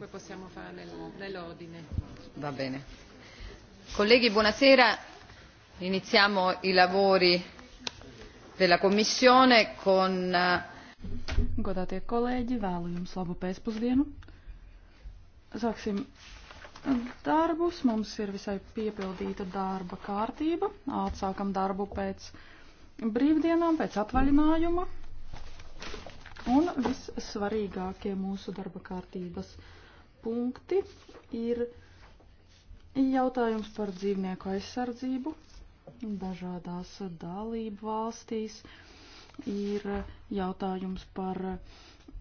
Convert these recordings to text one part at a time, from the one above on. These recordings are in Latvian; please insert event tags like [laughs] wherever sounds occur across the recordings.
Poi possiamo fare nel, nell'ordine. Va bene. Colleghi, buonasera. Iniziamo i lavori della Commissione con. Eh, Godātie kolēģi, vēlu jums labu pēcpusdienu. Sāksim darbus. Mums ir visai piepildīta darba kārtība. Atsākam darbu pēc brīvdienām, pēc atvaļinājuma. Un vissvarīgākie mūsu darba kārtības punkti punkti ir jautājums par dzīvnieku aizsardzību dažādās dalību valstīs, ir jautājums par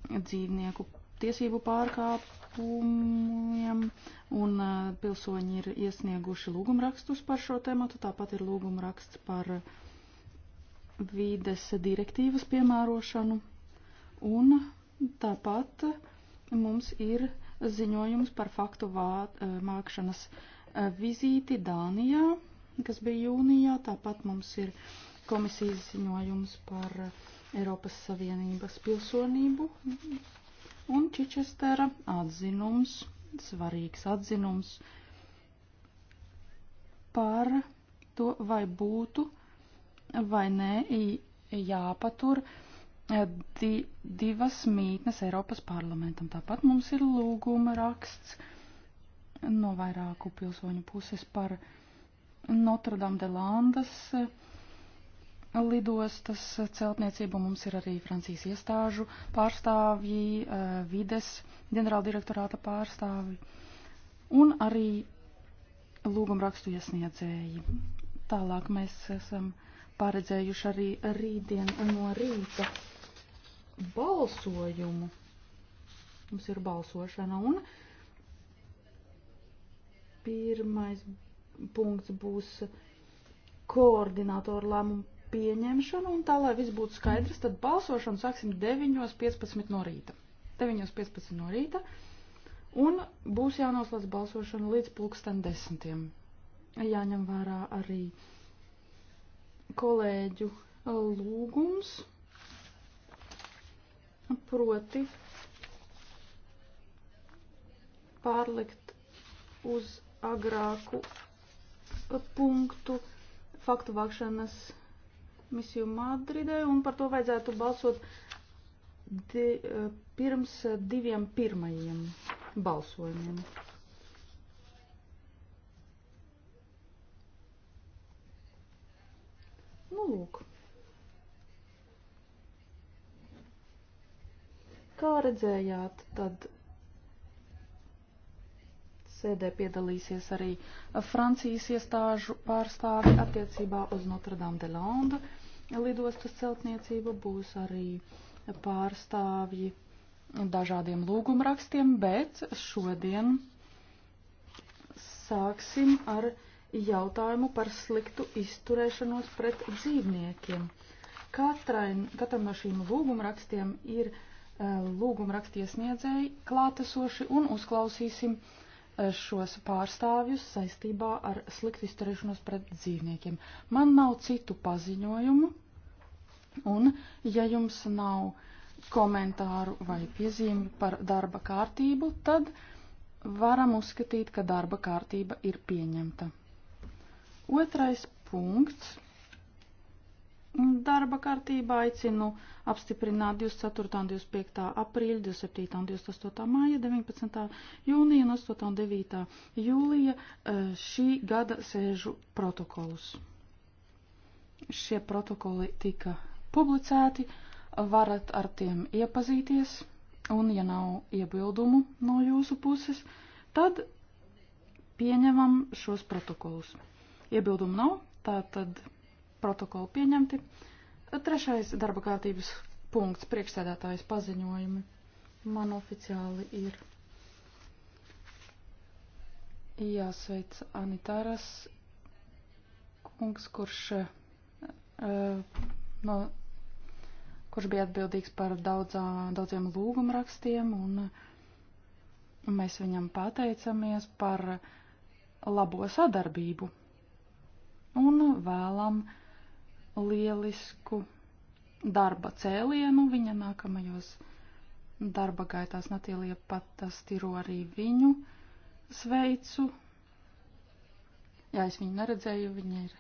dzīvnieku tiesību pārkāpumiem, un uh, pilsoņi ir iesnieguši lūgumrakstus par šo tematu, tāpat ir lūgumraksts par vīdes direktīvas piemērošanu, un tāpat mums ir uh, ziņojums par faktu vād, e, mākšanas e, vizīti Dānijā, kas bija jūnijā. Tāpat mums ir komisijas ziņojums par Eiropas Savienības pilsonību un Čičestera atzinums, svarīgs atzinums par to, vai būtu vai nē jāpatur. Uh, Eh, di divas mītnes Eiropas parlamentam. Tāpat mums ir lūguma raksts no vairāku pilsoņu puses par Notre-Dame de Landes eh, lidostas celtniecību. Mums ir arī Francijas iestāžu pārstāvji, eh, vides ģenerāldirektorāta pārstāvji un arī lūgumrakstu iesniedzēji. Tālāk mēs esam paredzējuši arī rītdien no rīta balsojumu. Mums ir balsošana un pirmais punkts būs koordinātoru lēmumu pieņemšanu un tā, lai viss būtu skaidrs, tad balsošanu sāksim 9.15 no rīta. 9.15 no rīta un būs jānoslēdz balsošana līdz pulksten desmitiem. Jāņem vērā arī kolēģu uh, lūgums proti pārlikt uz agrāku punktu faktu vākšanas misiju Madridē, un par to vajadzētu balsot di, eh, pirms diviem pirmajiem balsojumiem. Nu, lūk. Kā redzējāt, tad sēdē piedalīsies arī Francijas iestāžu pārstāvi attiecībā uz Notre-Dame de Londe lidostas celtniecību. Būs arī pārstāvji dažādiem lūgumrakstiem, bet šodien sāksim ar jautājumu par sliktu izturēšanos pret dzīvniekiem. Katrai, katram no šīm lūgumrakstiem ir uh, lūguma rakstiesniedzēji klātesoši un uzklausīsim e, šos pārstāvjus saistībā ar sliktu izturēšanos pret dzīvniekiem. Man nav citu paziņojumu, un ja jums nav komentāru vai piezīmi par darba kārtību, tad varam uzskatīt, ka darba kārtība ir pieņemta. Otrais punkts darba kārtībā aicinu apstiprināt 24. un 25. aprīļa, 27. un 28. māja, 19. jūnija un 8. un 9. jūlija eh, šī gada sēžu protokolus. Šie protokoli tika publicēti, varat ar tiem iepazīties, un ja nav iebildumu no jūsu puses, tad pieņemam šos protokolus. Iebildumu nav, tā tad protokoli pieņemti. Trešais darba kārtības punkts - priekšsēdētājas paziņojumi. Man oficiāli ir jāsveic Anitāras kungs, kurš, uh, no, kurš bija atbildīgs par daudzā, daudziem lūgumrakstiem, un mēs viņam pateicamies par labo sadarbību un vēlam uh, lielisku darba cēlienu viņa nākamajos darba gaitās. Natīlija pat stiro arī viņu sveicu. Jā, es viņu neredzēju, viņa ir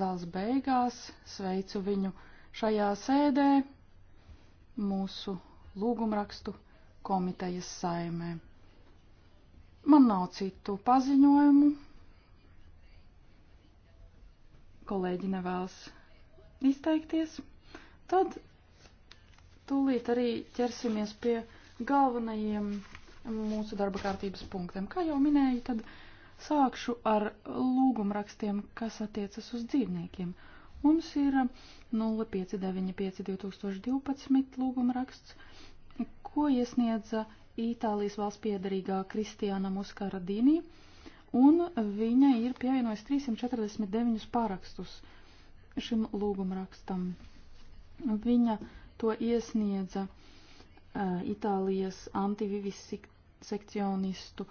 zāles beigās. Sveicu viņu šajā sēdē mūsu lūgumrakstu komitejas saimē. Man nav citu paziņojumu. Kolēģi nevēlas izteikties, tad tūlīt arī ķersimies pie galvenajiem mūsu darba kārtības punktiem. Kā jau minēju, tad sākšu ar lūgumrakstiem, kas attiecas uz dzīvniekiem. Mums ir 0595212 lūgumraksts, ko iesniedza Itālijas valsts piedarīgā Kristiāna Muskaradīnī, un viņa ir pievienojusi 349 parakstus – šim lūgumrakstam. Viņa to iesniedza uh, Itālijas antivivisekcionistu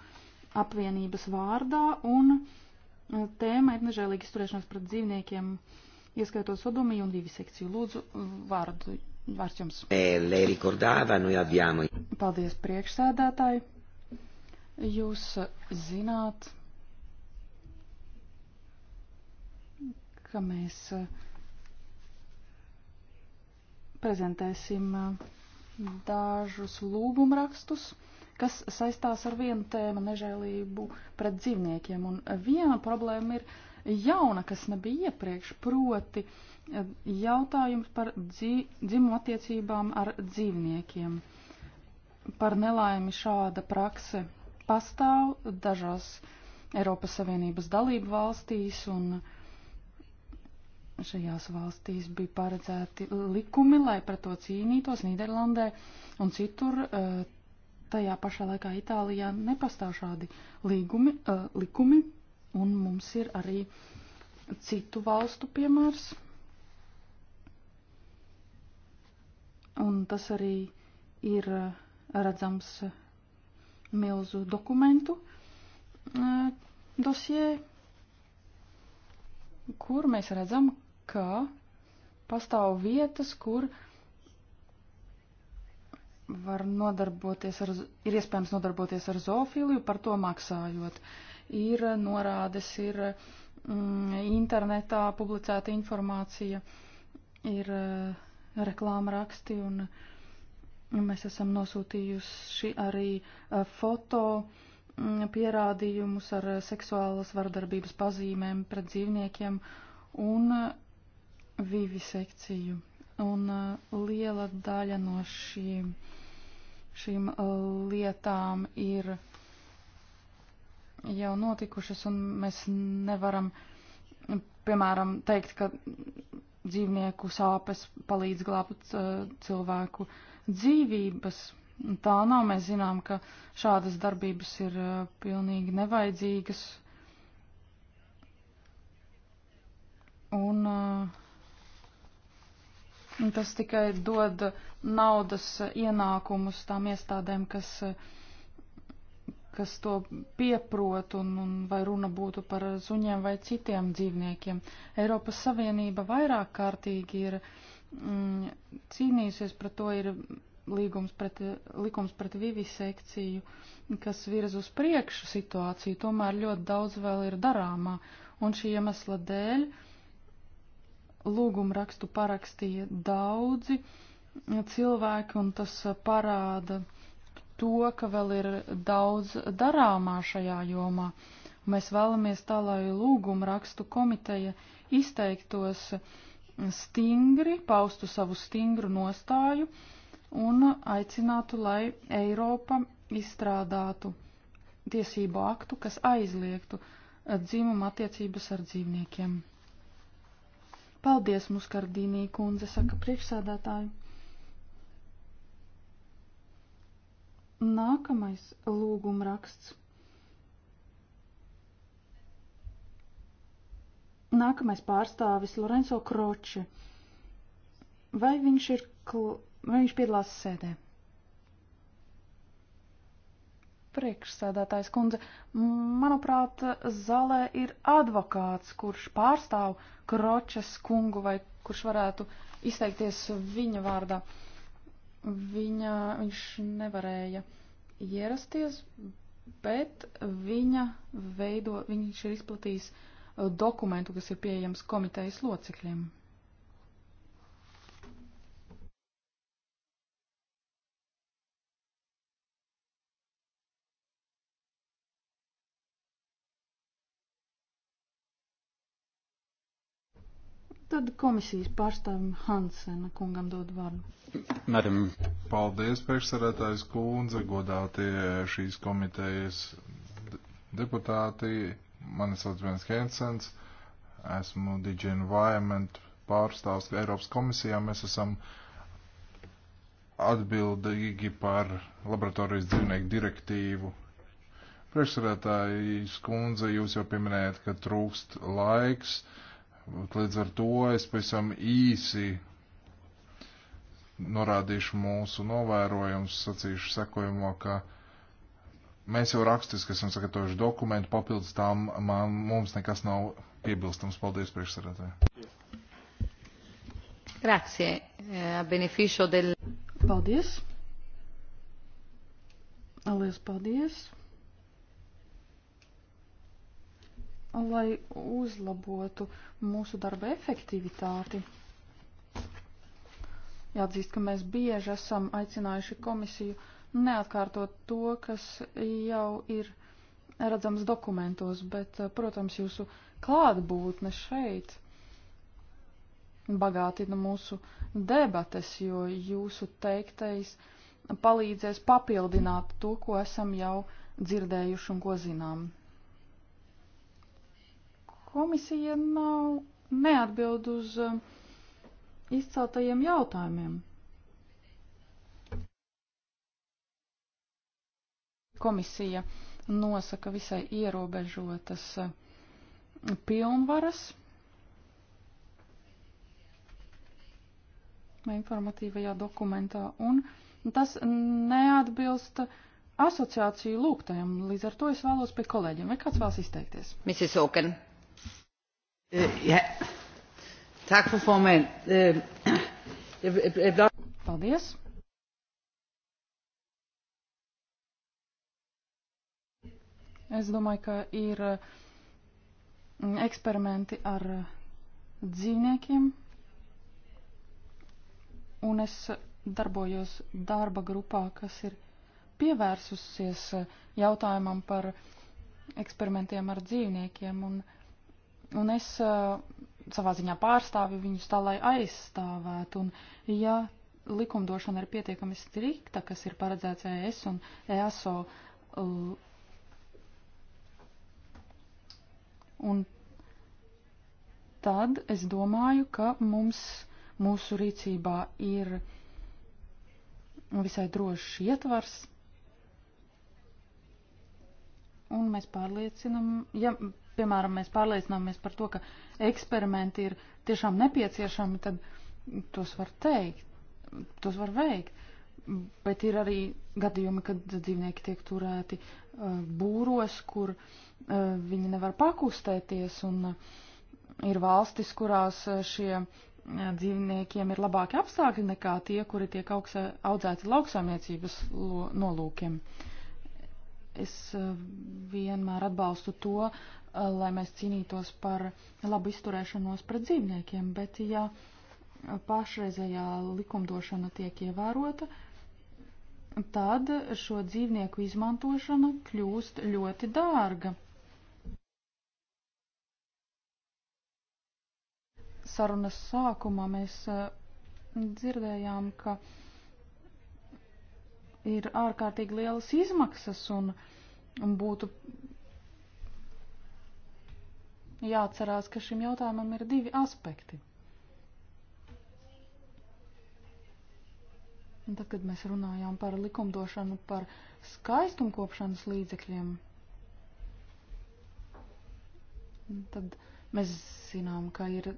apvienības vārdā, un uh, tēma ir nežēlīga izturēšanās pret dzīvniekiem, ieskaitot sodomiju un vivisekciju. Lūdzu, vārdu, vārds jums. E, Paldies, priekšsēdētāji! Jūs zināt, ka mēs eh, prezentēsim eh, dažus lūgumrakstus, kas saistās ar vienu tēmu - nežēlību pret dzīvniekiem. Un viena problēma ir jauna, kas nebija iepriekš, proti eh, jautājums par dzī, dzimumu attiecībām ar dzīvniekiem. Par nelaimi šāda prakse pastāv dažās Eiropas Savienības dalību valstīs, un šajās valstīs bija paredzēti likumi, lai pret to cīnītos Nīderlandē un citur. Eh, tajā pašā laikā Itālijā nepastāv šādi līgumi, eh, likumi, un mums ir arī citu valstu piemērs. Un tas arī ir eh, redzams milzu dokumentu dosie, kur mēs redzam, ka pastāv vietas, kur var nodarboties ar, ir iespējams nodarboties ar zoofiliju, par to maksājot. Ir norādes, ir mm, internetā publicēta informācija, ir eh, reklāma raksti un mēs esam nosūtījuši arī eh, foto mm, pierādījumus ar seksuālas vardarbības pazīmēm pret dzīvniekiem un vivisekciju. Un uh, liela daļa no šīm, šīm uh, lietām ir jau notikušas, un mēs nevaram, piemēram, teikt, ka dzīvnieku sāpes palīdz glābt uh, cilvēku dzīvības. Tā nav. Mēs zinām, ka šādas darbības ir uh, pilnīgi nevajadzīgas. Un uh, Tas tikai dod naudas ienākumus tām iestādēm, kas, kas to pieprot, un, un vai runa būtu par zuņiem vai citiem dzīvniekiem. Eiropas Savienība vairāk kārtīgi ir mm, cīnījusies par to, ir līgums pret, likums pret vivisekciju, kas virz uz priekšu situāciju, tomēr ļoti daudz vēl ir darāmā, un šī iemesla dēļ. Uh, lūgumu rakstu parakstīja daudzi cilvēki, un tas parāda to, ka vēl ir daudz darāmā šajā jomā. Mēs vēlamies tā, lai lūgumu rakstu komiteja izteiktos stingri, paustu savu stingru nostāju un aicinātu, lai Eiropa izstrādātu tiesību aktu, kas aizliegtu dzimumu attiecības ar dzīvniekiem. Paldies, Muskardīnī kundze, saka priekšsādātāju. Nākamais lūgumraksts. Nākamais pārstāvis Lorenzo Kroči. Vai viņš ir, kl... vai viņš piedalās sēdē? Priekšsēdētājs kundze, manuprāt, zālē ir advokāts, kurš pārstāv Kročes kungu vai kurš varētu izteikties viņa vārdā. Viņa, viņš nevarēja ierasties, bet viņa veido, viņš ir izplatījis dokumentu, kas ir pieejams komitejas locekļiem. Tad komisijas pārstāvim Hansena kungam dod vārdu. Madam. Paldies, priekšsarētājs kundze, godātie šīs komitejas deputāti. Mani sauc Vens Hensens, esmu DG Environment pārstāvs Eiropas komisijā. Mēs esam atbildīgi par laboratorijas dzīvnieku direktīvu priekšsarētāji skundze, jūs jau pieminējat, ka trūkst laiks. Uh, Līdz ar to es pavisam īsi norādīšu mūsu novērojumus, sacīšu sekojumā, ka mēs jau rakstiski esam sagatavojuši dokumentu, papildus tām man, mums nekas nav piebilstams. Paldies, priekšsarētāji. Grazie. Eh, a beneficio del... Paldies. Alies, paldies. lai uzlabotu mūsu darba efektivitāti. Jāatzīst, ka mēs bieži esam aicinājuši komisiju neatkārtot to, kas jau ir redzams dokumentos, bet, protams, jūsu klātbūtne šeit bagātina mūsu debates, jo jūsu teiktais palīdzēs papildināt to, ko esam jau dzirdējuši un ko zinām. Komisija nav neatbild uz um, izceltajiem jautājumiem. Komisija nosaka visai ierobežotas uh, pilnvaras informatīvajā dokumentā, un tas neatbilst asociāciju lūgtajam. Līdz ar to es vēlos pie kolēģiem. Vai kāds vēlas izteikties? Mrs. Oken. Øh, ja. Tak, fru formand. Øh, Paldies. Es domāju, ka ir mm, eksperimenti ar mm, dzīvniekiem, un es darbojos darba grupā, kas ir pievērsusies mm, jautājumam par eksperimentiem ar dzīvniekiem, un Un es savā ziņā pārstāvi viņus tā, lai aizstāvētu. Un ja likumdošana ir pietiekami strikta, kas ir paredzēts ES un EASO, un tad es domāju, ka mums mūsu rīcībā ir visai drošs ietvars, un mēs pārliecinam, ja piemēram, mēs pārliecināmies par to, ka eksperimenti ir tiešām nepieciešami, tad tos var teikt, tos var veikt. Bet ir arī gadījumi, kad dzīvnieki tiek turēti uh, būros, kur uh, viņi nevar pakustēties, un uh, ir valstis, kurās šie dzīvniekiem ir labāki apstākļi nekā tie, kuri tiek augsē, audzēti lauksaimniecības nolūkiem. Uh, Es eh, vienmēr atbalstu to, eh, lai mēs cīnītos par labu izturēšanos pret dzīvniekiem, bet ja pašreizējā likumdošana tiek ievērota, tad šo dzīvnieku izmantošana kļūst ļoti dārga. Sarunas sākumā mēs eh, dzirdējām, ka uh, ir ārkārtīgi lielas izmaksas un, un būtu jāatcerās, ka šim jautājumam ir divi aspekti. Un tad, kad mēs runājām par likumdošanu par skaistumkopšanas līdzekļiem, tad mēs zinām, ka, ir,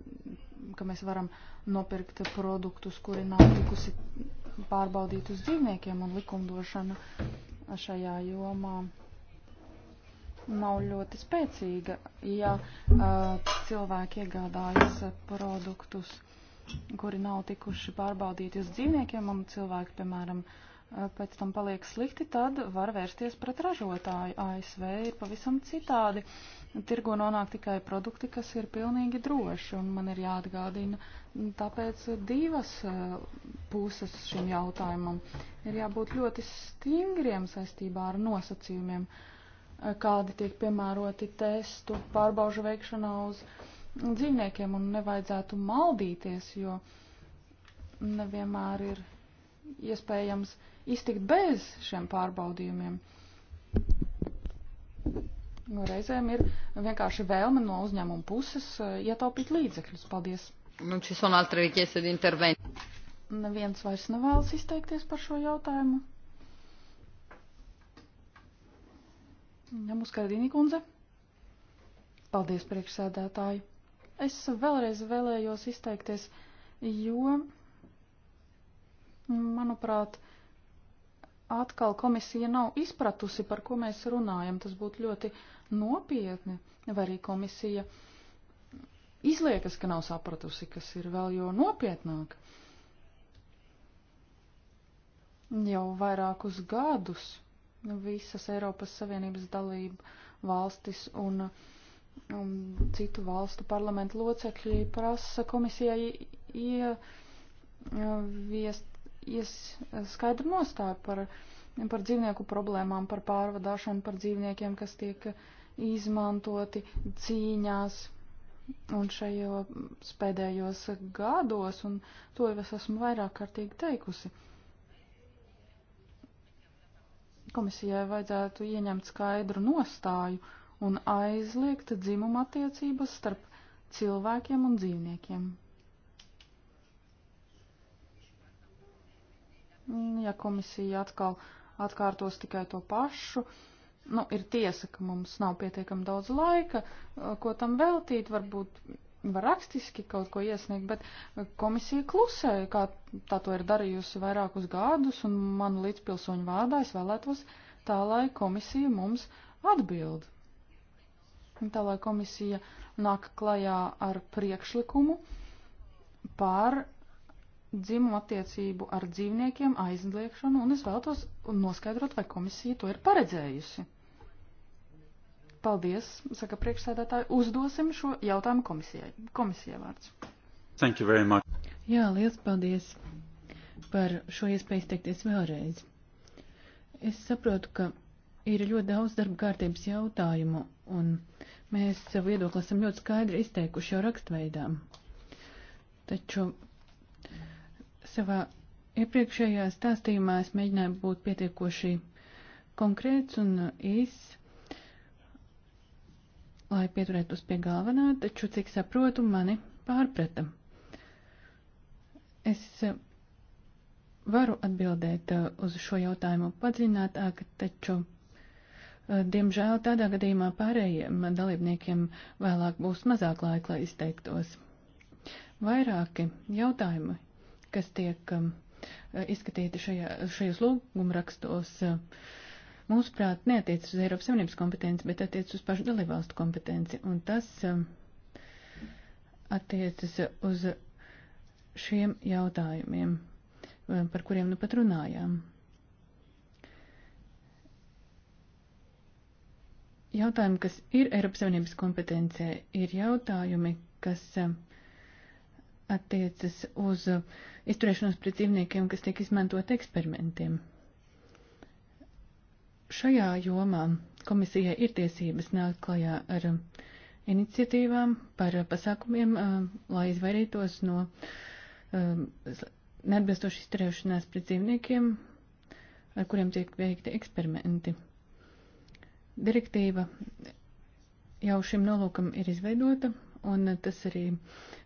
ka mēs varam nopirkt produktus, kuri nav tikusi pārbaudīt uz dzīvniekiem un likumdošanu šajā jomā nav ļoti spēcīga, ja uh, cilvēki iegādājas produktus, kuri nav tikuši pārbaudīti uz dzīvniekiem, un cilvēki, piemēram, uh, Eh, pēc tam paliek slikti, tad var vērsties pret ražotāju. ASV ir pavisam citādi. Tirgo nonāk tikai produkti, kas ir pilnīgi droši, un man ir jāatgādina tāpēc divas eh, puses šim jautājumam. Ir jābūt ļoti stingriem saistībā ar nosacījumiem, eh, kādi tiek piemēroti testu pārbaužu veikšanā uz dzīvniekiem, un nevajadzētu maldīties, jo nevienmēr ir iespējams iztikt bez šiem pārbaudījumiem. Reizēm ir vienkārši vēlme no uzņēmuma puses eh, ietaupīt līdzekļus. Paldies! Nu, šis un altra richiesta di intervento. Neviens vairs nevēlas izteikties par šo jautājumu. Ņemus Kardīni kundze. Paldies, priekšsēdētāji. Es vēlreiz vēlējos izteikties, jo Manuprāt, atkal komisija nav izpratusi, par ko mēs runājam. Tas būtu ļoti nopietni. Vai arī komisija izliekas, ka nav sapratusi, kas ir vēl jo nopietnāk. Jau vairākus gadus visas Eiropas Savienības dalība valstis un, un citu valstu parlamentu locekļi prasa komisijai ieviest ies eh, skaidru nostāju par, par dzīvnieku problēmām, par pārvadāšanu, par dzīvniekiem, kas tiek izmantoti cīņās. Un šajos pēdējos gados, un to jau es esmu vairāk kārtīgi teikusi, komisijai vajadzētu ieņemt skaidru nostāju un aizliegt dzimuma attiecības starp cilvēkiem un dzīvniekiem. Mm, ja komisija atkal atkārtos tikai to pašu. Nu, ir tiesa, ka mums nav pietiekami daudz laika, eh, ko tam veltīt, varbūt var rakstiski kaut ko iesniegt, bet eh, komisija klusē, kā tā to ir darījusi vairākus gadus, un manu līdzpilsoņu vārdā es vēlētos tā, lai komisija mums atbild. Tā, lai komisija nāk klajā ar priekšlikumu par dzimumu attiecību ar dzīvniekiem aizliekšanu, un es vēlos noskaidrot, vai komisija to ir paredzējusi. Paldies, saka priekšsēdētāji, uzdosim šo jautājumu komisijai. Komisija vārds. Thank you very much. Jā, liels paldies par šo iespēju izteikties vēlreiz. Es saprotu, ka ir ļoti daudz darba kārtības jautājumu, un mēs savu viedokli esam ļoti skaidri izteikuši jau rakstveidām. Taču Savā iepriekšējā stāstījumā es mēģināju būt pietiekoši konkrēts un īs, lai pieturētos pie galvenā, taču, cik saprotu, mani pārprata. Es eh, varu atbildēt eh, uz šo jautājumu padziļinātāk, taču, eh, diemžēl, tādā gadījumā pārējiem dalībniekiem vēlāk būs mazāk laika, lai izteiktos. Vairāki jautājumi kas tiek um, izskatīti šajā, šajos lūgumrakstos, uh, mūsuprāt, neatiec uz Eiropas Savienības kompetenci, bet attiec uz pašu dalībvalstu kompetenci. Un tas um, attiecas uz šiem jautājumiem, uh, par kuriem nu pat runājām. Jautājumi, kas ir Eiropas Savienības kompetencija, ir jautājumi, kas uh, attiecas uz izturēšanos pret dzīvniekiem, kas tiek izmantot eksperimentiem. Šajā jomā komisijai ir tiesības nākt klajā ar iniciatīvām par pasākumiem, lai izvairītos no neatbilstoši izturēšanās pret dzīvniekiem, ar kuriem tiek veikti eksperimenti. Direktīva jau šim nolūkam ir izveidota, un tas arī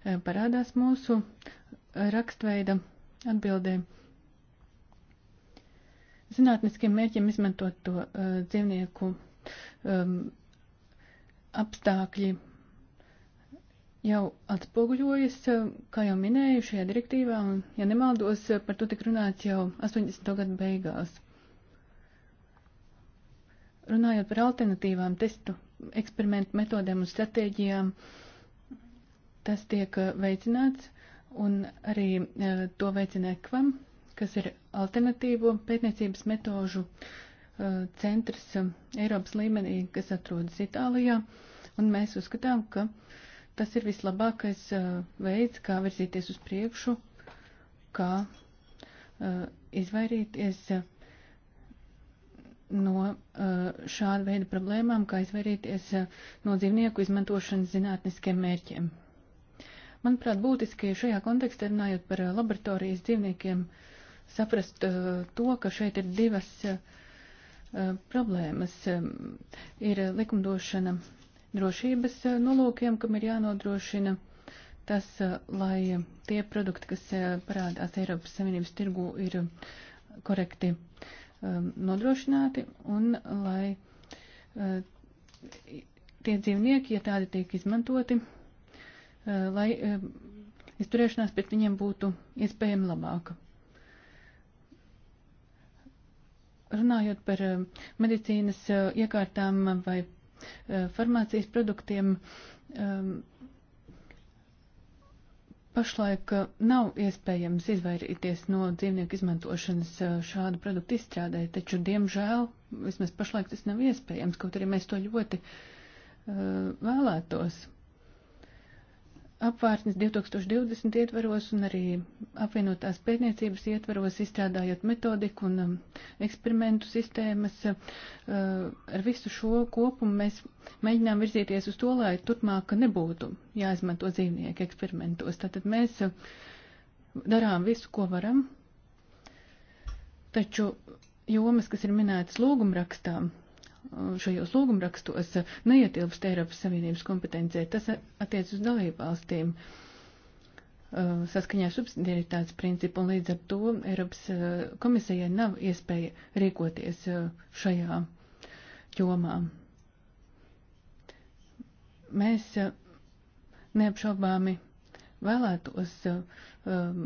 e, parādās mūsu rakstveida atbildē. Zinātniskiem mērķiem izmantot to uh, dzīvnieku um, apstākļi jau atspoguļojas, kā jau minēju, šajā direktīvā, un, ja nemaldos, par to tik runāts jau 80. gadu beigās. Runājot par alternatīvām testu eksperimentu metodēm un stratēģijām, uh, tas tiek eh, veicināts un arī eh, to veicina ekvam, kas ir alternatīvo pētniecības metožu eh, centrs Eiropas līmenī, kas atrodas Itālijā. Un mēs uzskatām, ka tas ir vislabākais veids, kā virzīties uz priekšu, kā izvairīties no šāda veida problēmām, kā izvairīties no dzīvnieku izmantošanas zinātniskiem mērķiem. Manuprāt, būtiski šajā kontekstā runājot par eh, laboratorijas dzīvniekiem, saprast eh, to, ka šeit ir divas eh, problēmas. Ir likumdošana drošības nolūkiem, kam ir jānodrošina tas, lai tie produkti, kas parādās Eiropas Savienības tirgu, ir korekti nodrošināti un lai tie dzīvnieki, ja tādi tiek izmantoti, Eh, lai eh, izturēšanās pret viņiem būtu iespējami labāka. Runājot par eh, medicīnas iekārtām vai farmācijas produktiem, pašlaik nav iespējams izvairīties no dzīvnieku izmantošanas šādu produktu izstrādē, taču, diemžēl, vismaz pašlaik tas nav iespējams, kaut arī mēs to ļoti vēlētos apvārsnes 2020 ietvaros un arī apvienotās pētniecības ietvaros izstrādājot metodiku un um, eksperimentu sistēmas. Uh, ar visu šo kopumu mēs mēģinām virzīties uz to, lai turpmāk nebūtu jāizmanto dzīvnieki eksperimentos. Tātad mēs uh, darām visu, ko varam, taču jomas, kas ir minētas lūgumrakstām, šajos lūgumrakstos neietilpst Eiropas Savienības kompetencija. Tas attiec uz dalībvalstīm uh, saskaņā subsidiaritātes principu, un līdz ar to Eiropas uh, komisijai nav iespēja rīkoties uh, šajā jomā. Mēs neapšaubāmi vēlētos um,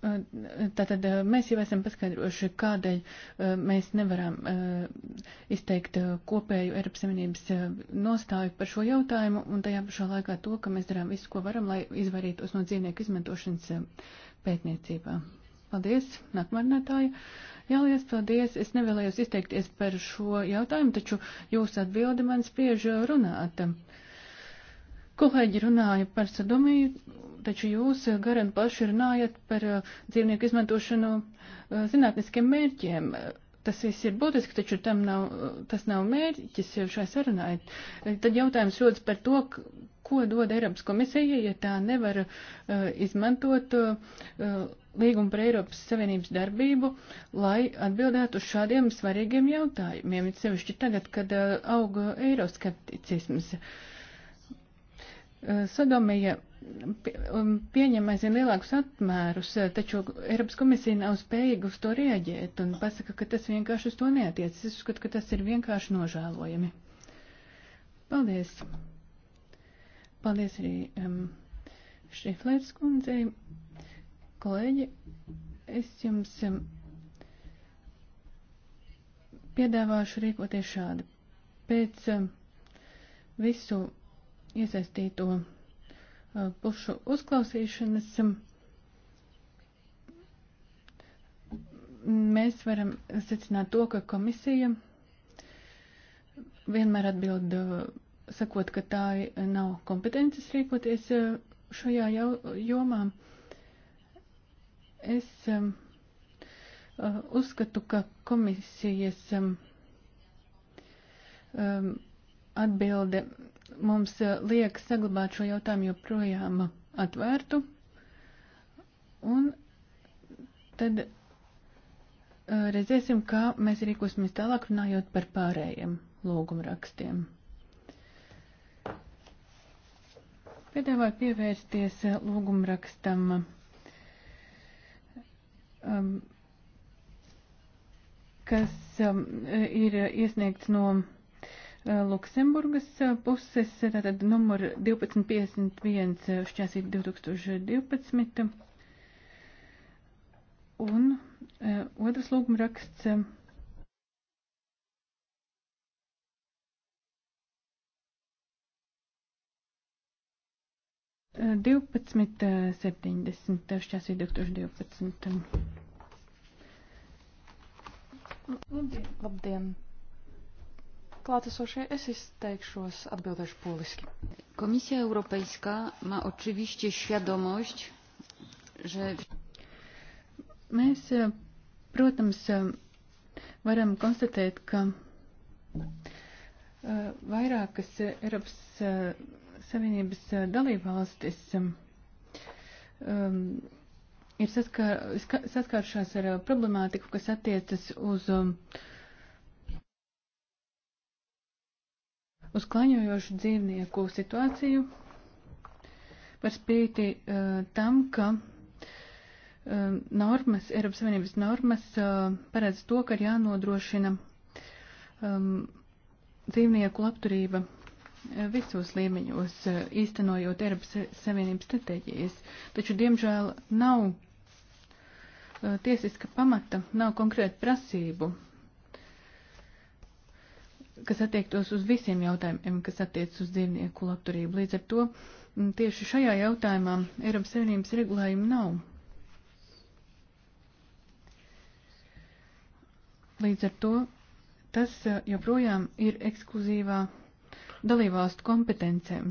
Tātad eh, mēs jau esam paskaidrojuši, kādēļ eh, mēs nevaram eh, izteikt kopēju Eiropas Savienības nostāju par šo jautājumu un tajā pašā laikā to, ka mēs darām visu, ko varam, lai izvairītos no dzīvnieku izmantošanas pētniecībā. Paldies, nākamārnētāji. Jā, liels paldies. Es nevēlējos izteikties par šo jautājumu, taču jūs atbildi man spiež runāt. Kolēģi runāja par sadomību taču jūs eh, gar un plaši runājat par eh, dzīvnieku izmantošanu eh, zinātniskiem mērķiem. Tas viss ir būtiski, taču tam nav, tas nav mērķis jau šai sarunai. Tad jautājums rodas par to, ko dod Eiropas komisija, ja tā nevar uh, izmantot uh, līgumu par Eiropas Savienības darbību, lai atbildētu uz šādiem svarīgiem jautājumiem, sevišķi tagad, kad uh, auga eiroskepticisms. Uh, Eh, Sodomija mm, mm, pieņem aizvien lielākus apmērus, eh, taču Eiropas komisija nav spējīga uz to rieģēt un pasaka, ka tas vienkārši uz to neatiecas. Es uzskatu, ka tas ir vienkārši nožēlojami. Paldies! Paldies arī um, Šriflērs kundzei. Kolēģi, es jums um, piedāvāšu rīkoties šādi. Pēc um, visu iesaistīto uh, pušu uzklausīšanas. Mēs varam secināt to, ka komisija vienmēr atbild uh, sakot, ka tā nav kompetences rīkoties uh, šajā jau, jomā. Es um, uzskatu, ka komisijas um, um atbilde mums eh, liek saglabāt šo jautājumu joprojām atvērtu. Un tad eh, redzēsim, kā mēs rīkosimies tālāk runājot par pārējiem lūgumrakstiem. Piedāvāju pievērsties eh, lūgumrakstam um, kas um, ir iesniegts no Luksemburgas eh, puses, eh, tātad numur 1251 šķēsīt 2012. Un uh, otrs lūguma raksts. Divpadsmit septiņdesmit šķēsīt 2012. Labdien! Labdien klātesošie, es izteikšos, atbildēšu poliski. Komisija Europejskā ma oczywiście świadomość, že... Mēs, e, protams, e, varam konstatēt, ka e, vairākas Eiropas Savienības dalībvalstis ir saskār, saskāršās ar problemātiku, kas attiecas uz uz klaņojošu dzīvnieku situāciju, par spīti uh, tam, ka uh, normas, Eiropas Savienības normas uh, paredz to, ka ir jānodrošina um, dzīvnieku labturība visos līmeņos, īstenojot Eiropas Savienības stratēģijas. Taču, diemžēl, nav tiesiska pamata, nav konkrēta prasību kas attiektos uz visiem jautājumiem, kas attiec uz dzīvnieku labturību. Līdz ar to tieši šajā jautājumā Eiropas Savienības regulējuma nav. Līdz ar to tas joprojām ir ekskluzīvā dalībvalstu kompetencēm.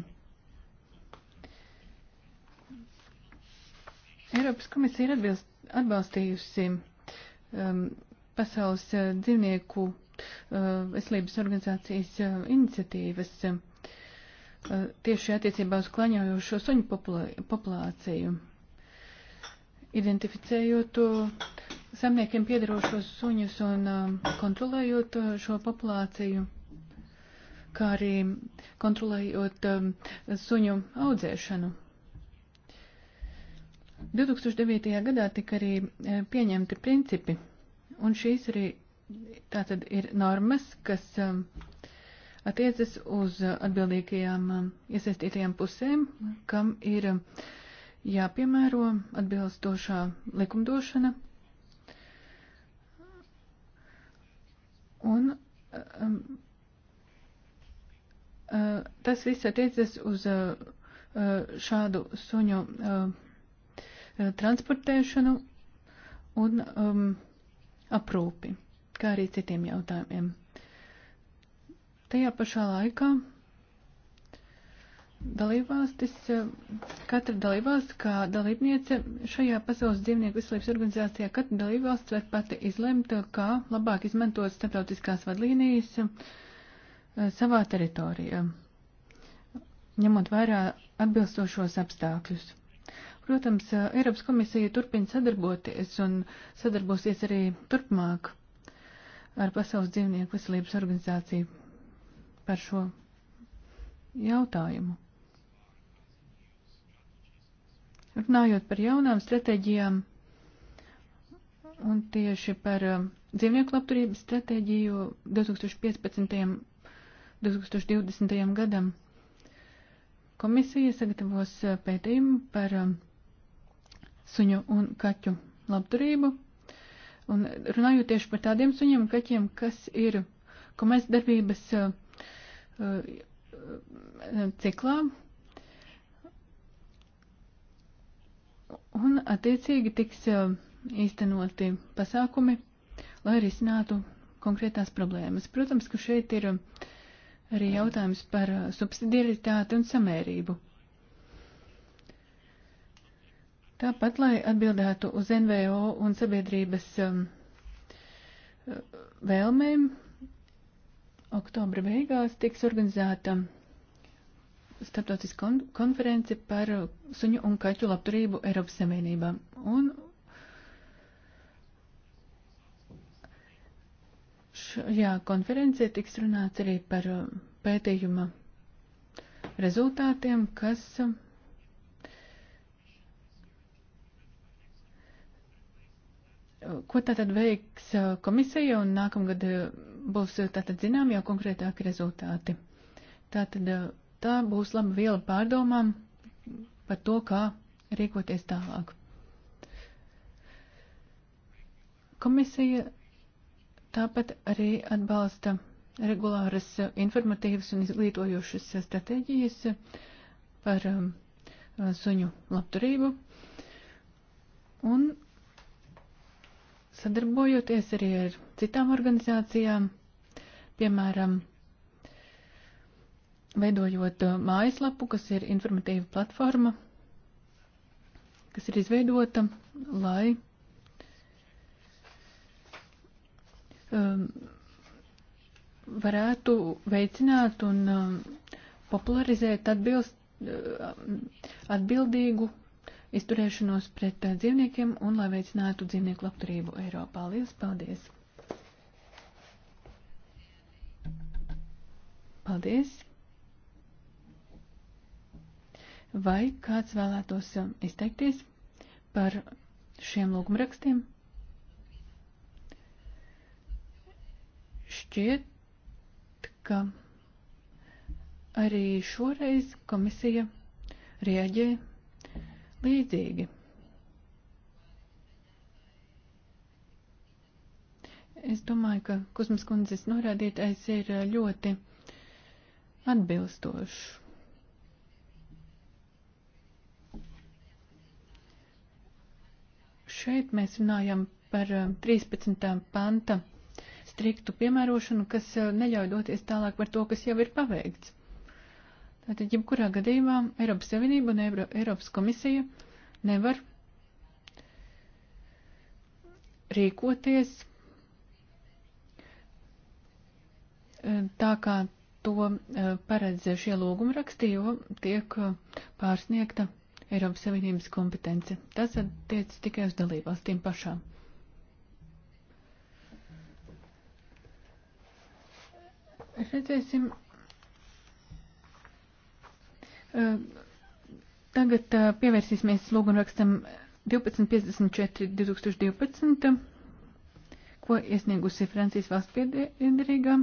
Eiropas komisija ir atbilst, atbalstījusi um, pasaules uh, dzīvnieku uh, Uh, veselības organizācijas uh, iniciatīvas uh, tieši attiecībā uz klaņojošo suņu populāciju. Identificējot to samniekiem piedarošos suņus un kontrolējot šo populāciju, kā arī kontrolējot um, suņu audzēšanu. 2009. gadā tika arī pieņemti principi, un šīs arī tātad ir normas, kas um, attiecas uz atbildīgajām um, iesaistītajām pusēm, kam ir um, jāpiemēro atbilstošā likumdošana. Un uh, tas viss attiecas uz uh, uh, šādu suņu transportēšanu un aprūpi kā arī citiem jautājumiem. Tajā pašā laikā dalībvalstis, katra dalībvalsts kā dalībniece šajā Pasaules dzīvnieku veselības organizācijā, katra dalībvalsts var pati izlemt, kā labāk izmantot starptautiskās vadlīnijas eh, savā teritorijā, ņemot vērā atbilstošos apstākļus. Protams, eh, Eiropas komisija turpina sadarboties un sadarbosies arī turpmāk ar Pasaules dzīvnieku veselības organizāciju par šo jautājumu. Runājot par jaunām stratēģijām un tieši par um, dzīvnieku labturības stratēģiju 2015. 2020. gadam, komisija sagatavos uh, pētījumu par um, suņu un kaķu labturību Un runājot tieši par tādiem suņiem un kaķiem, kas ir komercdarbības uh, uh, ciklā. Un attiecīgi tiks uh, īstenoti pasākumi, lai risinātu konkrētās problēmas. Protams, ka šeit ir arī jautājums par subsidiaritāti un samērību. Tāpat, lai atbildētu uz NVO un sabiedrības um, vēlmēm, oktobra beigās tiks organizēta starptautiska konference par suņu un kaķu labturību Eiropas Savienībā. Un šajā konferencē tiks runāts arī par um, pētījuma rezultātiem, kas. Um, Ko tātad veiks uh, komisija un nākamgad uh, būs uh, tātad zinām jau konkrētāki rezultāti. Tātad tā būs laba viela pārdomām par to, kā rīkoties tālāk. Komisija tāpat arī atbalsta regulāras informatīvas un izglītojošas stratēģijas par um, suņu labturību. Un sadarbojoties arī ar citām organizācijām, piemēram, veidojot uh, mājaslapu, kas ir informatīva platforma, kas ir izveidota, lai um, varētu veicināt un um, popularizēt atbilst, uh, atbildīgu izturēšanos pret eh, dzīvniekiem un lai veicinātu dzīvnieku labturību Eiropā. Lielas paldies! Paldies! Vai kāds vēlētos eh, izteikties par šiem lūgumrakstiem? Šķiet, ka arī šoreiz komisija rieģēja līdzīgi. Es domāju, ka Kusmas kundzes norādītais ir ļoti atbilstošs. Šeit mēs runājam par 13. Eh, panta striktu piemērošanu, kas eh, neļauj doties tālāk par to, kas jau ir paveikts. Tātad, jebkurā gadījumā Eiropas Savienība un Eiro, Eiropas komisija nevar rīkoties eh, tā, kā to eh, paredz šie lūguma raksti, jo tiek eh, pārsniegta Eiropas Savienības kompetence. Tas attiec tikai uz dalībvalstīm pašām. Redzēsim, Tagad pievērsīsimies lūgumrakstam 1254 2012, ko iesniegusi Francijas valsts piederīgā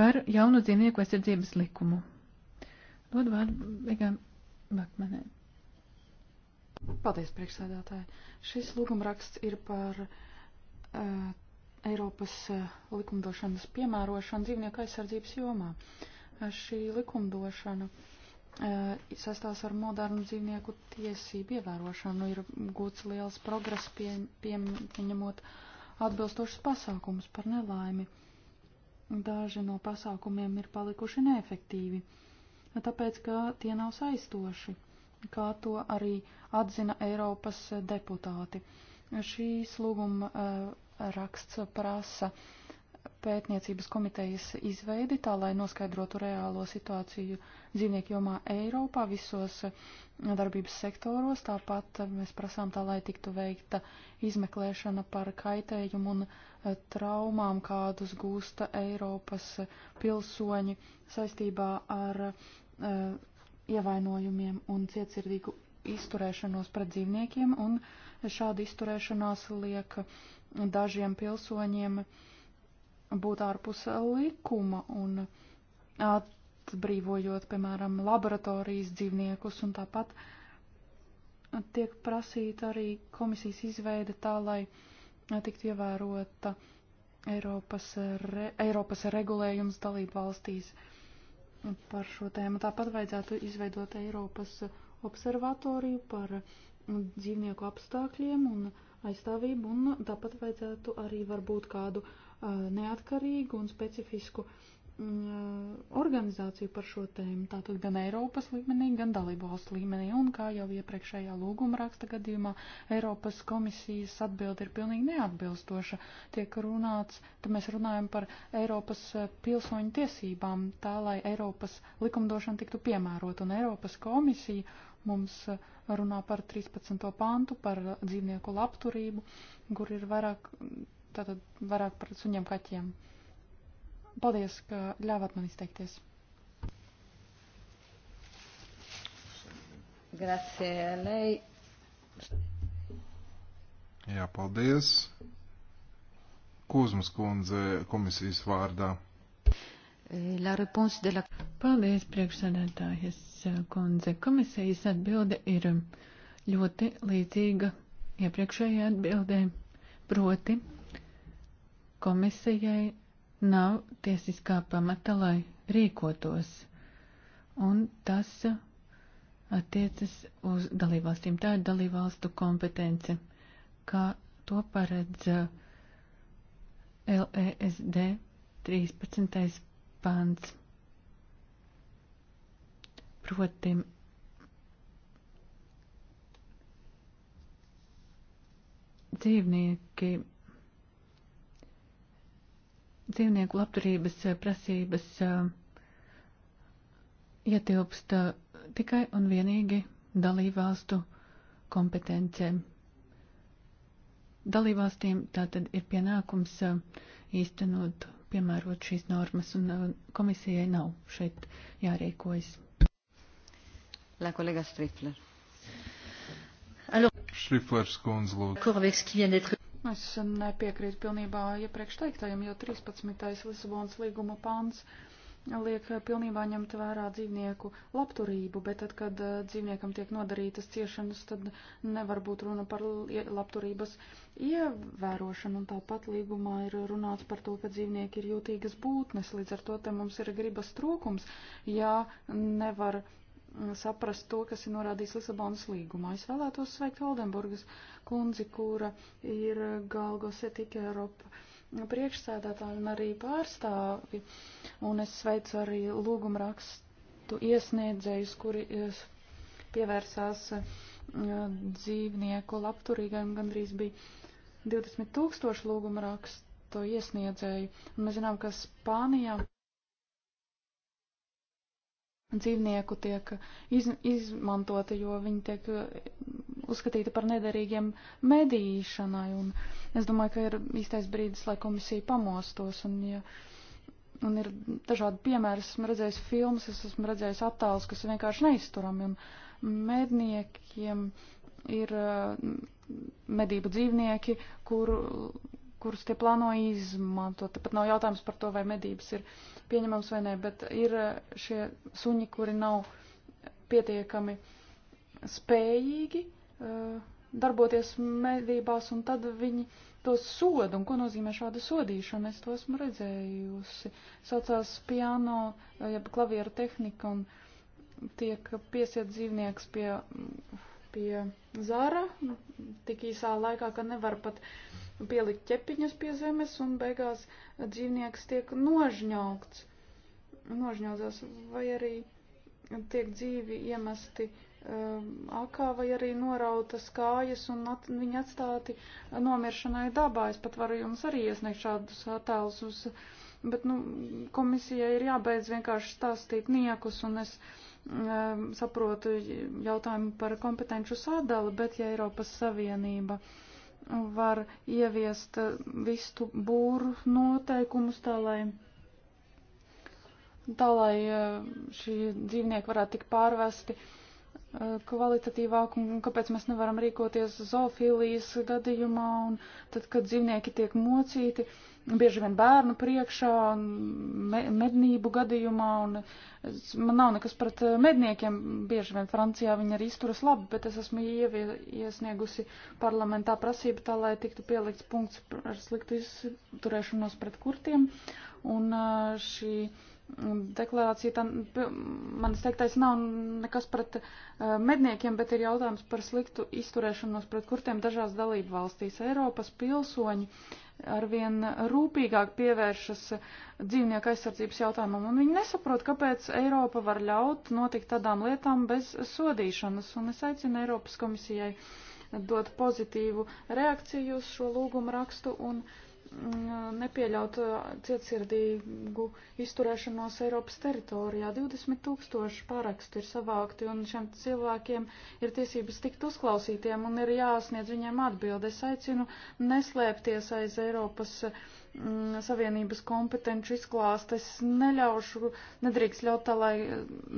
par jaunu dzīvnieku aizsardzības likumu. Lūdzu vārdu Vegam Bakmanē. Paldies, priekšsēdētāji. Šis lūgumraksts ir par uh, Eiropas uh, likumdošanas piemērošanu dzīvnieku aizsardzības jomā. Uh, šī likumdošana uh, sastās ar modernu dzīvnieku tiesību ievērošanu, ir gūts liels progress pie, pieņemot atbilstošas pasākumus par nelaimi. Daži no pasākumiem ir palikuši neefektīvi, tāpēc, ka tie nav saistoši, kā to arī atzina Eiropas deputāti. Šīs lūguma raksts prasa uh, pētniecības komitejas izveidi, tā lai noskaidrotu reālo situāciju dzīvnieku jomā Eiropā visos eh, darbības sektoros. Tāpat eh, mēs prasām tā, lai tiktu veikta izmeklēšana par kaitējumu un eh, traumām, kādus gūsta Eiropas pilsoņi saistībā ar uh, ievainojumiem un cietsirdīgu izturēšanos pret dzīvniekiem, un šāda izturēšanās liek dažiem pilsoņiem uh, būt ārpus likuma un atbrīvojot, piemēram, laboratorijas dzīvniekus un tāpat tiek prasīta arī komisijas izveide tā, lai tiktu ievērota Eiropas, re, Eiropas regulējums dalību valstīs par šo tēmu. Tāpat vajadzētu izveidot Eiropas observatoriju par dzīvnieku apstākļiem un aizstāvību, un tāpat vajadzētu arī varbūt kādu uh, neatkarīgu un specifisku mm, organizāciju par šo tēmu, tātad gan Eiropas līmenī, gan dalību valstu līmenī. Un kā jau iepriekšējā lūguma raksta gadījumā, Eiropas komisijas atbilde ir pilnīgi neatbilstoša. Tiek runāts, tad mēs runājam par Eiropas pilsoņu tiesībām, tā lai Eiropas likumdošana tiktu piemērot. Un Eiropas komisija mums runā par 13. pantu, par dzīvnieku labturību, kur ir vairāk Tātad vairāk par suņiem kaķiem. Paldies, ka ļāvāt man izteikties. Grazie lei. Jā, paldies. Kūzmas kundze komisijas vārdā. Eh, la réponse de la... Paldies, priekšsēdētājas eh, kundze. Komisijas atbilde ir eh, ļoti līdzīga iepriekšējai atbildē. Proti, komisijai nav tiesiskā pamata, lai rīkotos, un tas attiecas uz dalībvalstīm. Tā ir dalībvalstu kompetence, kā to paredz eh, LESD 13. pants. Proti, dzīvnieki dzīvnieku labturības eh, prasības eh, ietilpst eh, tikai un vienīgi dalībvalstu kompetencē. Dalībvalstīm tātad ir pienākums īstenot, piemērot šīs normas, un komisijai nav šeit jārīkojas. La kolēga Strifler. Šriflers kundze lūdzu. Es nepiekrītu pilnībā iepriekš ja teiktajam, jo 13. Lisabonas līguma pants liek pilnībā ņemt vērā dzīvnieku labturību, bet tad, kad eh, dzīvniekam tiek nodarītas ciešanas, tad nevar būt runa par labturības ievērošanu, un tāpat līgumā ir runāts par to, ka dzīvnieki ir jūtīgas būtnes, līdz ar to te mums ir gribas trūkums, ja nevar saprast to, kas ir norādīts Lisabonas līgumā. Es vēlētos sveikt Oldenburgas kundzi, kura ir Galgos etika Eiropa priekšsēdētāja un arī pārstāvi. Un es sveicu arī lūgumrakstu iesniedzējus, kuri pievērsās e, dzīvnieku labturīgai un gandrīz bija 20 tūkstoši lūgumrakstu iesniedzēju. Un mēs zinām, ka Spānijā dzīvnieku tiek iz, izmantota, jo viņi tiek eh, uzskatīti par nederīgiem medīšanai. Un es domāju, ka ir īstais brīdis, lai komisija pamostos. Un, ja, un ir dažādi piemēri, es esmu redzējis filmas, es esmu redzējis attēlus, kas ir vienkārši neizturami. Un medniekiem ir eh, medību dzīvnieki, kur, kurus tie plāno izmantot. Tāpat nav jautājums par to, vai medības ir pieņemams vai nē, bet ir eh, šie suņi, kuri nav pietiekami spējīgi eh, darboties medībās, un tad viņi tos soda, un ko nozīmē šāda sodīšana, es to esmu redzējusi. Saucās piano, eh, jeb klavieru tehnika, un tiek piesiet dzīvnieks pie, pie zara, tik īsā laikā, ka nevar pat uh, pielikt ķepiņas pie zemes, un beigās dzīvnieks tiek nožņaukts, nožņaudzās, vai arī tiek dzīvi iemesti um, akā, vai arī norautas kājas, un at, viņi atstāti nomiršanai dabā. Es pat varu jums arī iesniegt šādus attēlus uz, bet, nu, komisijai ir jābeidz vienkārši stāstīt niekus, un es um, saprotu jautājumu par kompetenču sadali, bet ja Eiropas Savienība. Uh, var ieviest vistu būru noteikumus tā, lai, tā, lai eh, šī dzīvnieki varētu tik pārvesti uh, Eh, kvalitatīvāk un kāpēc mēs nevaram rīkoties zoofīlijas gadījumā un tad, kad dzīvnieki tiek mocīti, bieži vien bērnu priekšā, me, mednību gadījumā un es, man nav nekas pret eh, medniekiem, bieži vien Francijā viņi arī izturas labi, bet es esmu ievie, iesniegusi parlamentā prasību tā, lai tiktu pielikts punkts ar sliktu izturēšanos pret kurtiem un eh, šī deklarācija, tā, manis teiktais nav nekas pret eh, medniekiem, bet ir jautājums par sliktu izturēšanos pret kurtiem dažās dalību valstīs. Eiropas pilsoņi arvien rūpīgāk pievēršas dzīvnieku aizsardzības jautājumam, un viņi nesaprot, kāpēc Eiropa var ļaut notikt tādām lietām bez sodīšanas, un es aicinu Eiropas komisijai dot pozitīvu reakciju uz šo lūgumu rakstu un uh, Mm, nepieļaut uh, cietsirdīgu izturēšanos Eiropas teritorijā. 20 tūkstoši pārakstu ir savākti, un šiem cilvēkiem ir tiesības tikt uzklausītiem, un ir jāsniedz viņiem atbildes. Aicinu neslēpties aiz Eiropas mm, Savienības kompetenci izklāstes. Neļaušu, nedrīkst ļaut tā, lai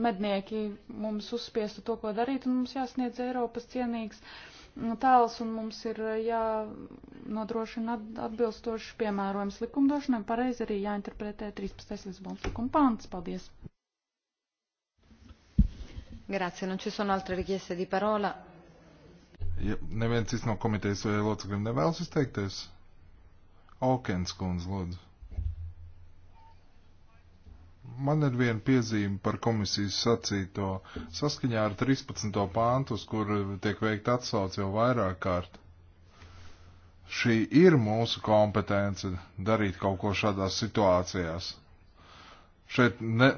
mednieki mums uzspiestu to, ko darīt, un mums jāsniedz Eiropas cienīgs. Uh, Nu, tāls un mums ir jānodrošina atbilstošs piemērojums likumdošanai. Pareizi arī jāinterpretē 13. Lisbonas likuma pants. Paldies! Grazie, non ci sono altre richieste di parola. Ja, neviens cits no komitejas locekļiem nevēlas izteikties. Okens kundze, lūdzu. Man ir viena piezīme par komisijas sacīto saskaņā ar 13. pāntu, uz kur tiek veikta atsauce jau vairāk kārt. Šī ir mūsu kompetence darīt kaut ko šādās situācijās. Šeit ne,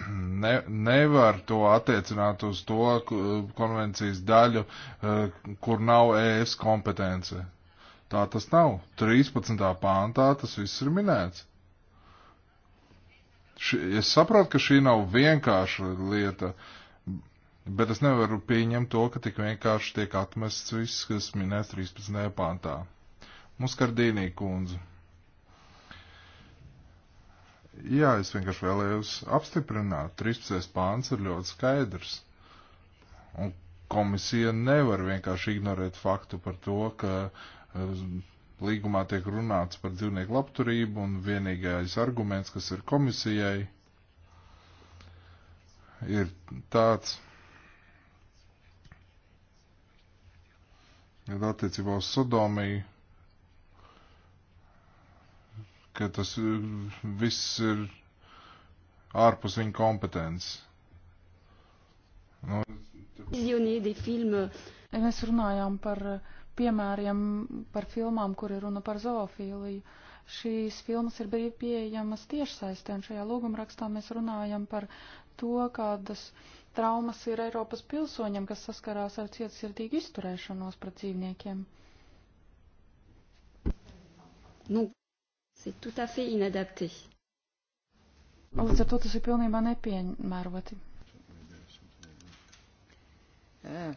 [clears throat] ne, nevar to attiecināt uz to konvencijas daļu, e, kur nav ES kompetence. Tā tas nav. 13. pāntā tas viss ir minēts. Es saprotu, ka šī nav vienkārša lieta, bet es nevaru pieņemt to, ka tik vienkārši tiek atmests viss, kas minēts 13. pāntā. Muskardīnī kundze. Jā, es vienkārši vēlējos apstiprināt. 13. pāns ir ļoti skaidrs. Un komisija nevar vienkārši ignorēt faktu par to, ka eh, Līgumā tiek runāts par dzīvnieku labturību un vienīgais arguments, kas ir komisijai, ir tāds, ka attiecībā uz Sodomiju, ka tas uh, viss ir ārpus viņa kompetences. Nu, Mēs runājām par uh, piemēriem par filmām, kur ir runa par zoofīliju. Šīs filmas ir brīvi pieejamas tiešsaistē, un šajā lūgumrakstā mēs runājam par to, kādas traumas ir Eiropas pilsoņiem, kas saskarās ar cietsirdīgu izturēšanos pret dzīvniekiem. Nu, c'est tout à fait inadapté. Līdz ar to tas ir pilnībā nepiemēroti. Uh,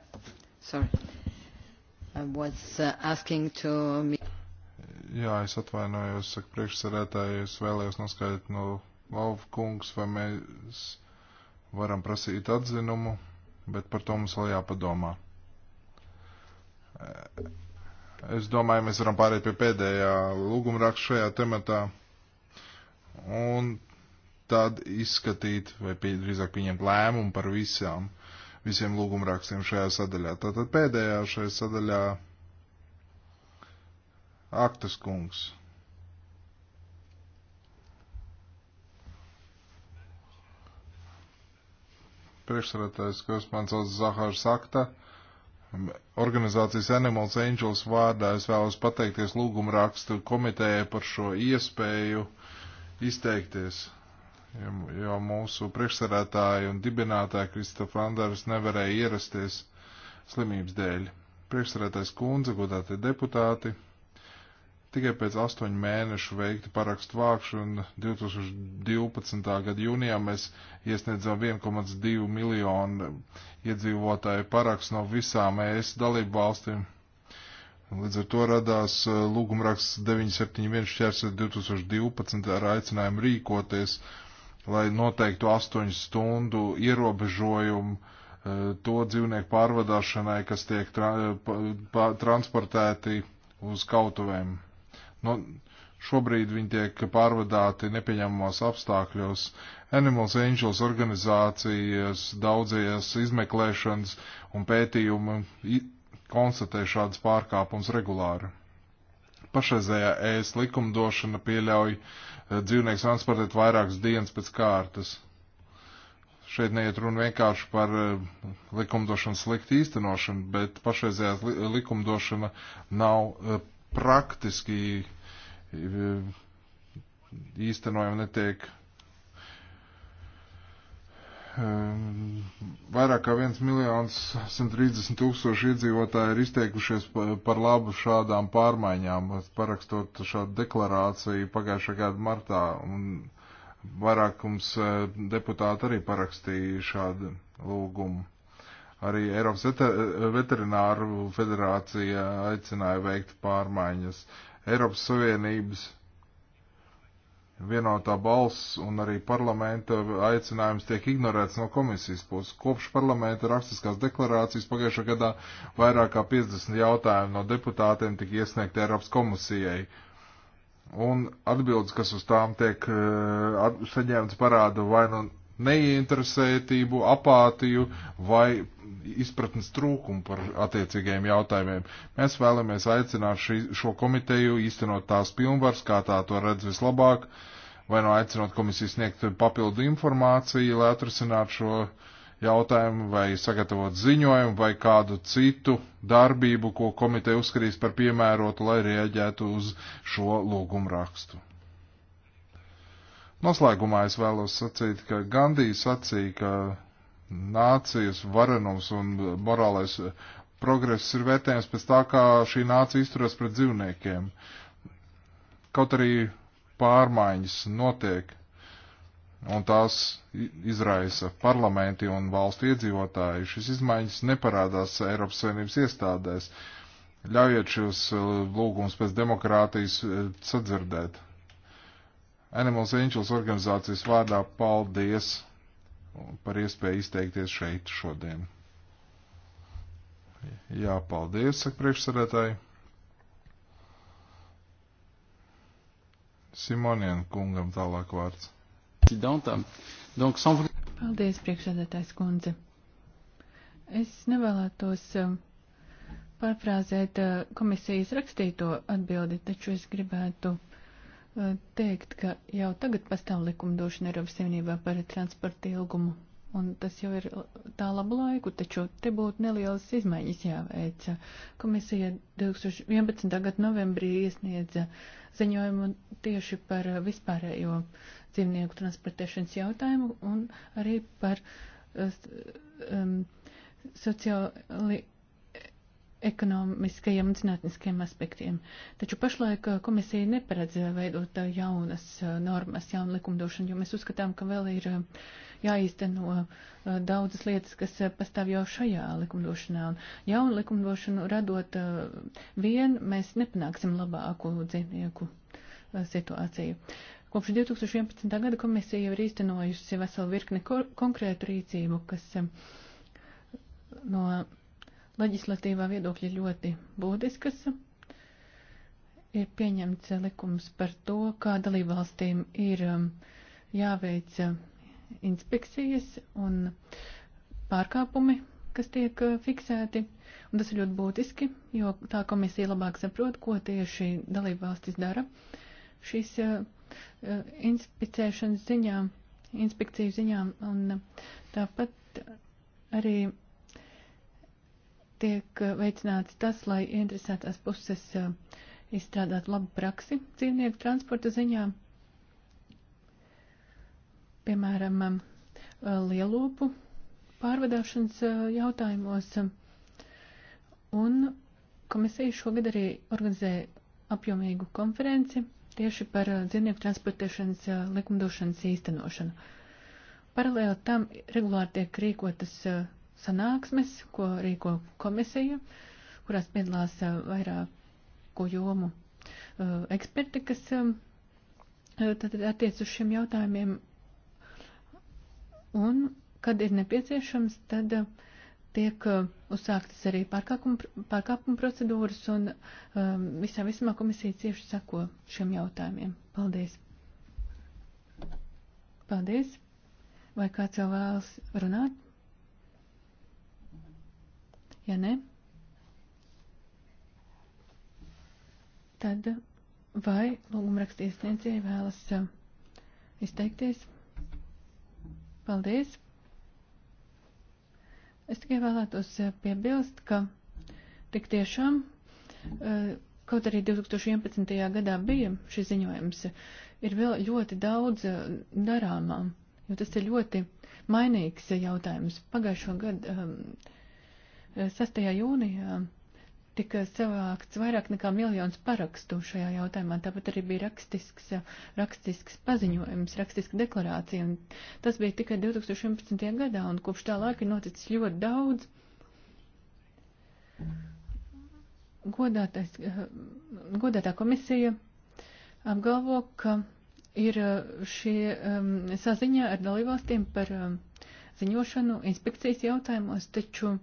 sorry was uh, asking to me. Jā, es atvainojos, saka priekšsarētāji, es vēlējos noskaidrot no Lauva kungs, vai mēs varam prasīt atzinumu, bet par to mums vēl jāpadomā. Es domāju, mēs varam pāriet pie pēdējā lūgumraksta šajā tematā un tad izskatīt, vai drīzāk pieņemt lēmumu par visām uh, visiem lūgumrakstiem šajā sadaļā. Tātad pēdējā šajā sadaļā aktas kungs. Priekšsarētājs, kas man sauc Zahārs Sakta, organizācijas Animals Angels vārdā es vēlos pateikties lūgumrakstu komitējai par šo iespēju izteikties jo mūsu priekšsarētāji un dibinātāji Kristofa Andārs nevarēja ierasties slimības dēļ. Priekšsarētājs kundze, godātie deputāti, tikai pēc astoņu mēnešu veikta parakstu vākšana 2012. gada jūnijā mēs iesniedzām 1,2 miljonu iedzīvotāju parakstu no visām ES dalību valstīm. Līdz ar to radās e, lūgumraksts 971 2012 ar aicinājumu rīkoties lai noteiktu 8 stundu ierobežojumu eh, to dzīvnieku pārvadāšanai, kas tiek tra transportēti uz kautuvēm. No, nu, šobrīd viņi tiek pārvadāti nepieņemamos apstākļos. Animals Angels organizācijas daudzies izmeklēšanas un pētījumi konstatē šādas pārkāpums regulāri pašreizējā ES likumdošana pieļauj eh, dzīvnieks transportēt vairākas dienas pēc kārtas. Šeit neiet runa vienkārši par eh, likumdošanas sliktu īstenošanu, bet pašreizējā likumdošana nav eh, praktiski īstenojama, netiek Ehm, vairāk kā 1 miljons 130 tūkstoši iedzīvotāji ir izteikušies par labu šādām pārmaiņām, parakstot šādu deklarāciju pagājušā gada martā, un vairākums ehm, deputāti arī parakstīja šādu lūgumu. Arī Eiropas veterināru federācija aicināja veikt pārmaiņas. Eiropas Savienības vienotā balss un arī parlamenta aicinājums tiek ignorēts no komisijas puses. Kopš parlamenta rakstiskās deklarācijas pagājušā gadā vairāk kā 50 jautājumu no deputātiem tika iesniegti Eiropas komisijai. Un atbildes, kas uz tām tiek uh, saņemts, parāda vai nu neieinteresētību, apātiju vai izpratnes trūkumu par attiecīgajiem jautājumiem. Mēs vēlamies aicināt šī, šo komiteju īstenot tās pilnvars, kā tā to redz vislabāk, vai no nu aicinot komisiju sniegt papildu informāciju, lai atrisinātu šo jautājumu, vai sagatavot ziņojumu, vai kādu citu darbību, ko komiteja uzskatīs par piemērotu, lai rieģētu uz šo lūgumu rakstu. Noslēgumā es vēlos sacīt, ka Gandija sacīja, ka nācijas varenums un morālais eh, progress ir vērtējams pēc tā, kā šī nācija izturas pret dzīvniekiem. Kaut arī pārmaiņas notiek un tās izraisa parlamenti un valstu iedzīvotāji. Šis izmaiņas neparādās Eiropas Savienības iestādēs. Ļaujiet šos eh, lūgums pēc demokrātijas eh, sadzirdēt. Animals Angels organizācijas vārdā paldies! par iespēju izteikties šeit šodien. Jā, paldies, saka priekšsarētāji. Simonien kungam tālāk vārds. Paldies, priekšsēdētājs kundze. Es nevēlētos um, pārfrāzēt uh, komisijas rakstīto atbildi, taču es gribētu uh, teikt, ka jau tagad pastāv likumdošana Eiropas Savienībā par transporta ilgumu, un tas jau ir tā labu laiku, taču te būtu nelielas izmaiņas jāveic. Komisija 2011. gada novembrī iesniedza ziņojumu tieši par vispārējo dzīvnieku transportēšanas jautājumu un arī par eh, um, sociāli ekonomiskajiem un zinātniskajiem aspektiem. Taču pašlaik eh, komisija neparedz eh, veidot eh, jaunas normas, jaunu likumdošanu, jo mēs uzskatām, ka vēl ir jāīsteno daudzas lietas, kas pastāv jau šajā likumdošanā. Un jaunu likumdošanu radot vien, mēs nepanāksim labāku dzīvnieku situāciju. Kopš 2011. gada komisija jau ir īstenojusi veselu virkni konkrētu rīcību, kas no Leģislatīvā viedokļa ļoti būtiskas. Ir pieņemts likums par to, kā dalībvalstīm ir um, jāveic uh, inspekcijas un pārkāpumi, kas tiek uh, fiksēti. Un tas ir ļoti būtiski, jo tā komisija labāk saprot, ko tieši dalībvalstis dara šīs uh, inspicēšanas ziņā, inspekciju ziņā. Un tāpat arī tiek eh, veicināts tas, lai interesētās puses eh, izstrādātu labu praksi dzīvnieku transporta ziņā. Piemēram, eh, lielopu pārvadāšanas jautājumos. Un komisija šogad arī organizē apjomīgu konferenci tieši par dzīvnieku transportēšanas likumdošanas īstenošanu. Paralēli tam regulāri tiek rīkotas uh, sanāksmes, ko rīko komisija, kurās piedalās eh, vairāku jomu eh, eksperti, kas tātad eh, attiec uz šiem jautājumiem. Un, kad ir nepieciešams, tad tiek uzsāktas arī pārkāpuma, pārkāpuma procedūras, un visā vismā komisija cieši sako šiem jautājumiem. Paldies! Paldies! Vai kāds vēl vēlas runāt? Ja ne, tad vai lūgumraksta iesniedzēji vēlas um, izteikties? Paldies! Es tikai vēlētos uh, piebilst, ka tik tiešām, uh, kaut arī 2011. gadā bija šis ziņojums, ir vēl ļoti daudz uh, darāmā, jo tas ir ļoti mainīgs jautājums. Pagājušo gadu um, 6. jūnijā tika savākts vairāk nekā miljons parakstu šajā jautājumā. Tāpat arī bija rakstisks, rakstisks paziņojums, rakstiska deklarācija. Un tas bija tikai 2011. gadā, un kopš tā laika ir noticis ļoti daudz. Godātais, godātā komisija apgalvo, ka ir uh, šie um, saziņā ar dalībvalstīm par um, ziņošanu inspekcijas jautājumos, taču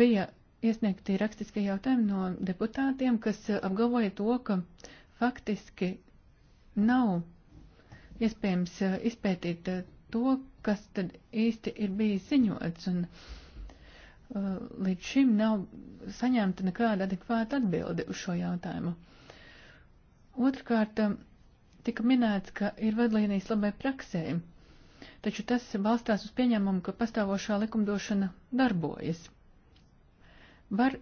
Bija iesniegti rakstiskie jautājumi no deputātiem, kas eh, apgalvoja to, ka faktiski nav iespējams eh, izpētīt eh, to, kas tad īsti ir bijis ziņots, un uh, līdz šim nav saņemta nekāda adekvāta atbilde uz šo jautājumu. Otrkārt, tika minēts, ka ir vadlīnijas labai praksēji, taču tas balstās uz pieņēmumu, ka pastāvošā likumdošana darbojas. Var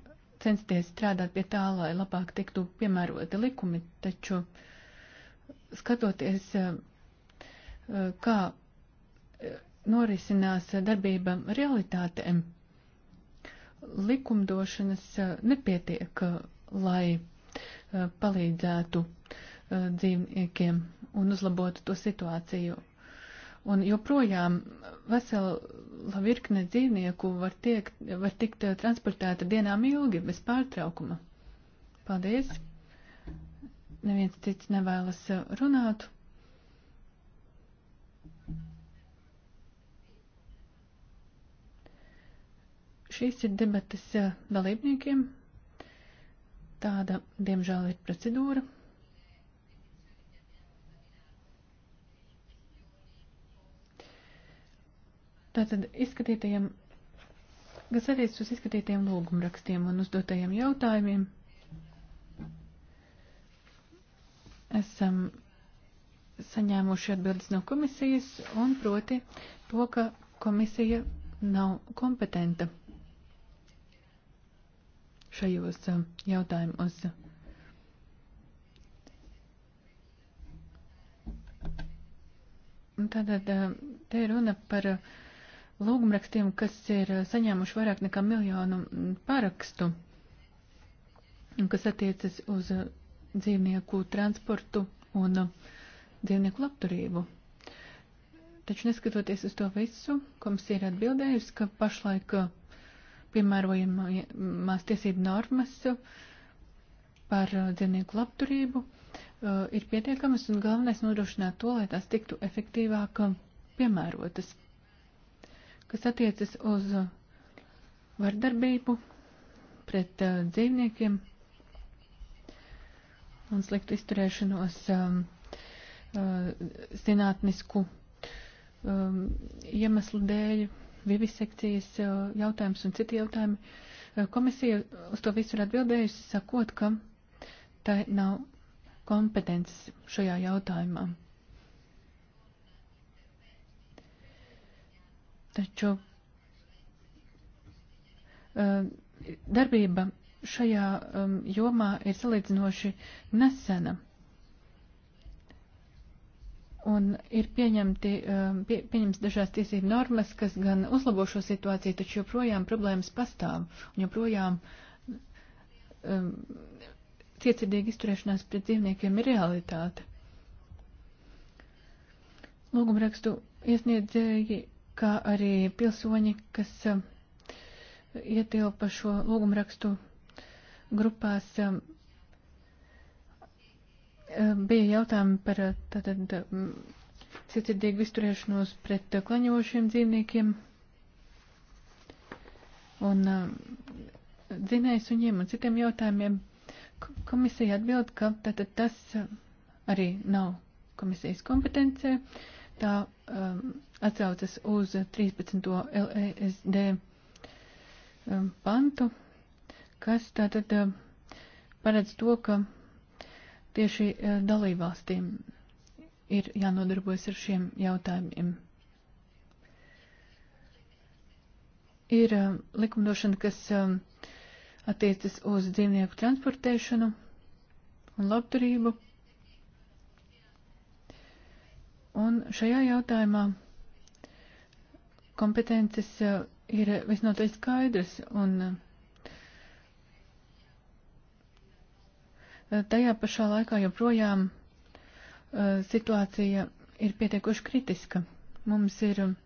censties strādāt pie tā, lai labāk tiktu piemēroti likumi, taču skatoties, eh, eh, kā eh, norisinās darbība realitātēm, likumdošanas nepietiek, lai palīdzētu dzīvniekiem un uzlabotu to situāciju un joprojām vesela virkne dzīvnieku var, tiek, var tikt eh, transportēta dienām ilgi, bez pārtraukuma. Paldies! Neviens cits nevēlas eh, runāt. Šīs ir debatas eh, dalībniekiem. Tāda, diemžēl, ir procedūra. Tātad izskatītajiem, kas attiec uz izskatītajiem lūgumrakstiem un uzdotajiem jautājumiem, esam saņēmuši atbildes no komisijas un proti to, ka komisija nav kompetenta šajos um, jautājumos. Tātad um, te ir runa par uh, lūgumrakstiem, kas ir eh, saņēmuši vairāk nekā miljonu mm, parakstu, kas attiecas uz eh, dzīvnieku transportu un eh, dzīvnieku labturību. Taču neskatoties uz to visu, komisija ir atbildējusi, ka pašlaik piemērojamās tiesību normas par dzīvnieku labturību ir pietiekamas un galvenais nodrošināt to, lai tās tiktu efektīvāk piemērotas kas attiecas uz uh, vardarbību pret uh, dzīvniekiem un sliktu izturēšanos um, uh, zinātnisku um, iemeslu dēļ, vivisekcijas uh, jautājums un citi jautājumi. Uh, komisija uz to visu ir atbildējusi, sakot, ka tai nav kompetences šajā jautājumā. Taču eh, darbība šajā eh, jomā ir salīdzinoši nesena. Un ir pieņemti, eh, pie, pieņems dažās tiesību normas, kas gan uzlabo šo situāciju, taču joprojām problēmas pastāv un joprojām um, cietsirdīga izturēšanās pret dzīvniekiem ir realitāte. Lūgumrakstu iesniedzēji kā arī pilsoņi, kas um, ietilpa šo lūgumrakstu grupās. Um, um, bija jautājumi par uh, tātad cietsirdīgu izturēšanos pret uh, klaņojošiem dzīvniekiem un dzinējas viņiem un citiem jautājumiem. Komisija atbild, ka tātad tas arī nav komisijas kompetencē. Tā um, atsaucas uz 13. LESD um, pantu, kas tātad um, paredz to, ka tieši uh, dalībvalstīm ir jānodarbojas ar šiem jautājumiem. Ir uh, likumdošana, kas um, attiecas uz dzīvnieku transportēšanu un labturību. Un šajā jautājumā kompetences uh, ir visnotaļ skaidrs, un uh, tajā pašā laikā joprojām uh, situācija ir pietiekuši kritiska. Mums ir um,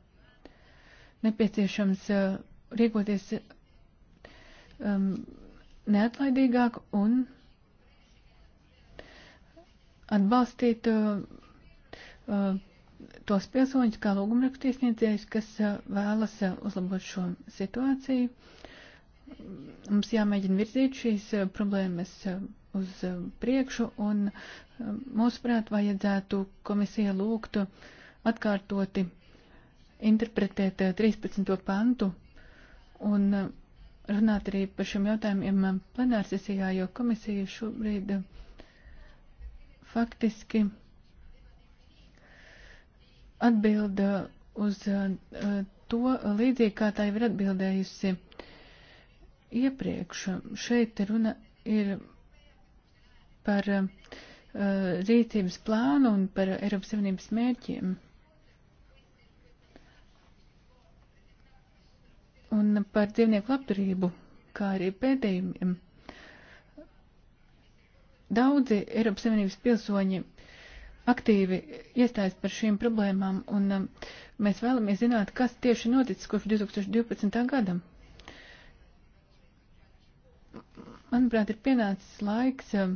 nepieciešams rīkoties um, neatlaidīgāk un atbalstīt tos pilsoņus kā lūgumrakstiesniedzējus, kas vēlas uzlabot šo situāciju. Mums jāmēģina virzīt šīs problēmas uz priekšu un mūsuprāt vajadzētu komisija lūgtu atkārtoti interpretēt 13. pantu un runāt arī par šiem jautājumiem plenārsesijā, jo komisija šobrīd faktiski atbilda uh, uz uh, to līdzīgi, kā tā jau ir atbildējusi iepriekš. Šeit runa ir par uh, rīcības plānu un par Eiropas Savienības mērķiem. Un par dzīvnieku labturību, kā arī pētījumiem. Daudzi Eiropas Savienības pilsoņi aktīvi iestājas par šīm problēmām, un um, mēs vēlamies zināt, kas tieši noticis kopš 2012. gadam. Manuprāt, ir pienācis laiks um,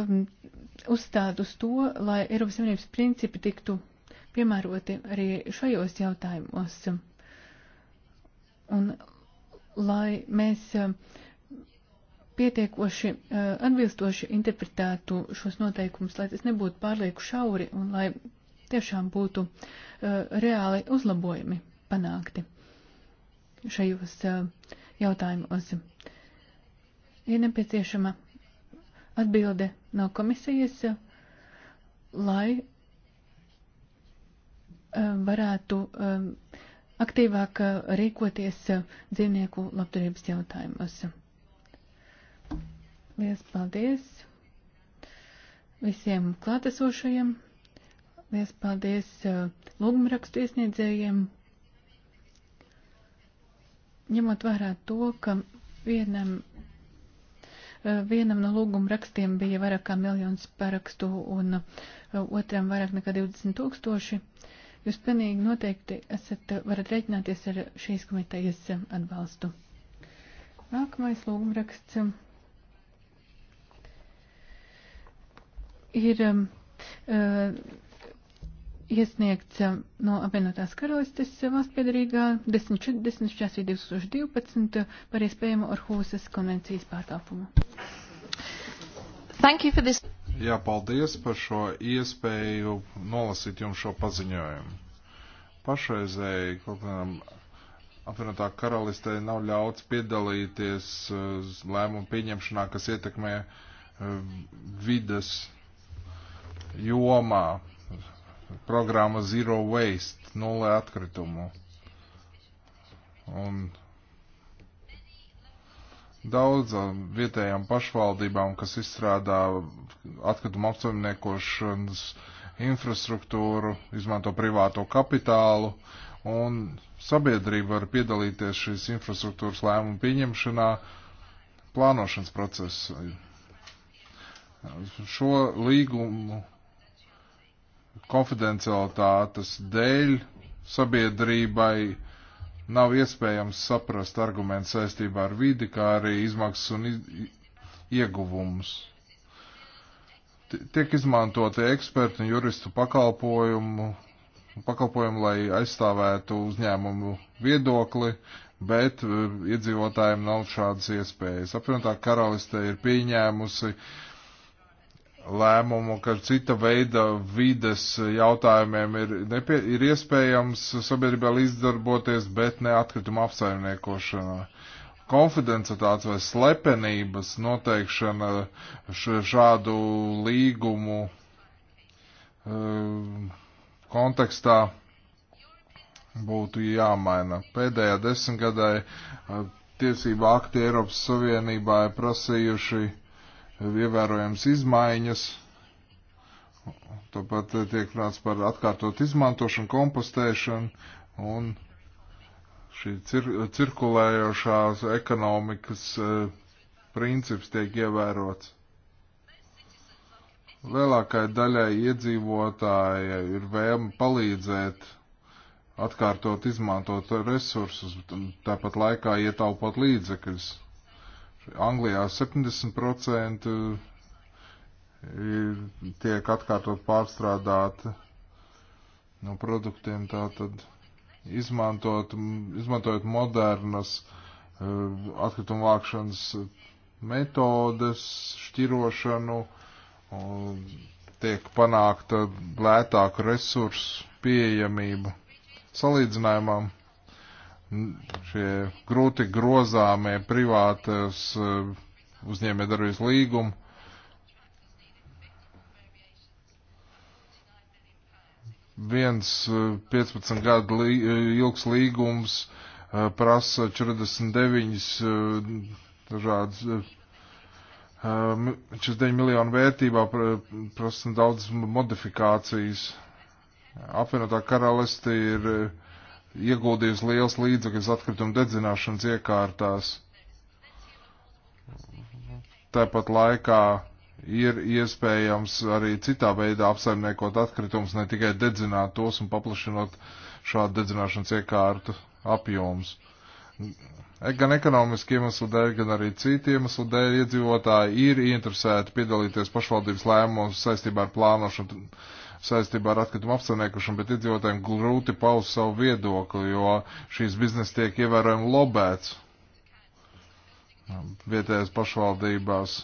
um, uzstāt uz to, lai Eiropas Savienības principi tiktu piemēroti arī šajos jautājumos. Un lai mēs uh, pietiekoši eh, atbilstoši interpretētu šos noteikumus, lai tas nebūtu pārlieku šauri un lai tiešām būtu eh, reāli uzlabojumi panākti šajos eh, jautājumos. Ir nepieciešama atbilde no komisijas, lai varētu aktīvāk rīkoties dzīvnieku labdarības jautājumos. Lielas paldies visiem klātesošajiem. Lielas paldies uh, lūgumrakstu iesniedzējiem. Ņemot vērā to, ka vienam, uh, vienam no lūgumrakstiem bija vairāk kā miljons parakstu un uh, otram vairāk nekā 20 tūkstoši, jūs pilnīgi noteikti esat, varat rēķināties ar šīs komitejas atbalstu. Nākamais lūgumraksts ir um, uh, iesniegts um, no apvienotās karalistes valstspiedarīgā 10.4.2012 par iespējamo Orhusas konvencijas pārkāpumu. Thank you for this. Jā, paldies par šo iespēju nolasīt jums šo paziņojumu. Pašreizēji, kaut kādam apvienotā karalistē nav ļauts piedalīties uh, lēmumu pieņemšanā, kas ietekmē uh, vidas jomā, programma Zero Waste, nulle atkritumu. Un daudzām uh, vietējām pašvaldībām, kas izstrādā atkritumu apsaimniekošanas infrastruktūru, izmanto privāto kapitālu, un sabiedrība var piedalīties šīs infrastruktūras lēmumu pieņemšanā, plānošanas procesā. Šo līgumu konfidencialitātes dēļ sabiedrībai nav iespējams saprast argumentus saistībā ar vidi, kā arī izmaksas un ieguvumus. Tiek izmantoti ekspertu un juristu pakalpojumu, pakalpojumu, lai aizstāvētu uzņēmumu viedokli, bet eh, iedzīvotājiem nav šādas iespējas. Apvienotā karaliste ir pieņēmusi uh, lēmumu, ka cita veida vides jautājumiem ir, nepie, ir iespējams sabiedrībā līdzdarboties, bet ne atkrituma apsaimniekošanā. Konfidencitāts vai slepenības noteikšana šādu līgumu um, kontekstā būtu jāmaina. Pēdējā desmitgadē uh, tiesība akti Eiropas Savienībā ir prasījuši uh, ievērojams izmaiņas. Tāpat eh, tiek runāts par atkārtot izmantošanu, kompostēšanu un šī cir cirkulējošās ekonomikas eh, princips tiek ievērots. Lielākai daļai iedzīvotāji ir vēlme palīdzēt atkārtot izmantot resursus, tāpat laikā ietaupot līdzekļus. Anglijā 70% tiek atkārtot pārstrādāti no nu, produktiem, tātad izmantot, izmantojot modernas eh, atkritumu vākšanas metodes, šķirošanu, tiek panākta lētāka resursu pieejamība salīdzinājumam šie grūti grozāmie privātas eh, uzņēmē darbības līgumi. Viens 15 eh, gadu lī, eh, ilgs līgums prasa 49 dažādas 49 miljonu vērtībā prasa daudz modifikācijas. Apvienotā karalisti ir uh, ieguldījis liels līdzekļus atkritumu dedzināšanas iekārtās. Tāpat laikā ir iespējams arī citā veidā apsaimniekot atkritumus, ne tikai dedzināt tos un paplašinot šādu dedzināšanas iekārtu apjomus. Gan ekonomiski iemeslu dēļ, gan arī citu iemeslu dēļ iedzīvotāji ir interesēti piedalīties pašvaldības lēmumos saistībā ar plānošanu saistībā ar atkritumu apsaimniekošanu, bet iedzīvotājiem grūti paust savu viedokli, jo šīs biznesa tiek ievērojami lobēts vietējās pašvaldībās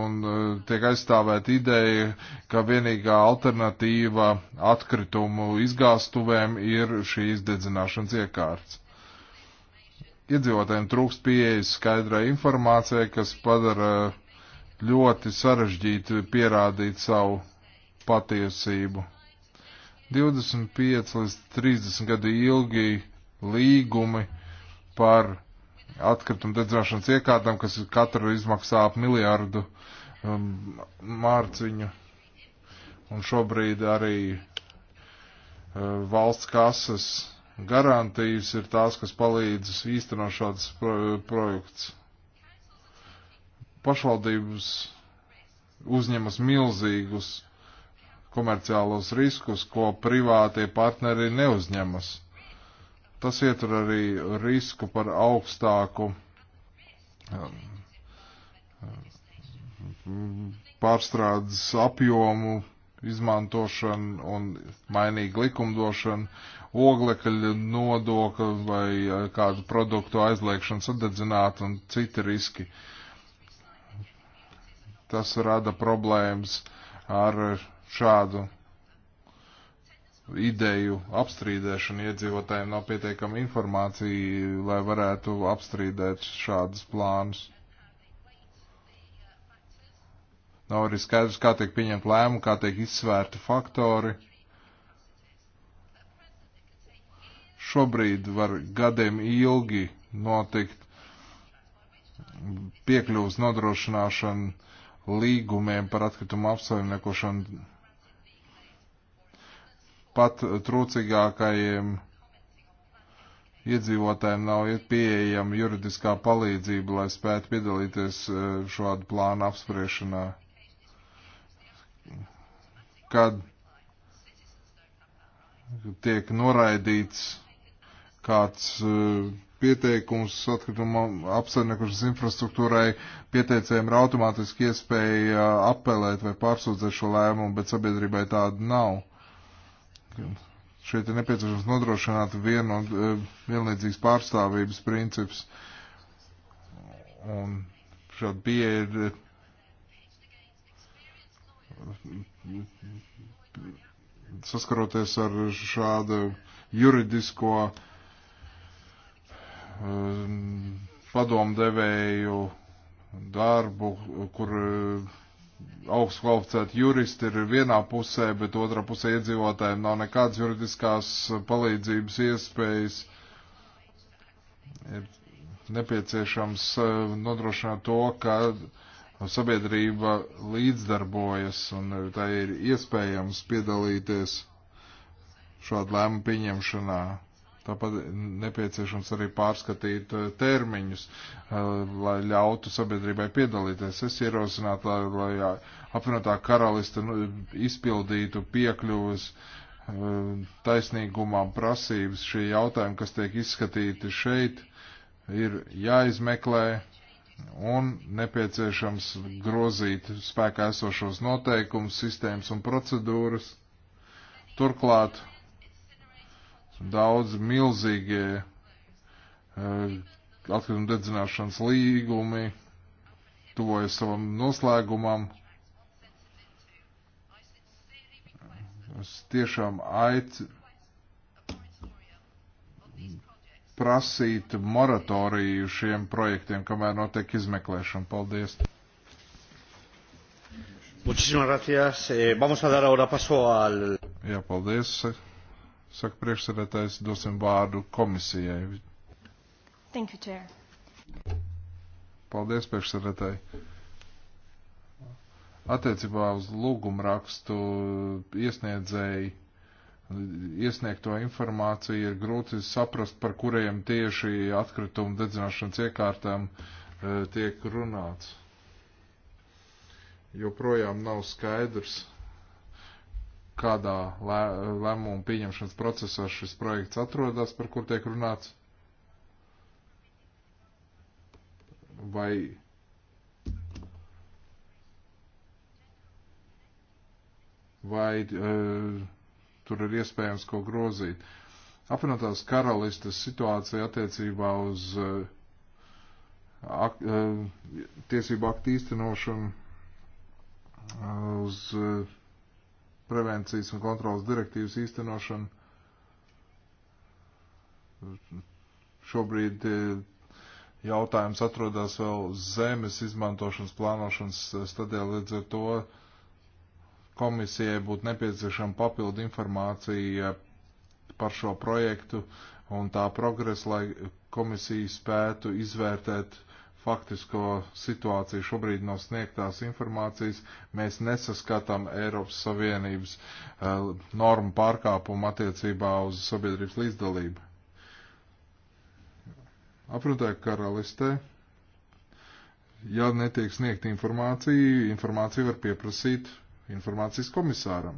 un e, tiek aizstāvēt ideja, ka vienīgā alternatīva atkritumu izgāstuvēm ir šīs dedzināšanas iekārts iedzīvotājiem trūkst pieejas skaidrai informācijai, kas padara ļoti sarežģīti pierādīt savu patiesību. 25 līdz 30 gadu ilgi līgumi par atkritumu dedzināšanas iekārtām, kas katru izmaksā ap miljārdu um, mārciņu. Un šobrīd arī uh, valsts kases garantijas ir tās, kas palīdz īstenot šāds pro projekts. Pašvaldības uzņemas milzīgus komerciālos riskus, ko privātie partneri neuzņemas. Tas ietur arī risku par augstāku um, pārstrādes apjomu izmantošanu un mainīgu likumdošanu, oglekļa nodokli vai uh, kādu produktu aizliekšanu sadedzināt un citi riski. Tas rada problēmas ar šādu ideju apstrīdēšanu iedzīvotājiem nav pietiekama informācija, lai varētu apstrīdēt šādus plānus. Nav arī skaidrs, kā tiek pieņemt lēmumu, kā tiek izsvērti faktori. Šobrīd var gadiem ilgi notikt piekļuvas nodrošināšana līgumiem par atkritumu apsaimniekošanu pat trūcīgākajiem iedzīvotājiem nav pieejama juridiskā palīdzība, lai spētu piedalīties e, šādu plānu apspriešanā. Kad tiek noraidīts kāds e, pieteikums atkrituma apsaimniekošanas infrastruktūrai, pieteicējiem ir automātiski iespēja e, apelēt vai pārsūdzēt šo lēmumu, bet sabiedrībai tāda nav. Šeit ir nepieciešams nodrošināt vienu un eh, vienlīdzīgas pārstāvības princips. Un šāda pieeja ir eh, saskaroties ar šādu juridisko eh, padomdevēju darbu, kur augstu kvalificēti juristi ir vienā pusē, bet otrā pusē iedzīvotājiem nav nekādas juridiskās palīdzības iespējas. Ir nepieciešams eh, nodrošināt to, ka sabiedrība līdzdarbojas un tā ir iespējams piedalīties šādu lēmu pieņemšanā. Tāpat nepieciešams arī pārskatīt eh, termiņus, eh, lai ļautu sabiedrībai piedalīties. Es ierosinātu, lai, lai apvienotā karaliste nu, izpildītu piekļuvas eh, taisnīgumam prasības. Šie jautājumi, kas tiek izskatīti šeit, ir jāizmeklē un nepieciešams grozīt spēkā esošos noteikumus, sistēmas un procedūras. Turklāt daudz milzīgie eh, atkrituma dedzināšanas līgumi, tuvojas savam noslēgumam. Es tiešām aicinu prasīt moratoriju šiem projektiem, kamēr notiek izmeklēšana. Paldies! Muchísimas gracias. Eh, vamos a dar ahora paso al. Jā, paldies. Saka priekšsēdētājs, dosim vārdu komisijai. Thank you, Chair. Paldies, priekšsēdētāji. Attiecībā uz lūgumu rakstu iesniedzēji iesniegto informāciju ir grūti saprast, par kuriem tieši atkritumu dedzināšanas iekārtām eh, tiek runāts. Joprojām nav skaidrs, kādā lē, lēmumu pieņemšanas procesā šis projekts atrodas, par kur tiek runāts? Vai vai e, tur ir iespējams ko grozīt? Apvienotās karalistes situācija attiecībā uz e, ak, e, tiesību aktu īstenošanu uz e, prevencijas un kontrolas direktīvas īstenošanu. Šobrīd eh, jautājums atrodas vēl zemes izmantošanas plānošanas stadijā, līdz ar to komisijai būtu nepieciešama papildu informācija par šo projektu un tā progresu, lai komisija spētu izvērtēt faktisko situāciju šobrīd no sniegtās informācijas mēs nesaskatām Eiropas Savienības uh, normu pārkāpumu attiecībā uz sabiedrības līdzdalību. Aprūtē karalistē, ja netiek sniegta informācija, informāciju var pieprasīt informācijas komisāram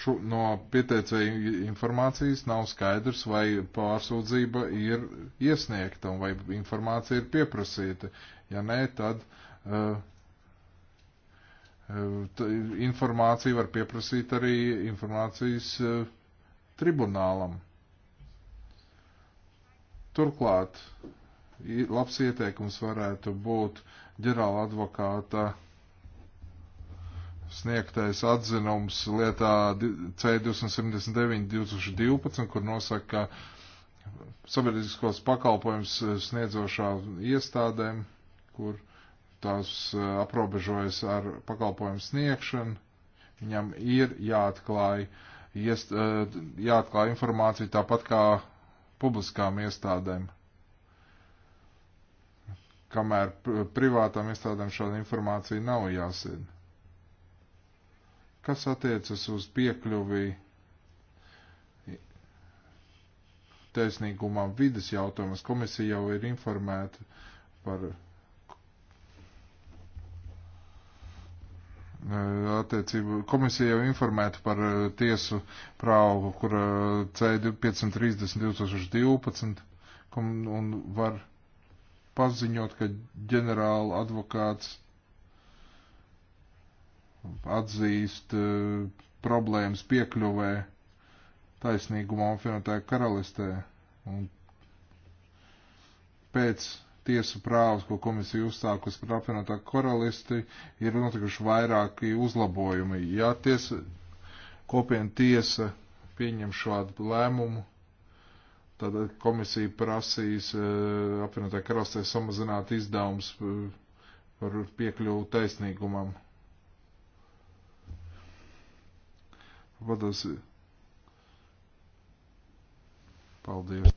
šu, no pieteicēja informācijas nav skaidrs, vai pārsūdzība ir iesniegta un vai informācija ir pieprasīta. Ja nē, tad uh, informāciju var pieprasīt arī informācijas uh, tribunālam. Turklāt labs ieteikums varētu būt ģenerāla advokāta uh, sniegtais atzinums lietā C279-2012, kur nosaka, ka sabiedriskos pakalpojums sniedzošā iestādēm, kur tās eh, aprobežojas ar pakalpojumu sniegšanu, viņam ir jāatklāj, iest, eh, jāatklāj informācija tāpat kā publiskām iestādēm kamēr privātām iestādēm šāda informācija nav jāsēd. Kas attiecas uz piekļuvi taisnīgumam vidas jautājumus, komisija jau ir informēta par eh, attiecību. Komisija jau informēta par eh, tiesu prāvu, kur eh, C530 2012 un var paziņot, ka ģenerāla advokāts atzīst e, problēmas piekļuvē taisnīgumā apvienotāju karalistē. Un pēc tiesu prāvas, ko komisija uzsākus par apvienotā karalisti, ir notikuši vairāki uzlabojumi. Ja tiesa, kopiena tiesa pieņem šādu lēmumu, tad komisija prasīs e, apvienotā karalistē samazināt izdevums e, par piekļuvu taisnīgumam Vados. Paldies.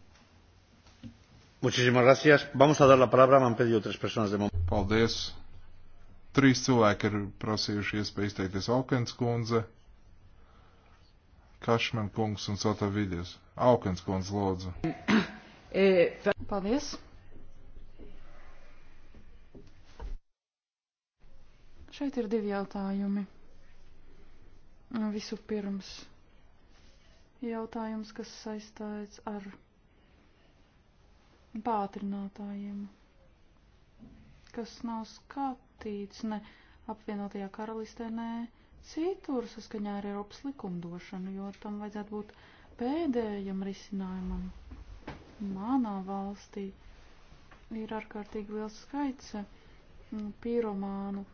Muchísimas gracias. Vamos a dar la palabra. Man pedido tres personas de momento. Paldies. Trīs cilvēki ir prasījuši iespēju izteikties. Aukens kundze, Kašmen kungs un Sota Vidies. Aukens kundze, lūdzu. [coughs] Paldies. Šeit ir divi jautājumi. Visu pirms jautājums, kas saistāts ar pātrinātājiem, kas nav skatīts ne apvienotajā karalistē, ne citur saskaņā ar Eiropas likumdošanu, jo tam vajadzētu būt pēdējam risinājumam. Manā valstī ir ārkārtīgi liels skaits mm, pīromānu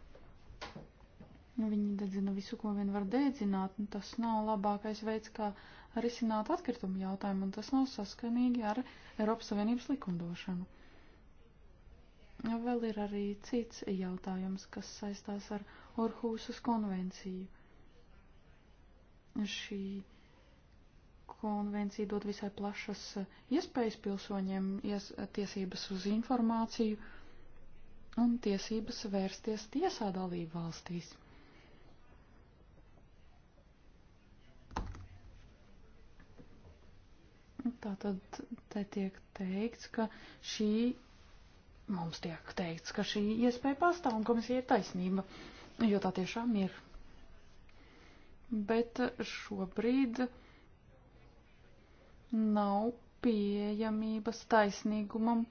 Nu, viņi dedzina nu, visu, ko vien var dedzināt, un nu, tas nav labākais veids, kā risināt atkritumu jautājumu, un tas nav saskanīgi ar Eiropas Savienības likumdošanu. Vēl ir arī cits jautājums, kas saistās ar Orhusas konvenciju. Šī konvencija dod visai plašas iespējas pilsoņiem, ies, tiesības uz informāciju un tiesības vērsties tiesā dalību valstīs. Tātad te tiek teikts, ka šī, mums tiek teikts, ka šī iespēja pastāv un komisija ir taisnība, jo tā tiešām ir. Bet šobrīd nav pieejamības taisnīgumam,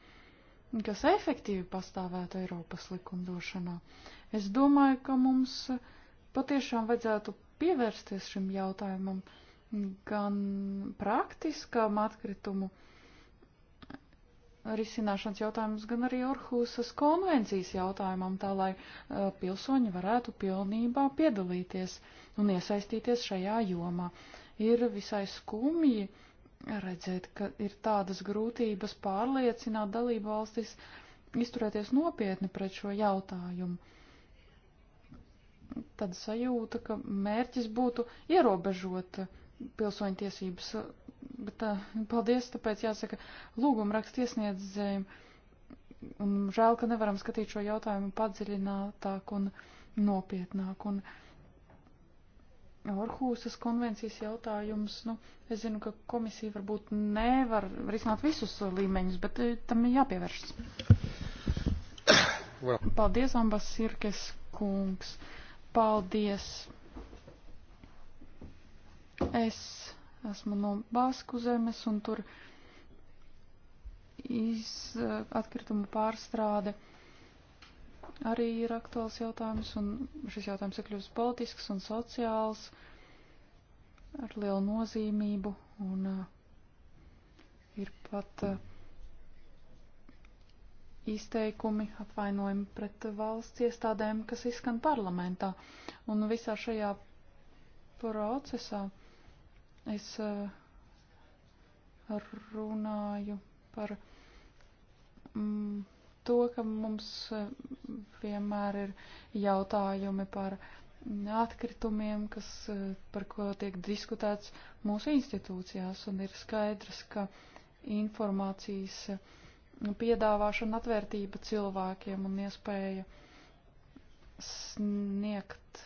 kas efektīvi pastāvētu Eiropas likumdošanā. Es domāju, ka mums patiešām vajadzētu pievērsties šim jautājumam. Uh, gan praktiskām atkritumu risināšanas jautājums, gan arī Orhusas konvencijas jautājumam, tā lai uh, pilsoņi varētu pilnībā piedalīties un iesaistīties šajā jomā. Ir visai skumji redzēt, ka ir tādas grūtības pārliecināt dalību valstis izturēties nopietni pret šo jautājumu. Tad sajūta, ka mērķis būtu ierobežot pilsoņu tiesības. Bet tā, paldies, tāpēc jāsaka lūguma raksts iesniedzējiem. Un žēl, ka nevaram skatīt šo jautājumu padziļinātāk un nopietnāk. Un Orhūsas konvencijas jautājums, nu, es zinu, ka komisija varbūt nevar risināt visus līmeņus, bet tam jāpievēršas. Well. Paldies, ambasirkes kungs. Paldies. Es esmu no Basku zemes un tur iz, atkrituma pārstrāde arī ir aktuāls jautājums un šis jautājums ir kļuvis politisks un sociāls ar lielu nozīmību un uh, ir pat uh, izteikumi apvainojumi pret valsts iestādēm, kas izskan parlamentā. Un visā šajā procesā uh, Es eh, runāju par mm, to, ka mums eh, vienmēr ir jautājumi par atkritumiem, kas, eh, par ko tiek diskutēts mūsu institūcijās, un ir skaidrs, ka informācijas piedāvāšana atvērtība cilvēkiem un iespēja sniegt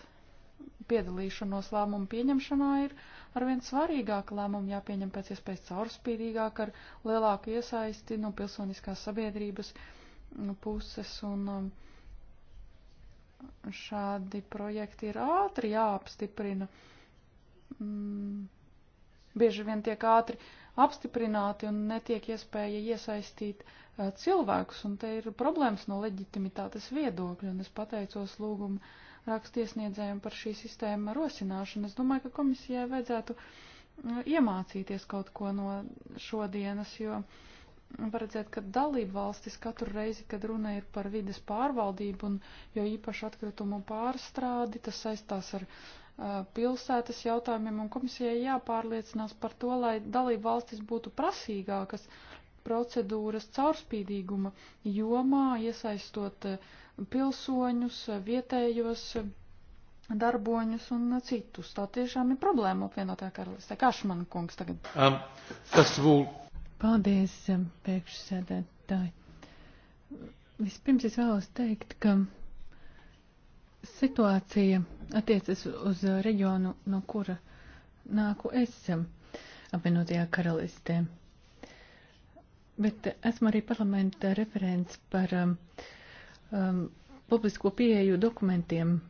piedalīšanos lēmumu pieņemšanā ir uh, arvien svarīgāk lēmumi jāpieņem pēc iespējas caurspīdīgāk ar lielāku iesaisti no pilsoniskās sabiedrības mm, puses un um, šādi projekti ir ātri jāapstiprina. Mm, bieži vien tiek ātri apstiprināti un netiek iespēja iesaistīt uh, cilvēkus, un te ir problēmas no leģitimitātes viedokļa, un es pateicos lūgumu rakstiesniedzējiem par šī sistēma rosināšanu. Es domāju, ka komisijai vajadzētu mm, iemācīties kaut ko no šodienas, jo var redzēt, ka dalību valstis katru reizi, kad runa ir par vides pārvaldību un jo īpaši atkritumu pārstrādi, tas saistās ar uh, pilsētas jautājumiem, un komisijai jāpārliecinās par to, lai dalību valstis būtu prasīgākas procedūras caurspīdīguma jomā, iesaistot uh, pilsoņus, vietējos darboņus un citus. Tā tiešām ir problēma apvienotā karalistē. Kā šman kungs tagad? Um, will... Paldies, um, priekšsēdētāji. Vispirms es vēlos teikt, ka situācija attiecas uz reģionu, no kura nāku es um, apvienotajā karalistē. Bet esmu arī parlamenta referents par uh, um, publisko pieeju dokumentiem um,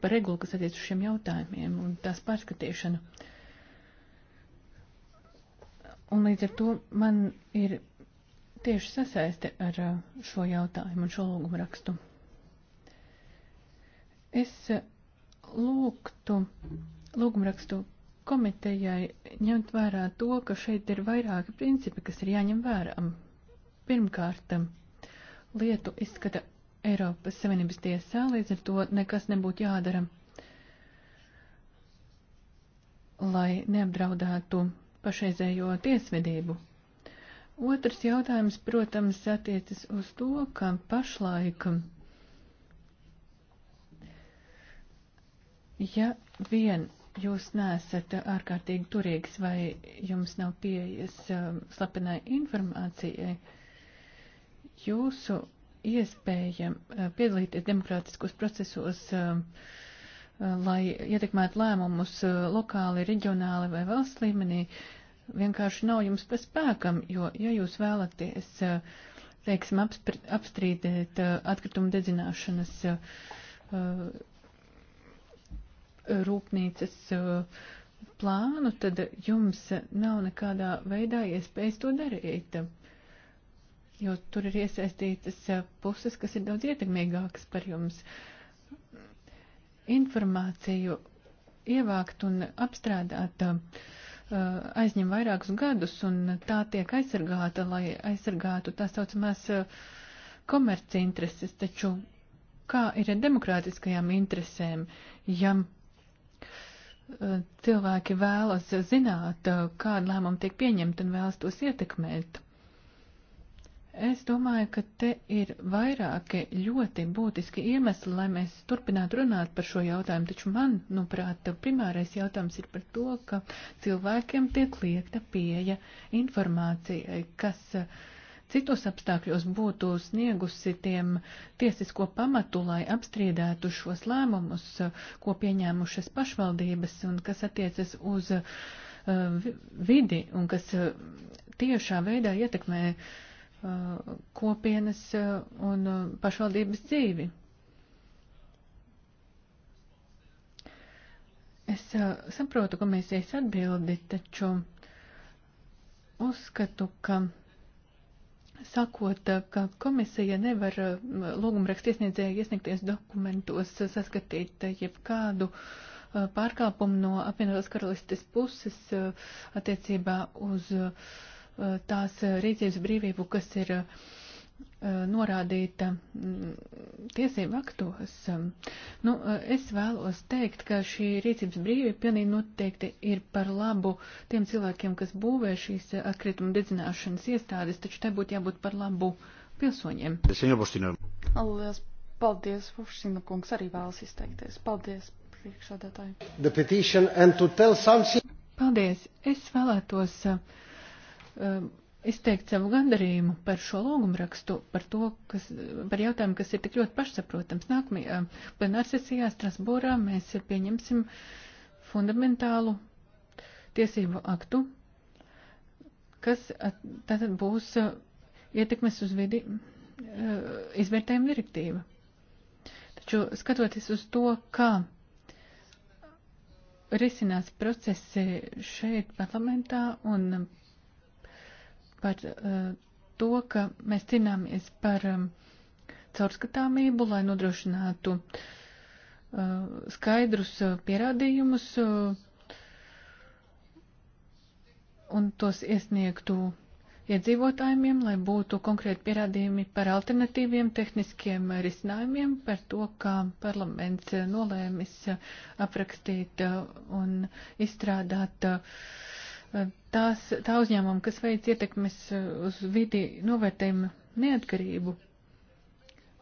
par regulu, kas attiec uz šiem jautājumiem un tās pārskatīšanu. Un līdz ar to man ir tieši sasaiste ar uh, šo jautājumu un šo lūgumu rakstu. Es uh, lūgtu lūgumu rakstu komitejai ņemt vērā to, ka šeit ir vairāki principi, kas ir jāņem vērā. Pirmkārt, um, lietu izskata Eiropas Savienības tiesā, līdz ar to nekas nebūtu jādara, lai neapdraudētu pašreizējo tiesvedību. Otrs jautājums, protams, attiecas uz to, ka pašlaik, ja vien jūs nesat ārkārtīgi turīgs vai jums nav pieejas um, slepenai informācijai, uh, jūsu iespēja eh, piedalīties demokrātiskos procesos, eh, eh, lai ietekmētu lēmumus lokāli, reģionāli vai valsts līmenī, vienkārši nav jums pa spēkam, jo, ja jūs vēlaties, teiksim, apstrīdēt atkritumu dedzināšanas rūpnīcas plānu, tad jums nav nekādā veidā iespējas to darīt jo tur ir iesaistītas eh, puses, kas ir daudz ietekmīgākas par jums. Informāciju ievākt un apstrādāt eh, aizņem vairākus gadus, un tā tiek aizsargāta, lai aizsargātu tā saucamās eh, komerci intereses, taču kā ir ar demokrātiskajām interesēm, ja cilvēki vēlas zināt, kāda lēmuma tiek pieņemta un vēlas tos ietekmēt. Es domāju, ka te ir vairāki ļoti būtiski iemesli, lai mēs turpinātu runāt par šo jautājumu, taču man, nuprāt, primārais jautājums ir par to, ka cilvēkiem tiek liekta pieeja informācijai, kas eh, citos apstākļos būtu sniegusi tiem tiesisko pamatu, lai apstrīdētu šos lēmumus, eh, ko pieņēmušas pašvaldības un kas attiecas uz eh, vidi un kas tiešā veidā ietekmē Uh, kopienas uh, un uh, pašvaldības dzīvi. Es saprotu, ka mēs ies atbildi, taču uzskatu, ka sakot, ka komisija nevar lūgumrakst iesniedzēju iesniegties dokumentos saskatīt jebkādu pārkāpumu no apvienotās karalistes puses attiecībā uz uh, Eh, tās eh, rīcības brīvību, kas ir eh, norādīta mm, tiesību aktos. Nu, es vēlos teikt, ka šī rīcības brīvība pilnīgi noteikti ir par labu tiem cilvēkiem, kas būvē šīs atkrituma dedzināšanas iestādes, taču tai būtu jābūt par labu pilsoņiem. Lielas paldies, Fušina kungs, arī vēlas izteikties. Paldies, priekšādātāji. Paldies, es vēlētos uh, um, izteikt savu gandarījumu par šo lūgumrakstu, par to, kas, par jautājumu, kas ir tik ļoti pašsaprotams. Nākamajā um, plenārsesijā Strasbūrā mēs pieņemsim fundamentālu tiesību aktu, kas uh, tātad būs uh, ietekmes uz vidi uh, izvērtējuma direktīva. Taču skatoties uz to, kā risinās procesi šeit parlamentā un par eh, to, ka mēs cīnāmies par eh, caurskatāmību, lai nodrošinātu eh, skaidrus pierādījumus un tos iesniegtu iedzīvotājiem, lai būtu konkrēti pierādījumi par alternatīviem tehniskiem risinājumiem, par to, kā parlaments nolēmis aprakstīt un izstrādāt uh, tās, tā uzņēmuma, kas veic ietekmes e, uz vidi novērtējumu neatkarību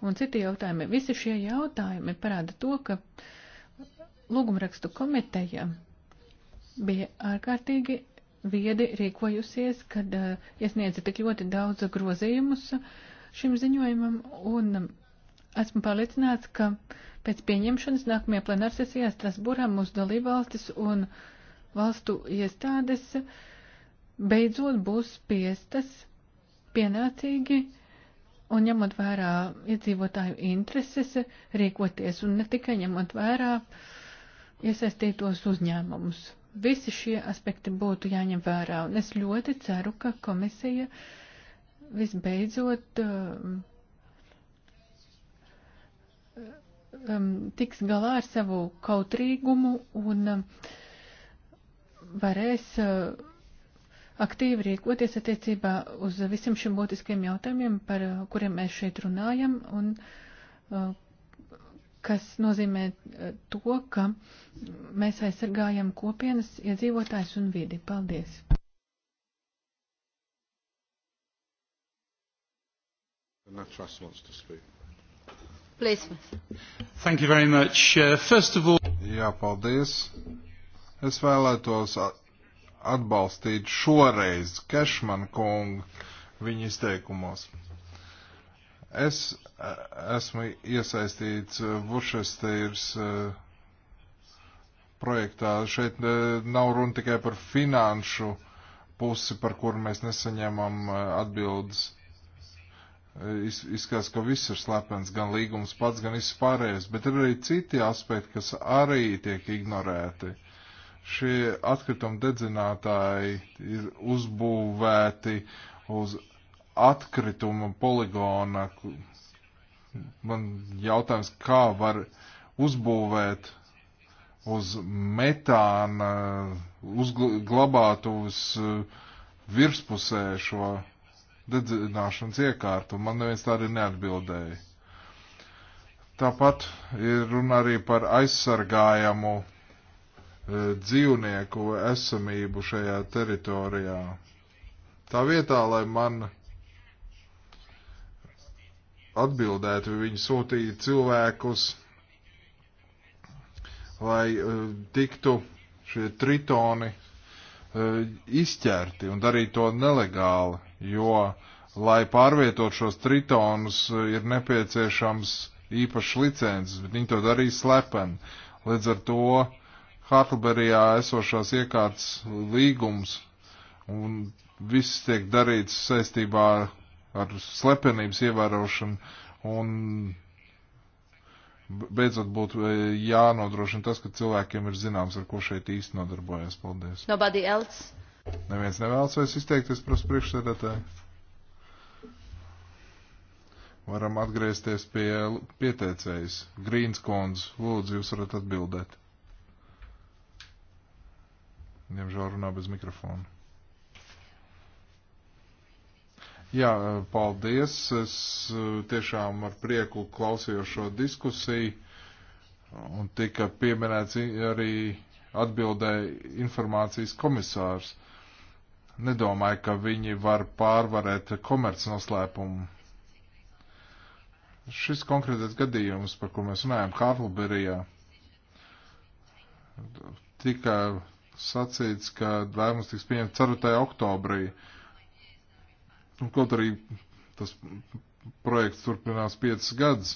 un citi jautājumi. Visi šie jautājumi parāda to, ka lūgumrakstu komiteja bija ārkārtīgi viedi rīkojusies, kad uh, iesniedza tik ļoti daudz grozījumus šim ziņojumam, un esmu pārliecināts, ka pēc pieņemšanas nākamajā plenārsesijā Strasbūrā mūsu dalībvalstis un uh, valstu iestādes beidzot būs spiestas pienācīgi un ņemot vērā iedzīvotāju intereses rīkoties un ne tikai ņemot vērā iesaistītos uzņēmumus. Visi šie aspekti būtu jāņem vērā, un es ļoti ceru, ka komisija visbeidzot um, um, tiks galā ar savu kautrīgumu un um, varēs uh, aktīvi rīkoties attiecībā uz visiem šiem būtiskiem jautājumiem, par uh, kuriem mēs šeit runājam, un uh, kas nozīmē to, ka mēs aizsargājam kopienas iedzīvotājs un vidi. Paldies! Natras wants to speak. Please. Thank you very much. Uh, first of all. Jā, paldies. Es vēlētos atbalstīt šoreiz Kešmanu kungu viņa izteikumos. Es e, esmu iesaistīts Vušesteirs e, e, projektā. Šeit nav runa tikai par finanšu pusi, par kuru mēs nesaņemam atbildes. Izskatās, ka viss ir slepens, gan līgums pats, gan viss pārējais, bet ir arī citi aspekti, kas arī tiek ignorēti. Uh, šie atkrituma dedzinātāji ir uzbūvēti uz atkrituma poligona. Man jautājums, kā var uzbūvēt uz metāna uzglabātuvas uh, virspusē šo dedzināšanas iekārtu. Man neviens tā arī neatbildēja. Tāpat ir runa arī par aizsargājamu E, dzīvnieku esamību šajā teritorijā. Tā vietā, lai man atbildētu, viņi sūtīja cilvēkus, lai e, tiktu šie tritoni e, izķerti un darīt to nelegāli, jo, lai pārvietot šos tritonus, ir nepieciešams īpašs licences, bet viņi to darīja slepeni. Līdz ar to uh, Hartleberijā esošās iekārtas līgums un viss tiek darīts saistībā ar slepenības ievērošanu un beidzot būtu e, jānodrošina tas, ka cilvēkiem ir zināms, ar ko šeit īsti nodarbojas. Paldies. Nobody else? Neviens nevēlas vairs izteikties, prasu priekšsēdētāji. Varam atgriezties pie pieteicējas. Grīnskons, lūdzu, jūs varat atbildēt. Diemžēl runā bez mikrofona. Jā, paldies. Es eh, tiešām ar prieku klausījos šo diskusiju un tika pieminēts arī atbildēja informācijas komisārs. Nedomāju, ka viņi var pārvarēt komerc noslēpumu. Šis konkrētais gadījums, par ko mēs runājam Kārlberijā, tika sacīts, ka lēmums tiks pieņemts 4. oktobrī. Un, kaut arī tas projekts turpinās 5 gadus.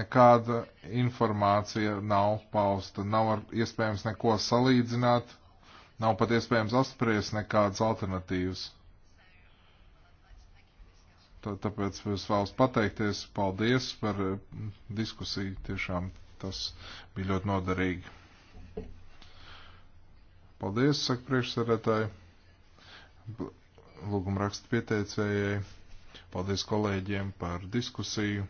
Nekāda informācija nav pausta, nav iespējams neko salīdzināt, nav pat iespējams apspriest nekādas alternatīvas. Tā, tāpēc es vēlos pateikties, paldies par eh, diskusiju tiešām. Tas bija ļoti noderīgi. Paldies, saka priekšsarētāji. Lūgum rakstu pieteicējai. Paldies kolēģiem par diskusiju.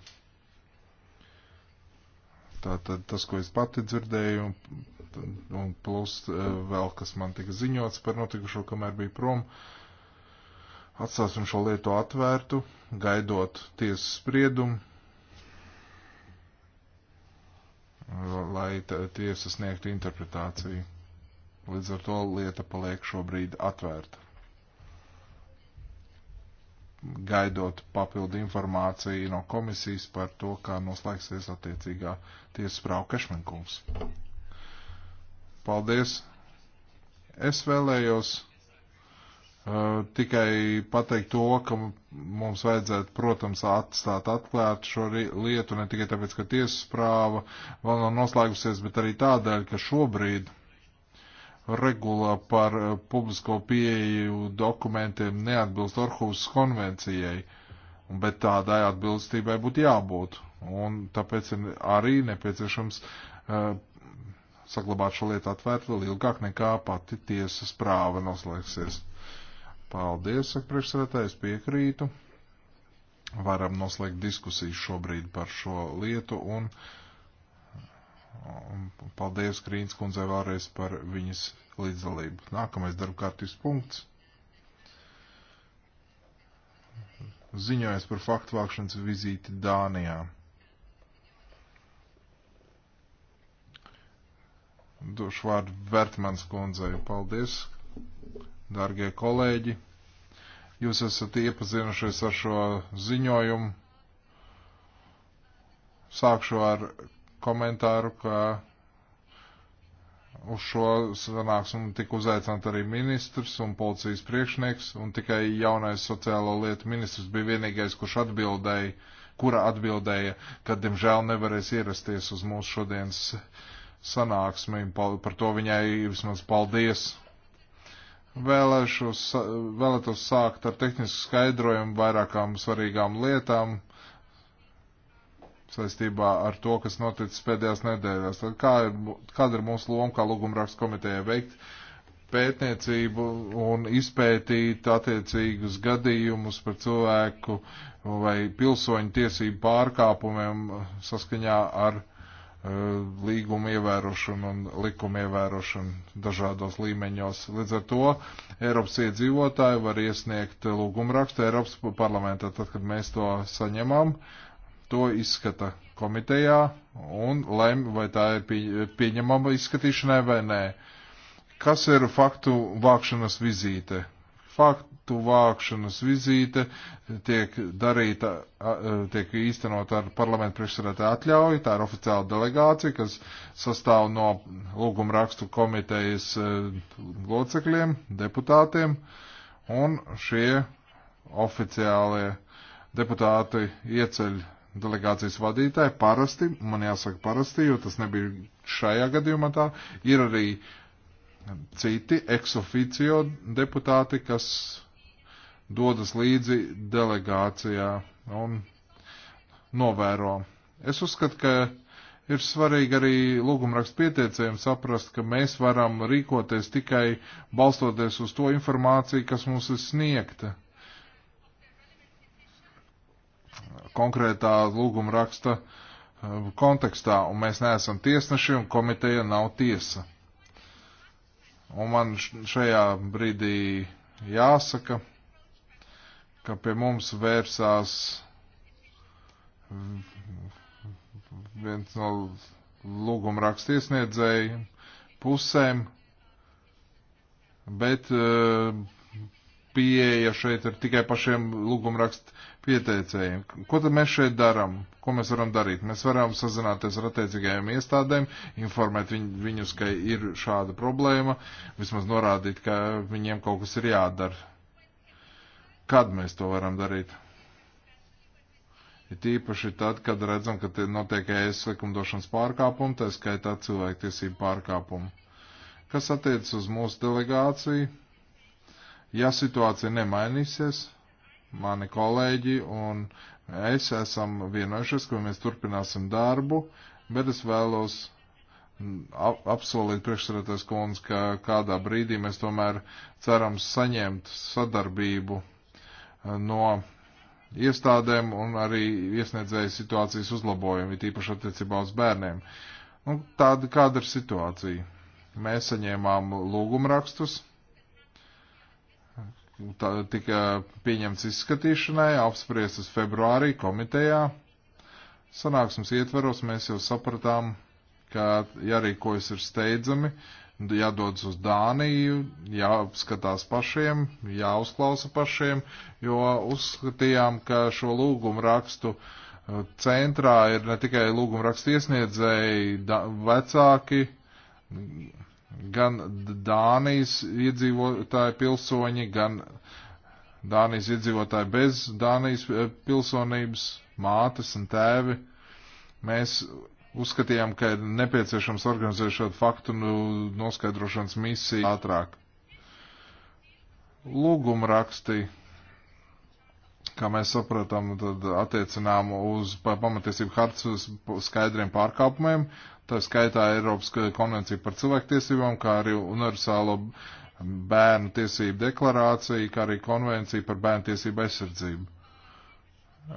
Tātad tas, ko es pati dzirdēju, un plus eh, vēl, kas man tika ziņots par notikušo, kamēr bija prom, atstāsim šo lietu atvērtu, gaidot tiesas spriedumu lai tiesa sniegtu interpretāciju. Līdz ar to lieta paliek šobrīd atvērta. Gaidot papildu informāciju no komisijas par to, kā noslēgsies attiecīgā tiesas prāva Kešmenkums. Paldies! Es vēlējos Eh, tikai pateikt to, ka mums vajadzētu, protams, atstāt atklāt šo lietu ne tikai tāpēc, ka tiesas prāva vēl nav noslēgusies, bet arī tādēļ, ka šobrīd regula par eh, publisko pieeju dokumentiem neatbilst Orhusas konvencijai, bet tādai atbilstībai būtu jābūt. Un tāpēc ir arī nepieciešams uh, saglabāt šo lietu atvērtu vēl ilgāk nekā pati tiesas prāva noslēgsies. Paldies, saka priekšsēdētājs, piekrītu. Varam noslēgt diskusijas šobrīd par šo lietu un paldies Krīns kundzei vēlreiz par viņas līdzdalību. Nākamais darbkārtības punkts. Ziņojas par faktu vākšanas vizīti Dānijā. Došu vārdu Vertmans kundzei. Paldies, dārgie kolēģi. Jūs esat iepazinušies ar šo ziņojumu. Sākšu ar komentāru, ka uz šo sanāksmu tika uzaicināt arī ministrs un policijas priekšnieks, un tikai jaunais sociālo lietu ministrs bija vienīgais, kurš atbildēja, kura atbildēja, ka diemžēl nevarēs ierasties uz mūsu šodienas sanāksmi. Par to viņai vismaz paldies Vēlēšos, vēlētos sākt ar tehnisku skaidrojumu vairākām svarīgām lietām saistībā ar to, kas noticis pēdējās nedēļās. Tad kā ir, kāda ir mūsu loma, kā lūgumraksts komiteja veikt pētniecību un izpētīt attiecīgus gadījumus par cilvēku vai pilsoņu tiesību pārkāpumiem saskaņā ar uh, Uh, līguma ievērošanu un likuma ievērošanu dažādos līmeņos. Līdz ar to Eiropas iedzīvotāji var iesniegt lūgumrakstu Eiropas parlamentā, tad, kad mēs to saņemam, to izskata komitejā un lem, vai tā ir pieņemama izskatīšanai vai nē. Kas ir faktu vākšanas vizīte? Fakt, tuvākšanas vizīte tiek darīta, tiek īstenot ar parlamentu priekšsēdētāju atļauju. Tā ir oficiāla delegācija, kas sastāv no lūguma rakstu komitejas e, locekļiem, deputātiem, un šie oficiālie deputāti ieceļ delegācijas vadītāji parasti, man jāsaka parasti, jo tas nebija šajā gadījumā tā, ir arī citi ex officio deputāti, kas dodas līdzi delegācijā un novēro. Es uzskatu, ka ir svarīgi arī lūgumrakstu pieteicējiem saprast, ka mēs varam rīkoties tikai balstoties uz to informāciju, kas mums ir sniegta konkrētā lūgumraksta uh, kontekstā, un mēs neesam tiesneši, un komiteja nav tiesa. Un man šajā brīdī jāsaka, ka pie mums vērsās viens no lūguma rakstiesniedzējiem pusēm, bet eh, pieeja šeit ir tikai pašiem lūguma rakst pieteicējiem. Ko tad mēs šeit darām? Ko mēs varam darīt? Mēs varam sazināties ar attiecīgajām iestādēm, informēt viņ, viņus, ka ir šāda problēma, vismaz norādīt, ka viņiem kaut kas ir jādara Kad mēs to varam darīt? Ir tīpaši tad, kad redzam, ka notiek ES likumdošanas pārkāpumi, tā skaitā cilvēktiesību pārkāpumi. Kas attiecas uz mūsu delegāciju? Ja situācija nemainīsies, mani kolēģi un es esam vienojušies, ka mēs turpināsim darbu, bet es vēlos mm, apsolīt priekšsarētais kundze, ka kādā brīdī mēs tomēr cerams saņemt sadarbību no iestādēm un arī iesniedzēja situācijas uzlabojumu, it īpaši attiecībā uz bērniem. Nu, tāda kāda ir situācija. Mēs saņēmām lūgumrakstus, tā, tika pieņemts izskatīšanai, apspriestas februārī komitejā. Sanāksmes ietveros mēs jau sapratām, ka jārīkojas ir steidzami, uh, jādodas uz Dāniju, jāapskatās pašiem, jāuzklausa pašiem, jo uzskatījām, ka šo lūgumu rakstu uh, centrā ir ne tikai lūgumu rakstu iesniedzēji, da, vecāki, gan Dānijas iedzīvotāji pilsoņi, gan Dānijas iedzīvotāji bez Dānijas uh, pilsonības, mātes un tēvi. Mēs Uzskatījām, ka ir nepieciešams organizēt šādu faktu nu, noskaidrošanas misiju ātrāk. Lūguma raksti, kā mēs sapratām, tad attiecinām uz pamatiesību hartas skaidriem pārkāpumiem, tā skaitā Eiropas konvencija par cilvēktiesībām, kā arī universālo bērnu tiesību deklarāciju, kā arī konvencija par bērnu tiesību aizsardzību.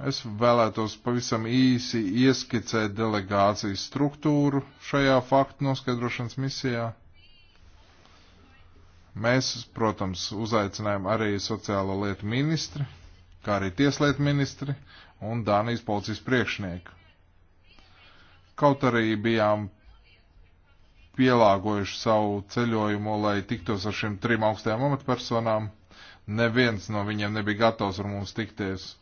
Es vēlētos pavisam īsi ieskicēt delegācijas struktūru šajā faktu noskaidrošanas misijā. Mēs, protams, uzaicinājām arī sociālo lietu ministri, kā arī tieslietu ministri un Dānijas policijas priekšnieku. Kaut arī bijām pielāgojuši savu ceļojumu, lai tiktos ar šiem trim augstajām amatpersonām, neviens no viņiem nebija gatavs ar mums tikties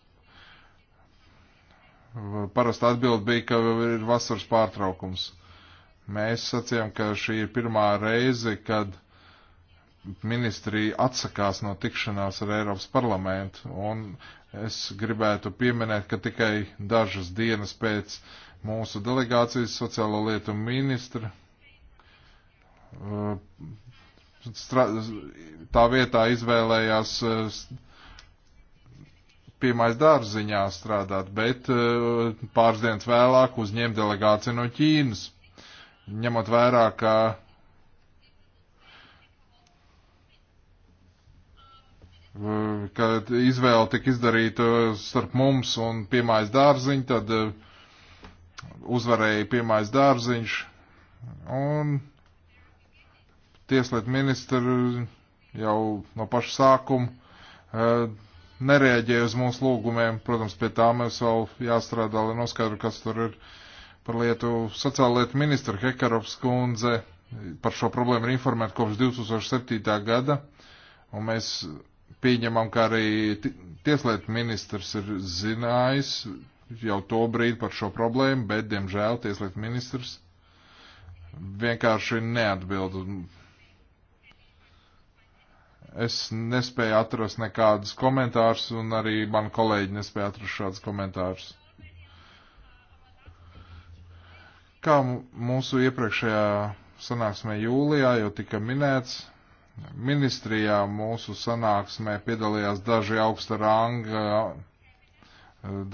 Parasti atbild bija, ka ir vasaras pārtraukums. Mēs sacījām, ka šī ir pirmā reize, kad ministrija atsakās no tikšanās ar Eiropas parlamentu, un es gribētu pieminēt, ka tikai dažas dienas pēc mūsu delegācijas sociālo lietu ministra uh, tā vietā izvēlējās uh, pirmais darbs ziņā strādāt, bet eh, pāris dienas vēlāk uzņēma delegāciju no Ķīnas. Ņemot vērā, ka kad izvēle tika izdarīta starp mums un piemājas dārziņu, tad eh, uzvarēja piemājas dārziņš un tieslietu ministra jau no paša sākuma eh, nereaģēja uz mūsu lūgumiem. Protams, pie tā mums vēl jāstrādā, lai noskaidro, kas tur ir par lietu. Sociāla lieta ministra Hekarovs kundze par šo problēmu ir informēta kopš 2007. gada, un mēs pieņemam, ka arī tieslietu ministrs ir zinājis jau to brīdi par šo problēmu, bet, diemžēl, tieslietu ministrs vienkārši neatbild Es nespēju atrast nekādus komentārus, un arī mani kolēģi nespēja atrast šādus komentārus. Kā mūsu iepriekšējā sanāksmē jūlijā jau tika minēts, ministrijā mūsu sanāksmē piedalījās daži augsta ranga eh,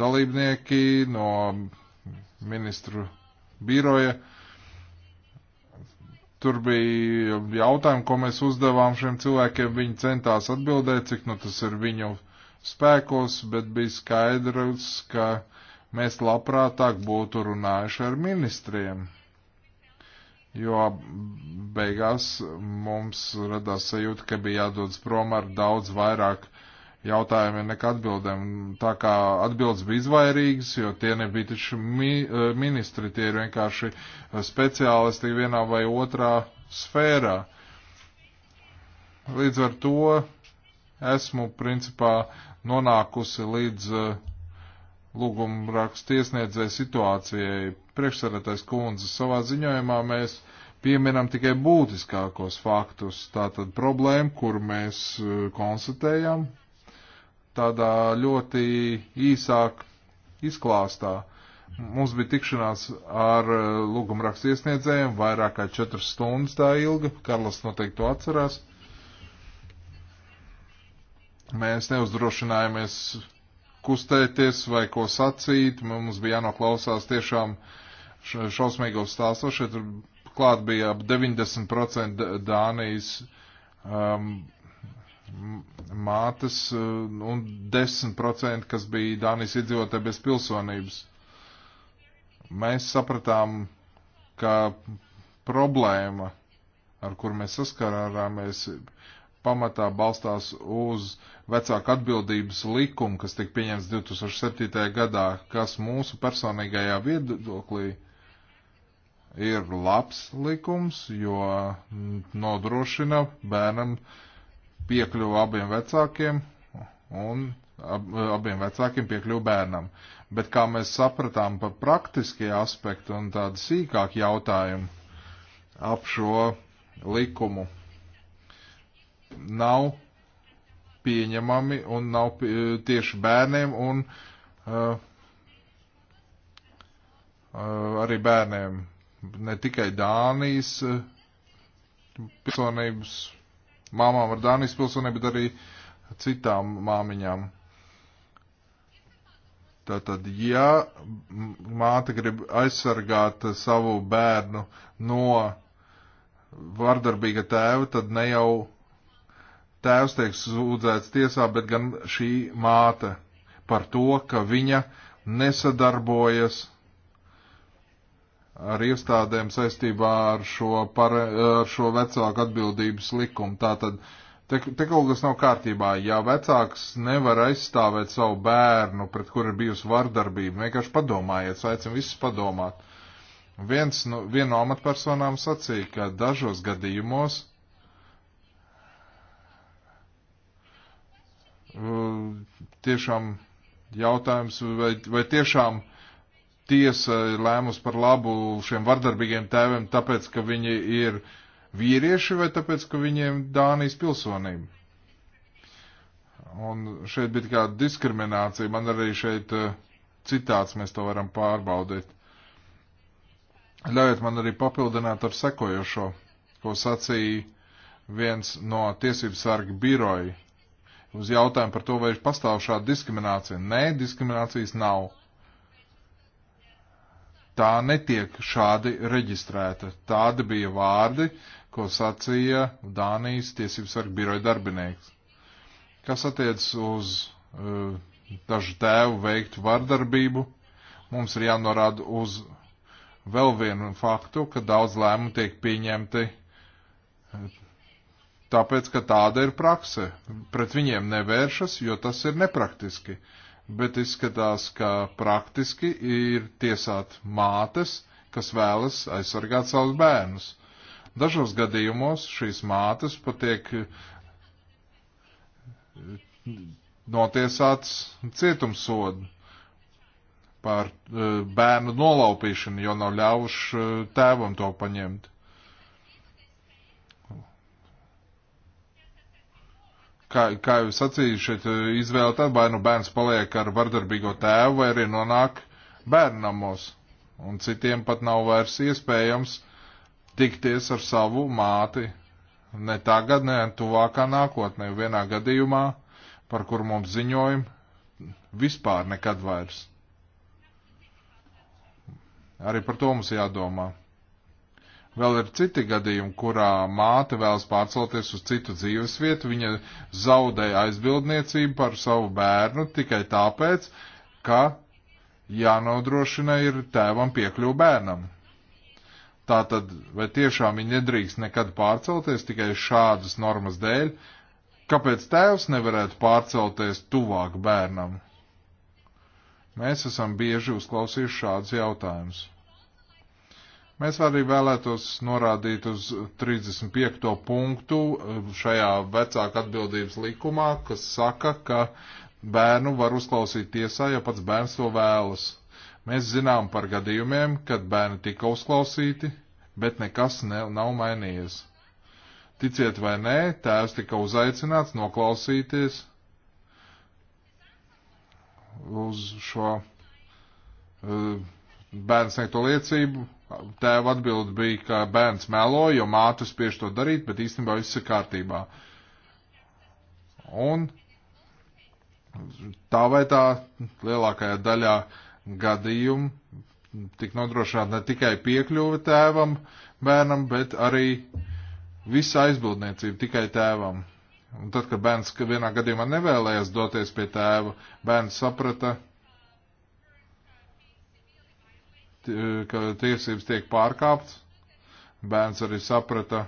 dalībnieki no ministru biroja. Tur bija jautājumi, ko mēs uzdevām šiem cilvēkiem. Viņi centās atbildēt, cik nu tas ir viņu spēkos, bet bija skaidrs, ka mēs labprātāk būtu runājuši ar ministriem. Jo beigās mums radās sajūta, ka bija jādodas prom ar daudz vairāk jautājumiem nekā atbildēm. Tā kā atbildes bija izvairīgas, jo tie nebija taču mi, e, ministri, tie ir vienkārši e, speciālisti vienā vai otrā sfērā. Līdz ar to esmu principā nonākusi līdz e, lūguma rakstu iesniedzēju situācijai. Priekšsarētais kundze savā ziņojumā mēs pieminam tikai būtiskākos faktus, tātad problēmu, kur mēs konstatējam, tādā ļoti īsāk izklāstā. Mums bija tikšanās ar eh, lūgumrakstu iesniedzējiem, vairāk kā 4 stundas tā ilga, Karlas noteikti to atcerās. Mēs neuzdrošinājāmies kustēties vai ko sacīt, mums bija jānoklausās tiešām šausmīgos stāstos, šeit klāt bija ap 90% Dānijas um, mātes eh, un 10%, kas bija Dānijas iedzīvotāji bez pilsonības. Mēs sapratām, ka problēma, ar kur mēs saskarāmies, pamatā balstās uz vecāku atbildības likumu, kas tika pieņemts 2007. gadā, kas mūsu personīgajā viedoklī ir labs likums, jo nodrošina bērnam uh, piekļuva abiem vecākiem un ab, abiem vecākiem piekļuva bērnam. Bet kā mēs sapratām par praktiskie aspekti un tādu sīkāku jautājumu ap šo likumu, nav pieņemami un nav pie, tieši bērniem un uh, uh, arī bērniem ne tikai Dānijas uh, personības māmām ar Dānijas pilsonību, bet arī citām māmiņām. Tātad, ja māte grib aizsargāt savu bērnu no vardarbīga tēva, tad ne jau tēvs tiek sūdzēts tiesā, bet gan šī māte par to, ka viņa nesadarbojas ar iestādēm saistībā ar šo, par, ar šo vecāku atbildības likumu. Tātad te, te kaut kas nav kārtībā. Ja vecāks nevar aizstāvēt savu bērnu, pret kuru ir bijusi vardarbība, vienkārši padomājiet, aicinu visus padomāt. Viens no, viena no amatpersonām sacīja, ka dažos gadījumos uh, tiešām jautājums, vai, vai tiešām uh, tiesa ir lēmusi par labu šiem vardarbīgiem tēviem, tāpēc, ka viņi ir vīrieši vai tāpēc, ka viņiem Dānijas pilsonība. Un šeit bija kāda diskriminācija, man arī šeit eh, citāts mēs to varam pārbaudīt. Ļaujiet man arī papildināt ar sekojošo, ko sacīja viens no tiesības sarga biroja uz jautājumu par to, vai pastāv šāda diskriminācija. Nē, diskriminācijas nav tā netiek šādi reģistrēta. Tādi bija vārdi, ko sacīja Dānijas tiesības sarga biroja darbinieks. Kas attiec uz uh, dažu tēvu veiktu vardarbību, mums ir jānorāda uz vēl vienu faktu, ka daudz lēmumu tiek pieņemti eh, tāpēc, ka tāda ir prakse. Pret viņiem nevēršas, jo tas ir nepraktiski. Uh, bet izskatās, ka praktiski ir tiesāt mātes, kas vēlas aizsargāt savus bērnus. Dažos gadījumos šīs mātes patiek eh, notiesāts cietumsodu par eh, bērnu nolaupīšanu, jo nav ļāvuši eh, tēvam to paņemt. kā, kā jau sacīju, šeit eh, izvēle tad vai nu bērns paliek ar vardarbīgo tēvu, vai arī nonāk bērnamos. Un citiem pat nav vairs iespējams tikties ar savu māti. Ne tagad, ne tuvākā nākotnē. Vienā gadījumā, par kur mums ziņojumi, vispār nekad vairs. Arī par to mums jādomā. Vēl ir citi gadījumi, kurā māte vēlas pārcelties uz citu dzīvesvietu, viņa zaudē aizbildniecību par savu bērnu tikai tāpēc, ka jānodrošina ir tēvam piekļuvu bērnam. Tātad, vai tiešām viņa nedrīkst nekad pārcelties tikai šādas normas dēļ, kāpēc tēvs nevarētu pārcelties tuvāk bērnam? Mēs esam bieži uzklausījuši šādus jautājumus. Mēs arī vēlētos norādīt uz 35. punktu eh, šajā vecāka atbildības likumā, kas saka, ka bērnu var uzklausīt tiesā, ja pats bērns to vēlas. Mēs zinām par gadījumiem, kad bērni tika uzklausīti, bet nekas ne, nav mainījies. Ticiet vai nē, tēvs tika uzaicināts noklausīties uz šo uh, bērnu sniegto liecību, Tēva atbild bija, ka bērns melo, jo māte spiež to darīt, bet īstenībā viss ir kārtībā. Un tā vai tā lielākajā daļā gadījumu tik nodrošināt ne tikai piekļuve tēvam, bērnam, bet arī visa aizbildniecība tikai tēvam. Un tad, kad bērns vienā gadījumā nevēlējās doties pie tēva, bērns saprata, ka ka tiesības tiek pārkāptas. Bērns arī saprata,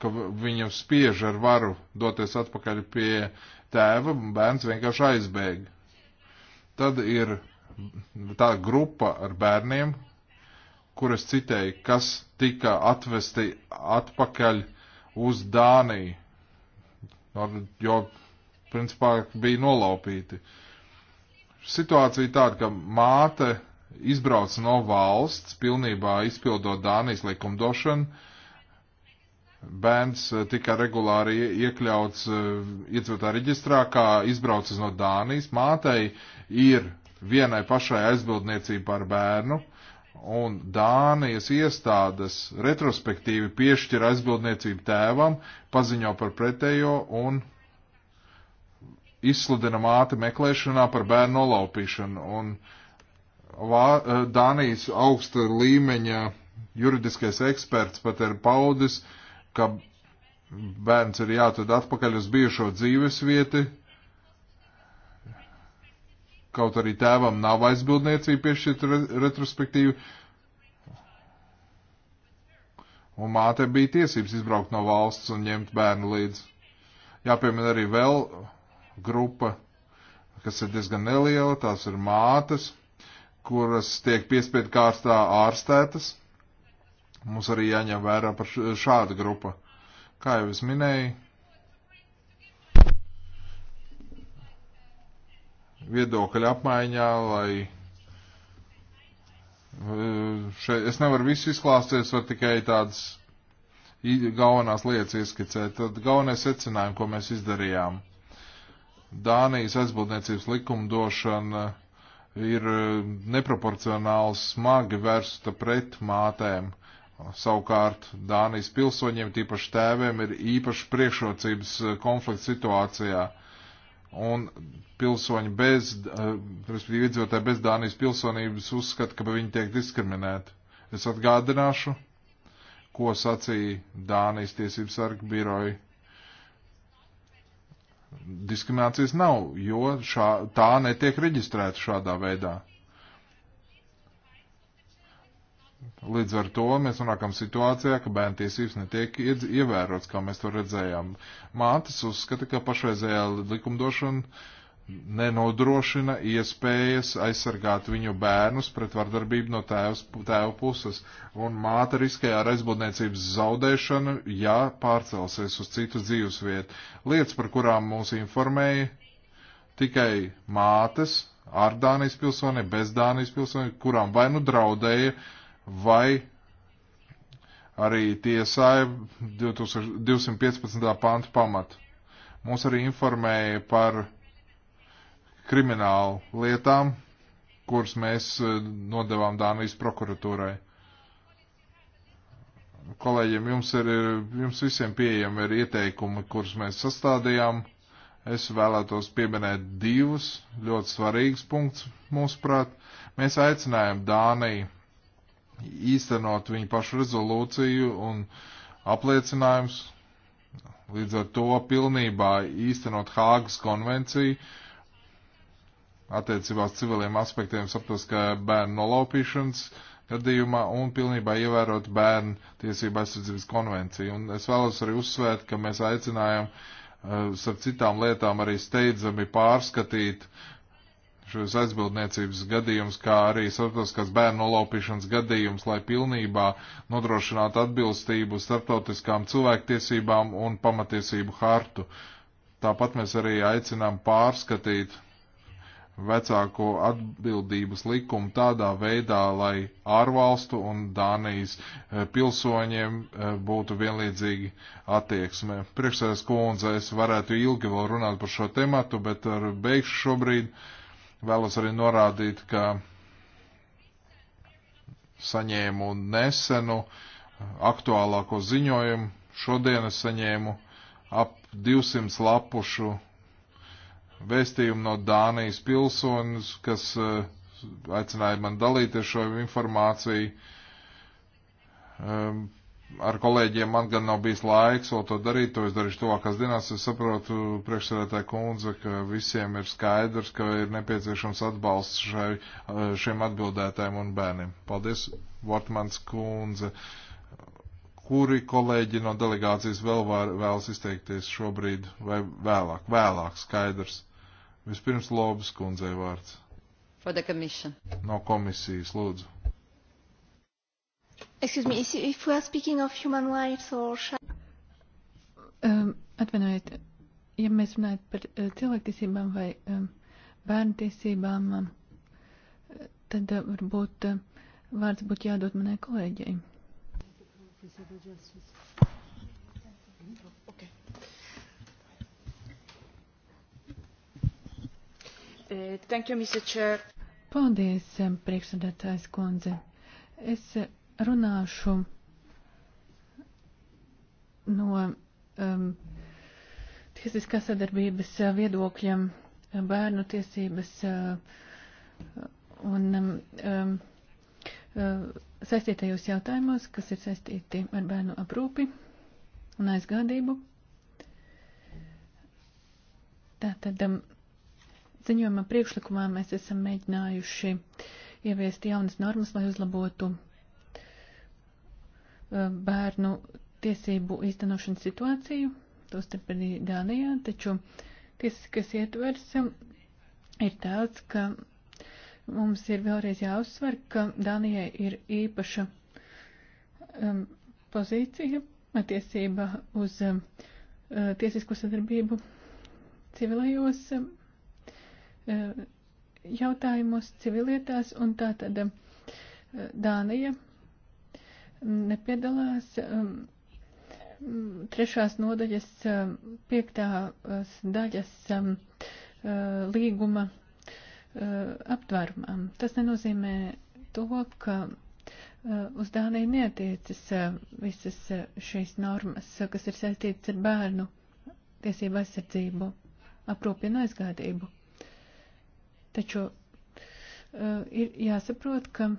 ka viņu spiež ar varu doties atpakaļ pie tēva, un bērns vienkārši aizbēga. Tad ir tā grupa ar bērniem, kuras citēja, kas tika atvesti atpakaļ uz Dāniju, jo, principā, bija nolaupīti. Situācija tāda, ka māte izbrauc no valsts, pilnībā izpildot Dānijas likumdošanu. Bērns eh, tika regulāri iekļauts eh, iedzīvotā reģistrā, kā izbraucis no Dānijas. Mātei ir vienai pašai aizbildniecība par bērnu, un Dānijas iestādes retrospektīvi piešķir aizbildniecību tēvam, paziņo par pretējo un izsludina māti meklēšanā par bērnu nolaupīšanu. Un, uh, Vā, eh, Dānijas augsta līmeņa juridiskais eksperts pat ir paudis, ka bērns ir jātad atpakaļ uz bijušo dzīves vieti, kaut arī tēvam nav aizbildniecība piešķirta retrospektīvi, un māte bija tiesības izbraukt no valsts un ņemt bērnu līdzi. Jāpiemina arī vēl grupa, kas ir diezgan neliela, tās ir mātes kuras tiek piespiedu kārstā ārstētas. Mums arī jāņem vērā par šādu grupu. Kā jau es minēju, viedokļa apmaiņā, lai e, šeit es nevaru visu izklāsties, var tikai tādas galvenās lietas ieskicēt. Tad galvenais secinājums, ko mēs izdarījām. Dānijas aizbildniecības likuma došana ir e, neproporcionāli smagi vērsta pret mātēm. Savukārt Dānijas pilsoņiem, tīpaši tēviem, ir īpaši priekšrocības e, konflikts situācijā. Un pilsoņi bez, e, respektīvi iedzīvotāji bez Dānijas pilsonības uzskata, ka viņi tiek diskriminēti. Es atgādināšu, ko sacīja Dānijas tiesības sarga biroja diskriminācijas nav, jo šā, tā netiek reģistrēta šādā veidā. Līdz ar to mēs nonākam situācijā, ka bērnu tiesības netiek ievērots, kā mēs to redzējām. Mātes uzskata, ka pašreizējā likumdošana nenodrošina iespējas aizsargāt viņu bērnus pret vardarbību no tēvs, tēva puses, un māte riskē ar aizbūdniecības zaudēšanu, ja pārcelsies uz citu dzīvesvietu. Lietas, par kurām mūs informēja tikai mātes ar Dānijas pilsoni, bez Dānijas pilsoni, kurām vai nu draudēja, vai arī tiesāja 215. pantu pamatu. Mūs arī informēja par kriminālu lietām, kuras mēs eh, nodevām Dānijas prokuratūrai. Kolēģiem, jums, ir, jums visiem pieejami ir ieteikumi, kurus mēs sastādījām. Es vēlētos pieminēt divus ļoti svarīgus punktus, mūsuprāt. Mēs aicinājām Dāniju īstenot viņu pašu rezolūciju un apliecinājums, līdz ar to pilnībā īstenot Hāgas konvenciju, attiecībās civiliem aspektiem starptautiskā bērnu nolaupīšanas gadījumā un pilnībā ievērot bērnu tiesību aizsardzības konvenciju. Un es vēlos arī uzsvērt, ka mēs aicinājām eh, starp citām lietām arī steidzami pārskatīt šos aizbildniecības gadījumus, kā arī starptautiskās bērnu nolaupīšanas gadījumus, lai pilnībā nodrošinātu atbilstību starptautiskām cilvēktiesībām un pamatiesību hartu. Tāpat mēs arī aicinām pārskatīt vecāko atbildības likumu tādā veidā, lai ārvalstu un Dānijas eh, pilsoņiem eh, būtu vienlīdzīgi attieksme. Priekšsēdēs kundze, es varētu ilgi vēl runāt par šo tematu, bet ar beigšu šobrīd vēlos arī norādīt, ka saņēmu nesenu eh, aktuālāko ziņojumu. Šodien es saņēmu ap 200 lapušu vēstījumu no Dānijas pilsoņus, kas eh, aicināja man dalīties šo informāciju. Ehm, ar kolēģiem man gan nav bijis laiks vēl to darīt, to es darīšu tuvākās dienās. Es saprotu, priekšsēdētāja kundze, ka visiem ir skaidrs, ka ir nepieciešams atbalsts šai, eh, šiem atbildētājiem un bērniem. Paldies, Vortmans kundze. Uh, Kuri kolēģi no delegācijas vēl var, vēlas izteikties šobrīd vai vēlāk? Vēlāk, skaidrs. Vispirms Lobas kundzei vārds. No komisijas, lūdzu. Excuse me, if we are speaking of human rights or... Um, atvainojiet, ja mēs runājam par uh, cilvēktiesībām vai um, bērnu tiesībām, um, tad uh, varbūt uh, vārds būtu jādod manai kolēģei. Thank you, Mr. Chair. Paldies, um, priekšsēdētājs kundze. Es uh, runāšu no um, tiesiskās sadarbības uh, viedokļa uh, bērnu tiesības uh, un um, um uh, saistītajos jautājumos, kas ir saistīti ar bērnu aprūpi un aizgādību. Tātad um, ziņojuma priekšlikumā mēs esam mēģinājuši ieviest jaunas normas, lai uzlabotu uh, bērnu tiesību īstenošanas situāciju, tostarp arī Dānijā, taču tiesiskais ietvers um, ir tāds, ka Mums ir vēlreiz jāuzsver, ka Dānijai ir īpaša um, pozīcija attiecībā uz um, uh, tiesisko sadarbību civilajos um, uh, jautājumos, civilietās, un tā tad um, Dānija nepiedalās um, trešās nodaļas um, piektās daļas um, uh, līguma Uh, aptvērumam. Tas nenozīmē to, ka uh, uz Dāniju neatiecas uh, visas šīs normas, kas ir saistītas ar bērnu tiesību aizsardzību, aprūpi un aizgādību. Taču ir jāsaprot, ka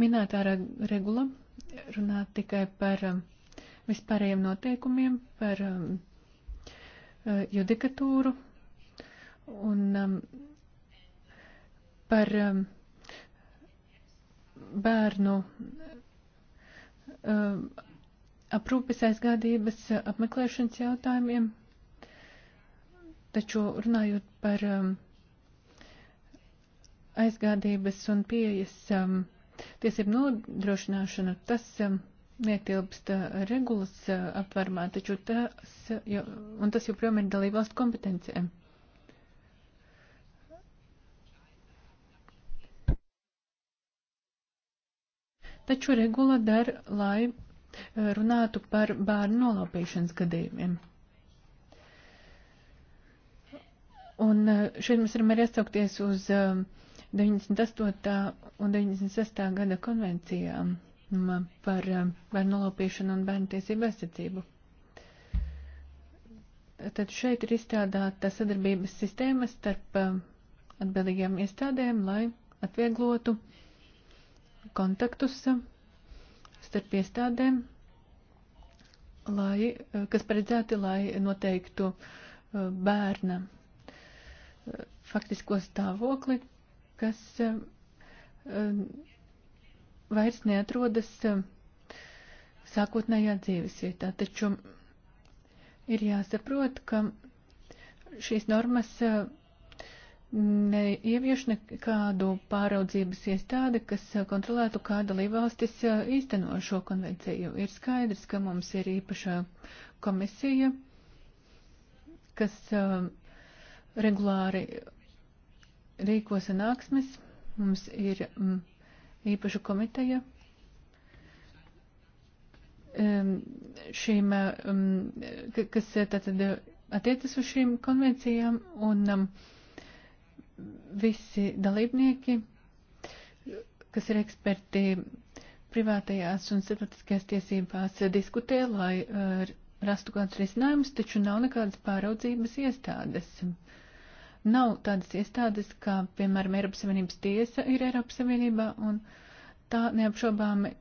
minētā regula runā tikai par um, vispārējiem noteikumiem, par um, judikatūru un um, par um, bērnu um, aprūpes aizgādības apmeklēšanas jautājumiem, taču runājot par um, aizgādības un pieejas um, tiesību nodrošināšanu, tas um, netilpst uh, regulas uh, apvarmā, taču tas, jo, un tas joprojām ir dalībvalstu kompetencijām. taču regula dar, lai eh, runātu par bērnu nolaupīšanas gadījumiem. Un eh, šeit mēs varam arī atsaukties uz 98. Eh, un 96. gada konvencijām mm, par bērnu nolaupīšanu un bērnu tiesību aizsardzību. Tad šeit ir izstrādāta sadarbības sistēma starp atbildīgajām iestādēm, lai atvieglotu uh, kontaktus uh, starp iestādēm, lai, uh, kas paredzēti, lai noteiktu uh, bērna faktisko stāvokli, kas um, vairs neatrodas sākotnējā dzīves vietā. Taču ir jāsaprot, ka šīs normas ievieš nekādu pāraudzības iestādi, kas kontrolētu, kā dalībvalstis īsteno šo konvenciju. Ir skaidrs, ka mums ir īpašā komisija, kas regulāri rīko sanāksmes. Mums ir īpaša komiteja šīm, kas tātad attiecas uz šīm konvencijām un um, visi dalībnieki, kas ir eksperti privātajās un starptautiskajās tiesībās, diskutē, lai eh, rastu kādus risinājumus, taču nav nekādas pāraudzības iestādes. Nav tādas iestādes, kā, piemēram, Eiropas Savienības tiesa ir Eiropas Savienībā, un tā neapšaubāmi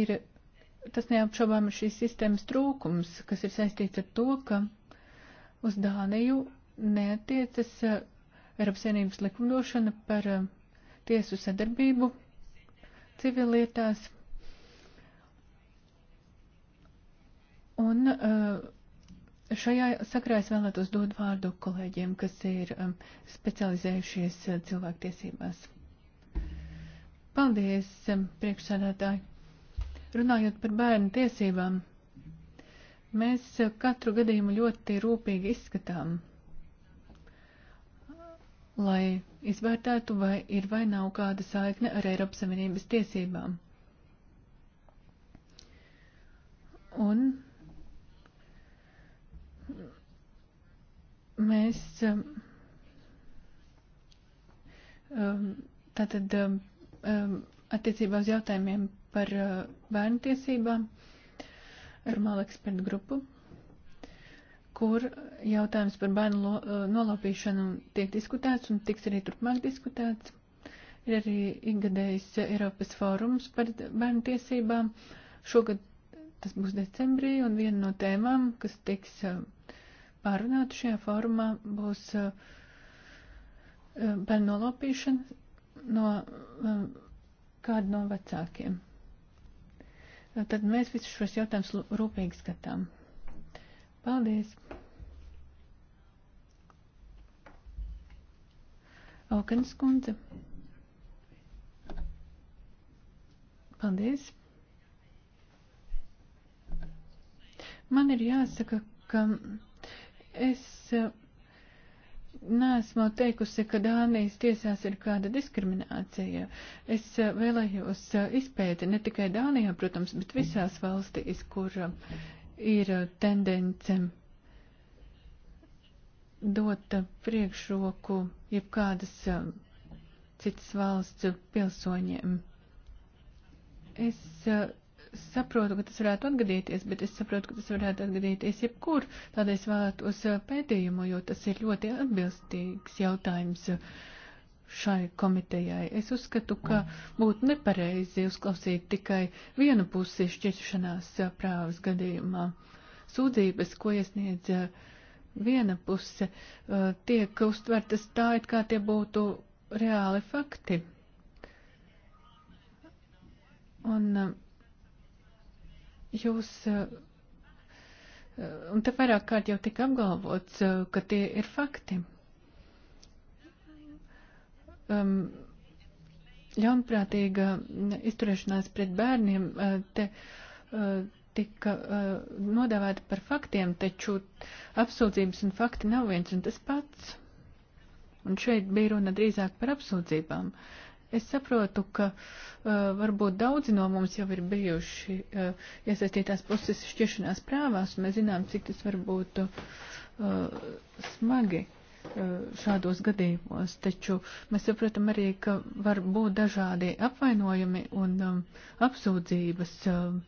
ir, tas neapšaubāmi šīs sistēmas trūkums, kas ir saistīts ar to, ka uz Dāniju neatiecas eh, Eiropas Savienības likumdošana par eh, tiesu sadarbību civilietās. Un eh, šajā sakrā es vēlētos dot vārdu kolēģiem, kas ir eh, specializējušies cilvēktiesībās. Paldies, priekšsādātāji! Runājot par bērnu tiesībām, mēs katru gadījumu ļoti rūpīgi izskatām lai izvērtētu, vai ir vai nav kāda saikne ar Eiropas Savienības tiesībām. Un mēs um, um, tātad um, attiecībā uz jautājumiem par uh, bērnu tiesībām ar malu ekspertu grupu kur jautājums par bērnu eh, nolaupīšanu tiek diskutēts un tiks arī turpmāk diskutēts. Ir arī ikgadējs Eiropas fórums par bērnu tiesībām. Šogad tas būs decembrī, un viena no tēmām, kas tiks eh, pārunāta šajā fórumā, būs eh, bērnu nolaupīšana no kāda no vecākiem. Tad mēs visus šos jautājumus rūpīgi skatām. Paldies! Aukanas kundze. Paldies! Man ir jāsaka, ka es eh, neesmu teikusi, ka Dānijas tiesās ir kāda diskriminācija. Es eh, vēlējos eh, izpēti ne tikai Dānijā, protams, bet visās valstīs, kur ir uh, tendence dot priekšroku jebkādas uh, citas valsts pilsoņiem. Es uh, saprotu, ka tas varētu atgadīties, bet es saprotu, ka tas varētu atgadīties jebkur. Tādēļ es vēlētos pētījumu, jo tas ir ļoti atbilstīgs jautājums. Uh, šai komitejai. Es uzskatu, ka mm. būtu nepareizi uzklausīt tikai vienu pusi šķiršanās eh, prāvas gadījumā. Sūdzības, ko iesniedz eh, viena puse, eh, tiek uztvertas tā, it kā tie būtu reāli fakti. Un jūs Un te vairāk kārt jau tika apgalvots, ka tie ir fakti um, ļaunprātīga izturēšanās pret bērniem uh, te uh, tika uh, nodēvēta par faktiem, taču apsūdzības un fakti nav viens un tas pats. Un šeit bija runa drīzāk par apsūdzībām. Es saprotu, ka uh, varbūt daudzi no mums jau ir bijuši uh, iesaistītās puses šķiršanās prāvās, un mēs zinām, cik tas var būt uh, smagi. Eh, šādos gadījumos, taču mēs saprotam arī, ka var būt dažādi apvainojumi un um, apsūdzības um,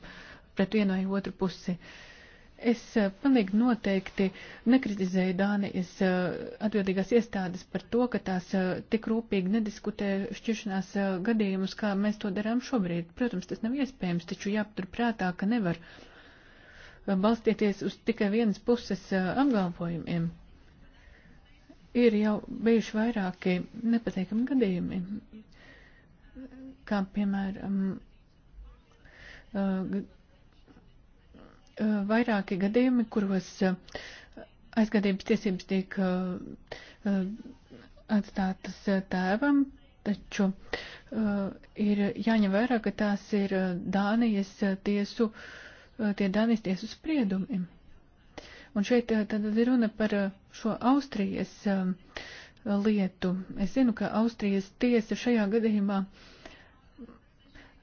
pret vienu vai otru pusi. Es uh, pilnīgi noteikti nekritizēju Dānijas uh, atbildīgās iestādes par to, ka tās uh, tik rūpīgi nediskutē šķiršanās uh, gadījumus, kā mēs to darām šobrīd. Protams, tas nav iespējams, taču jāpatur prātā, ka nevar balstieties uz tikai vienas puses uh, apgalvojumiem. Uh, ir jau bijuši vairāki nepateikami gadījumi, kā piemēram uh, uh, vairāki gadījumi, kuros uh, aizgadības tiesības tiek atstātas tēvam, taču ir jāņem vērā, ka tās ir Dānijas tiesu, tie Dānijas tiesu spriedumi. Un šeit eh, tad ir runa par eh, šo Austrijas eh, lietu. Es zinu, ka Austrijas tiesa šajā gadījumā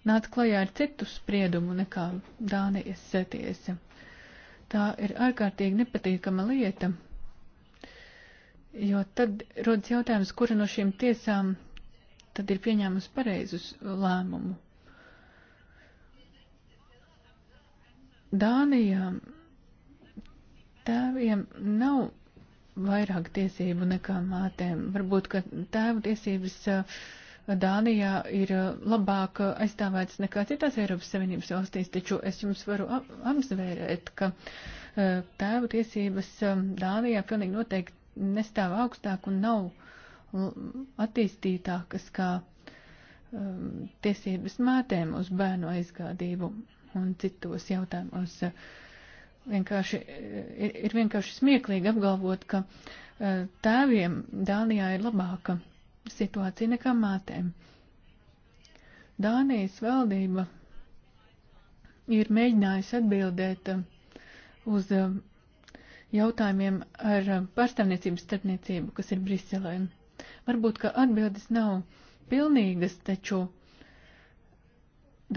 nāca klajā ar citu spriedumu nekā Dānijas tiesa. Tā ir ārkārtīgi nepatīkama lieta, jo tad rodas jautājums, kura no šīm tiesām tad ir pieņēmusi pareizus lēmumu. Dānijā tēviem nav vairāk tiesību nekā mātēm. Varbūt, ka tēvu tiesības uh, Dānijā ir uh, labāk uh, aizstāvētas nekā citās Eiropas Savienības valstīs, taču es jums varu apzvērēt, ka tēvu tiesības um, Dānijā pilnīgi noteikti nestāv augstāk un nav attīstītākas kā um, tiesības mātēm uz bērnu aizgādību un citos jautājumos. Uh, vienkārši, ir, ir vienkārši smieklīgi apgalvot, ka e, tēviem Dānijā ir labāka situācija nekā mātēm. Dānijas valdība ir mēģinājusi atbildēt e, uz e, jautājumiem ar pārstāvniecības starpniecību, kas ir Briselē. Varbūt, ka atbildes nav pilnīgas, taču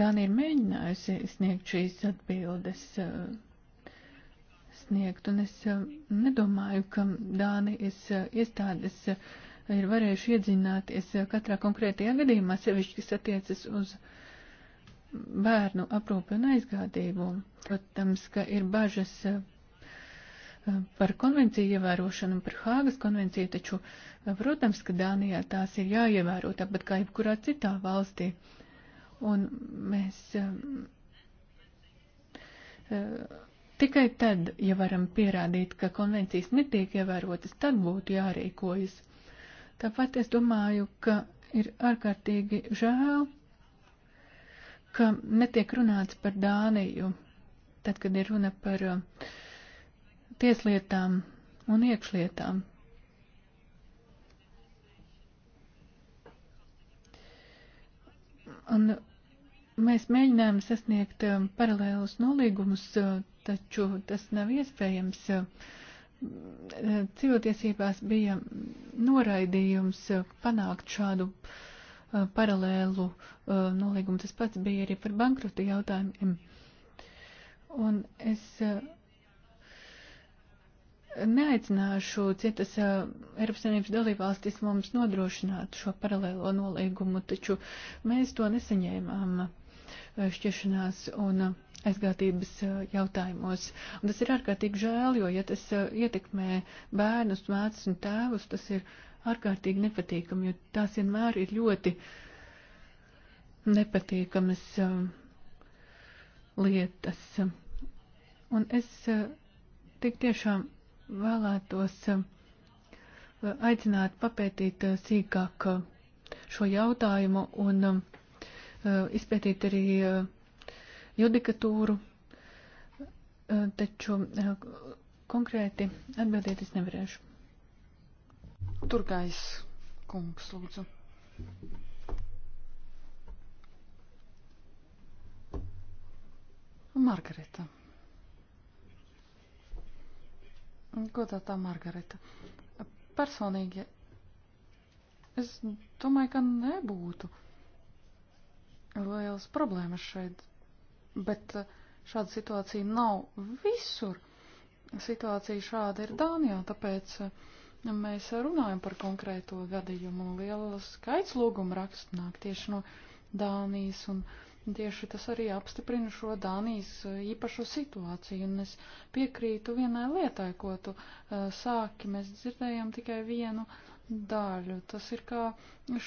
Dānija ir mēģinājusi sniegt šīs atbildes. Uh, sasniegt, un es eh, nedomāju, ka Dānijas eh, iestādes eh, ir varējuši iedzināties katrā konkrētajā gadījumā, sevišķi, kas attiecas uz bērnu aprūpi un aizgādību. Protams, ka ir bažas par konvenciju ievērošanu un par Hāgas konvenciju, taču, protams, ka Dānijā tās ir jāievēro tāpat kā jebkurā citā valstī. Un mēs uh, uh, Tikai tad, ja varam pierādīt, ka konvencijas netiek ievērotas, tad būtu jārīkojas. Tāpat es domāju, ka ir ārkārtīgi žēl, ka netiek runāts par Dāniju, tad, kad ir runa par uh, tieslietām un iekšlietām. Un mēs mēģinājām sasniegt uh, paralēlus nolīgumus uh, taču tas nav iespējams. Civiltiesībās bija noraidījums panākt šādu uh, paralēlu uh, nolīgumu. Tas pats bija arī par bankrotu jautājumiem. Un es uh, neaicināšu citas Eiropas Savienības dalībvalstis mums nodrošināt šo paralēlo nolīgumu, taču mēs to nesaņēmām šķiršanās. Un, uh, aizgātības jautājumos. Un tas ir ārkārtīgi žēl, jo, ja tas ietekmē bērnus, mācas un tēvus, tas ir ārkārtīgi nepatīkami, jo tās vienmēr ir ļoti nepatīkamas lietas. Un es tik tiešām vēlētos aicināt papētīt sīkāk šo jautājumu un izpētīt arī uh, judikatūru, eh, taču eh, konkrēti atbildēt es nevarēšu. Turgais kungs, lūdzu. Margarita. Godātā Margarita. Personīgi es domāju, ka nebūtu lielas problēmas šeit Bet eh, šāda situācija nav visur. Situācija šāda ir Dānijā, tāpēc eh, mēs runājam par konkrēto gadījumu. Liela skaits lūguma rakstu nāk tieši no Dānijas, un tieši tas arī apstiprina šo Dānijas eh, īpašo situāciju. Un es piekrītu vienai lietai, ko tu sāki. Mēs dzirdējām tikai vienu daļu. Tas ir kā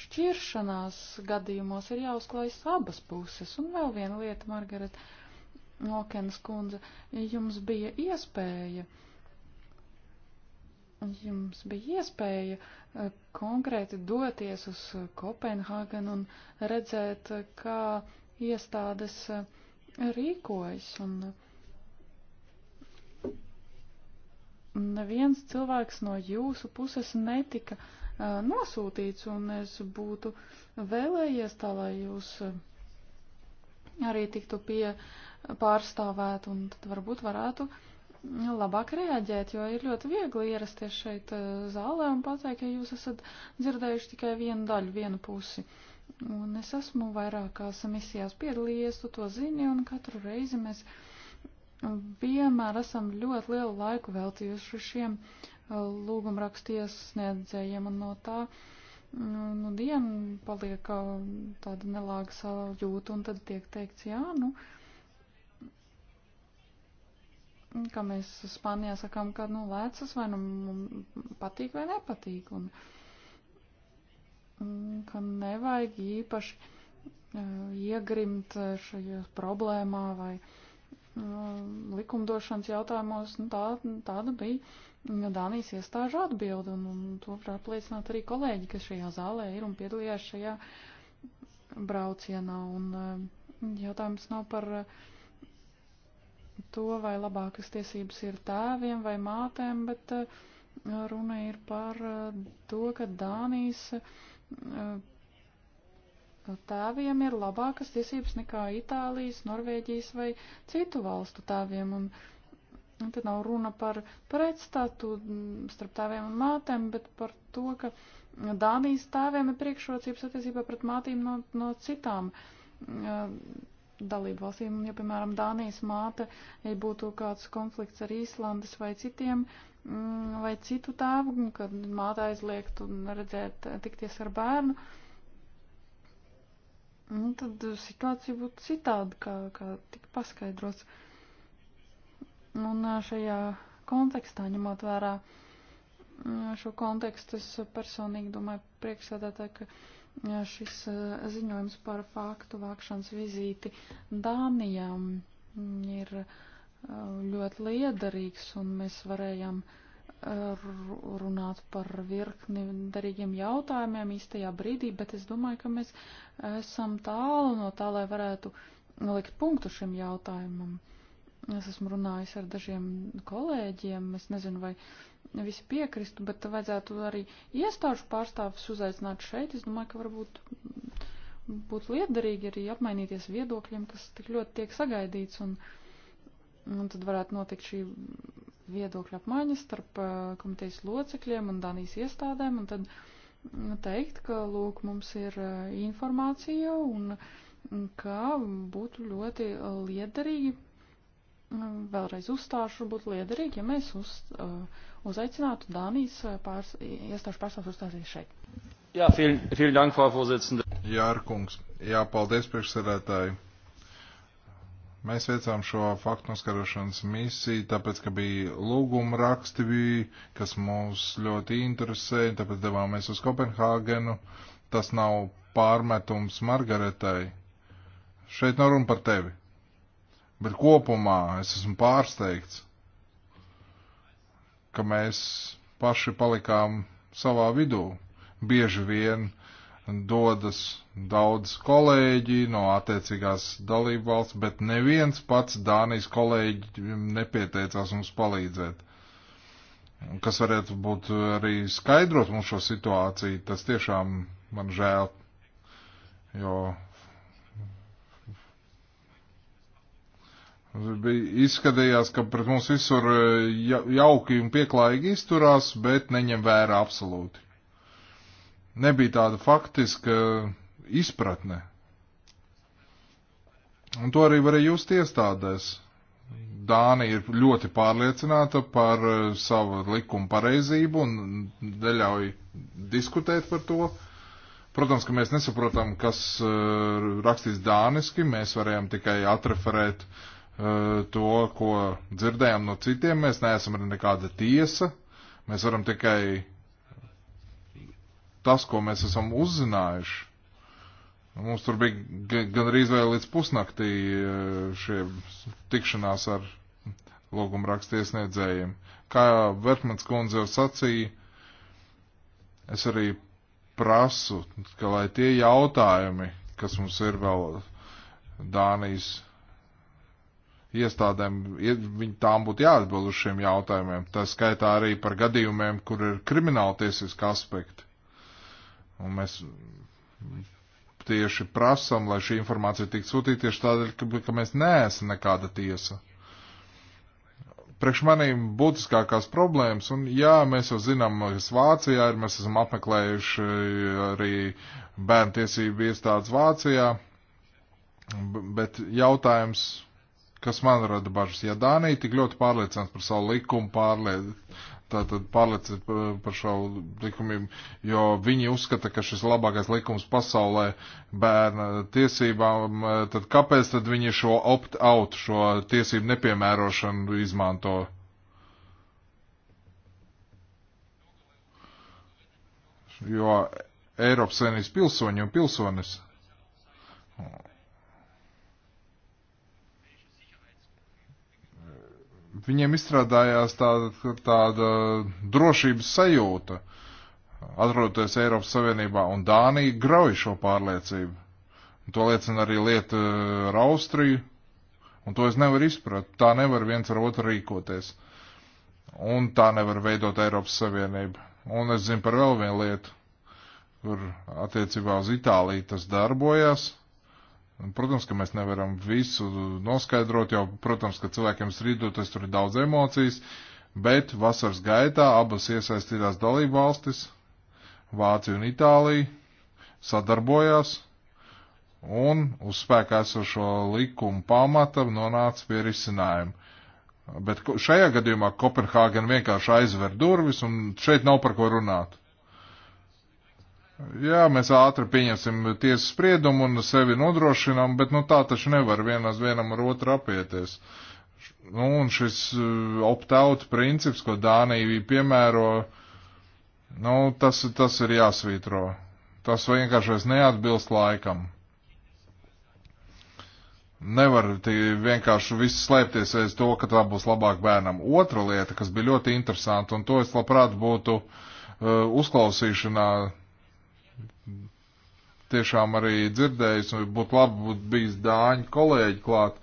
šķiršanās gadījumos ir jāuzklājas abas puses. Un vēl viena lieta, Margaret Okens kundze, jums bija iespēja. Jums bija iespēja eh, konkrēti doties uz Kopenhāgenu un redzēt, kā iestādes eh, rīkojas. Un neviens cilvēks no jūsu puses netika uh, nosūtīts, un es būtu vēlējies tā, lai jūs arī tiktu pie pārstāvēt, un tad varbūt varētu labāk reaģēt, jo ir ļoti viegli ierasties šeit zālē un pateikt, ka jūs esat dzirdējuši tikai vienu daļu, vienu pusi. Un es esmu vairākās misijās piedalījies, tu to zini, un katru reizi mēs. Uh, vienmēr esam ļoti lielu laiku veltījuši šiem uh, lūgumrakstu iesniedzējiem, un no tā mm, nu, diena paliek uh, tāda nelāga sajūta, un tad tiek teikts, jā, nu, kā mēs Spānijā sakām, ka, nu, lēcas vai nu patīk vai nepatīk, un, un ka nevajag īpaši uh, iegrimt šajā problēmā vai. Uh, Nu, likumdošanas jautājumos, nu, tā, tāda bija Dānijas iestāžu atbilde, un, un to var apliecināt arī kolēģi, kas šajā zālē ir un piedalījās šajā braucienā, un eh, jautājums nav par eh, to, vai labākas tiesības ir tēviem vai mātēm, bet eh, runa ir par to, ka Dānijas Nu, tēviem ir labākas tiesības nekā Itālijas, Norvēģijas vai citu valstu tēviem. Un, un te nav runa par pretstātu mm, starp tēviem un mātēm, bet par to, ka Dānijas tēviem ir priekšrocības attiecībā pret mātīm no, no citām uh, dalību valstīm. Ja, piemēram, Dānijas māte, ja būtu kāds konflikts ar Īslandes vai citiem, mm, vai citu tēvu, kad māte aizliegtu redzēt tikties ar bērnu, uh, Un nu, tad eh, situācija būtu citāda, kā, kā tika paskaidrots. Un eh, šajā kontekstā, ņemot vērā eh, šo kontekstu, es personīgi domāju priekšsēdētāji, ka. Ja šis ziņojums par faktu vākšanas vizīti Dānijām mm, ir ļoti liederīgs, un mēs varējām uh, runāt par virkni darīgiem jautājumiem īstajā brīdī, bet es domāju, ka mēs esam tālu no tā, lai varētu likt punktu šim jautājumam. Es esmu runājis ar dažiem kolēģiem, es nezinu, vai visi piekristu, bet vajadzētu arī iestāžu pārstāvis uzaicināt šeit. Es domāju, ka varbūt būtu liederīgi arī apmainīties viedokļiem, kas tik ļoti tiek sagaidīts, un, un tad varētu notikt šī viedokļu apmaiņas starp uh, komitejas locekļiem un Danijas iestādēm, un tad mm, teikt, ka, lūk, mums ir uh, informācija un mm, ka būtu ļoti liederīgi, mm, vēlreiz uzstāšu, būtu liederīgi, ja mēs uz, uh, uzaicinātu Danijas pārs, iestāžu pārstāvus uzstāties šeit. Jā, vielen, vielen Dank, Frau Vorsitzende. Jā, Arkungs. Jā, paldies priekšsēdētāji. Mēs veicām šo faktu noskarošanas misiju, tāpēc, ka bija lūguma raksti, bija, kas mūs ļoti interesēja, tāpēc devāmies uz Kopenhāgenu. Tas nav pārmetums Margaretai. Šeit nav runa par tevi. Bet kopumā es esmu pārsteigts, ka mēs paši palikām savā vidū. Bieži vien dodas daudz kolēģi no attiecīgās dalību valsts, bet neviens pats Dānijas kolēģi nepieteicās mums palīdzēt. Kas varētu būt arī skaidrot mums šo situāciju, tas tiešām man žēl, jo izskatījās, ka pret mums visur jauki un pieklājīgi izturās, bet neņem vērā absolūti. Nebija tāda faktiska izpratne. Un to arī varēja just iestādēs. Dānija ir ļoti pārliecināta par eh, savu likumu pareizību un neļauj diskutēt par to. Protams, ka mēs nesaprotam, kas eh, rakstīs dāniski, mēs varējām tikai atreferēt eh, to, ko dzirdējām no citiem. Mēs neesam arī nekāda tiesa, mēs varam tikai tas, ko mēs esam uzzinājuši. Nu, mums tur bija gandrīz vēl līdz pusnaktī eh, šie tikšanās ar lūguma rakstiesniedzējiem. Kā Vertmans kundze jau sacīja, es arī prasu, ka lai tie jautājumi, kas mums ir vēl Dānijas iestādēm, viņi tām būtu jāatbild uz šiem jautājumiem. Tā skaitā arī par gadījumiem, kur ir krimināltiesiski aspekti. Un mēs tieši prasam, lai šī informācija tiktu sūtīta tieši tādēļ, ka, ka mēs neesam nekāda tiesa. Priekš manīm būtiskākās problēmas, un jā, mēs jau zinām, kas Vācijā ir, mēs esam apmeklējuši arī bērnu tiesību iestādes Vācijā, bet jautājums, kas man rada bažas, ja Dānija tik ļoti pārliecināts par savu likumu, pārliec, tātad pārliecīt par šo likumību, jo viņi uzskata, ka šis labākais likums pasaulē bērna tiesībām, e, tad kāpēc tad viņi šo opt-out, šo tiesību nepiemērošanu izmanto? Jo Eiropas Savienības pilsoņi un pilsonis viņiem izstrādājās tāda, tāda drošības sajūta, atrodoties Eiropas Savienībā, un Dānija grauj šo pārliecību. Un to liecina arī lieta eh, ar Austriju, un to es nevaru izprast. Tā nevar viens ar otru rīkoties, un tā nevar veidot Eiropas Savienību. Un es zinu par vēl vienu lietu, kur attiecībā uz Itāliju tas darbojās Protams, ka mēs nevaram visu noskaidrot, jo, protams, ka cilvēkiem strīdoties tur ir daudz emocijas, bet vasaras gaitā abas iesaistītās dalību valstis, Vācija un Itālija, sadarbojās un uz spēkā esošo likumu pamata nonāca pie risinājuma. Bet šajā gadījumā Kopenhāgen vienkārši aizver durvis un šeit nav par ko runāt. Jā, mēs ātri pieņemsim tiesas spriedumu un sevi nodrošinām, bet nu, tā taču nevar vienas vienam ar otru apieties. Nu, un šis uh, opt-out princips, ko Dānija piemēro, nu, tas, tas ir jāsvītro. Tas vienkārši neatbilst laikam. Nevar vienkārši viss slēpties aiz to, ka tā būs labāk bērnam. Otra lieta, kas bija ļoti interesanta, un to es labprāt būtu uh, uzklausīšanā tiešām arī dzirdējis, un būtu labi, būtu bijis dāņu kolēģi klāt.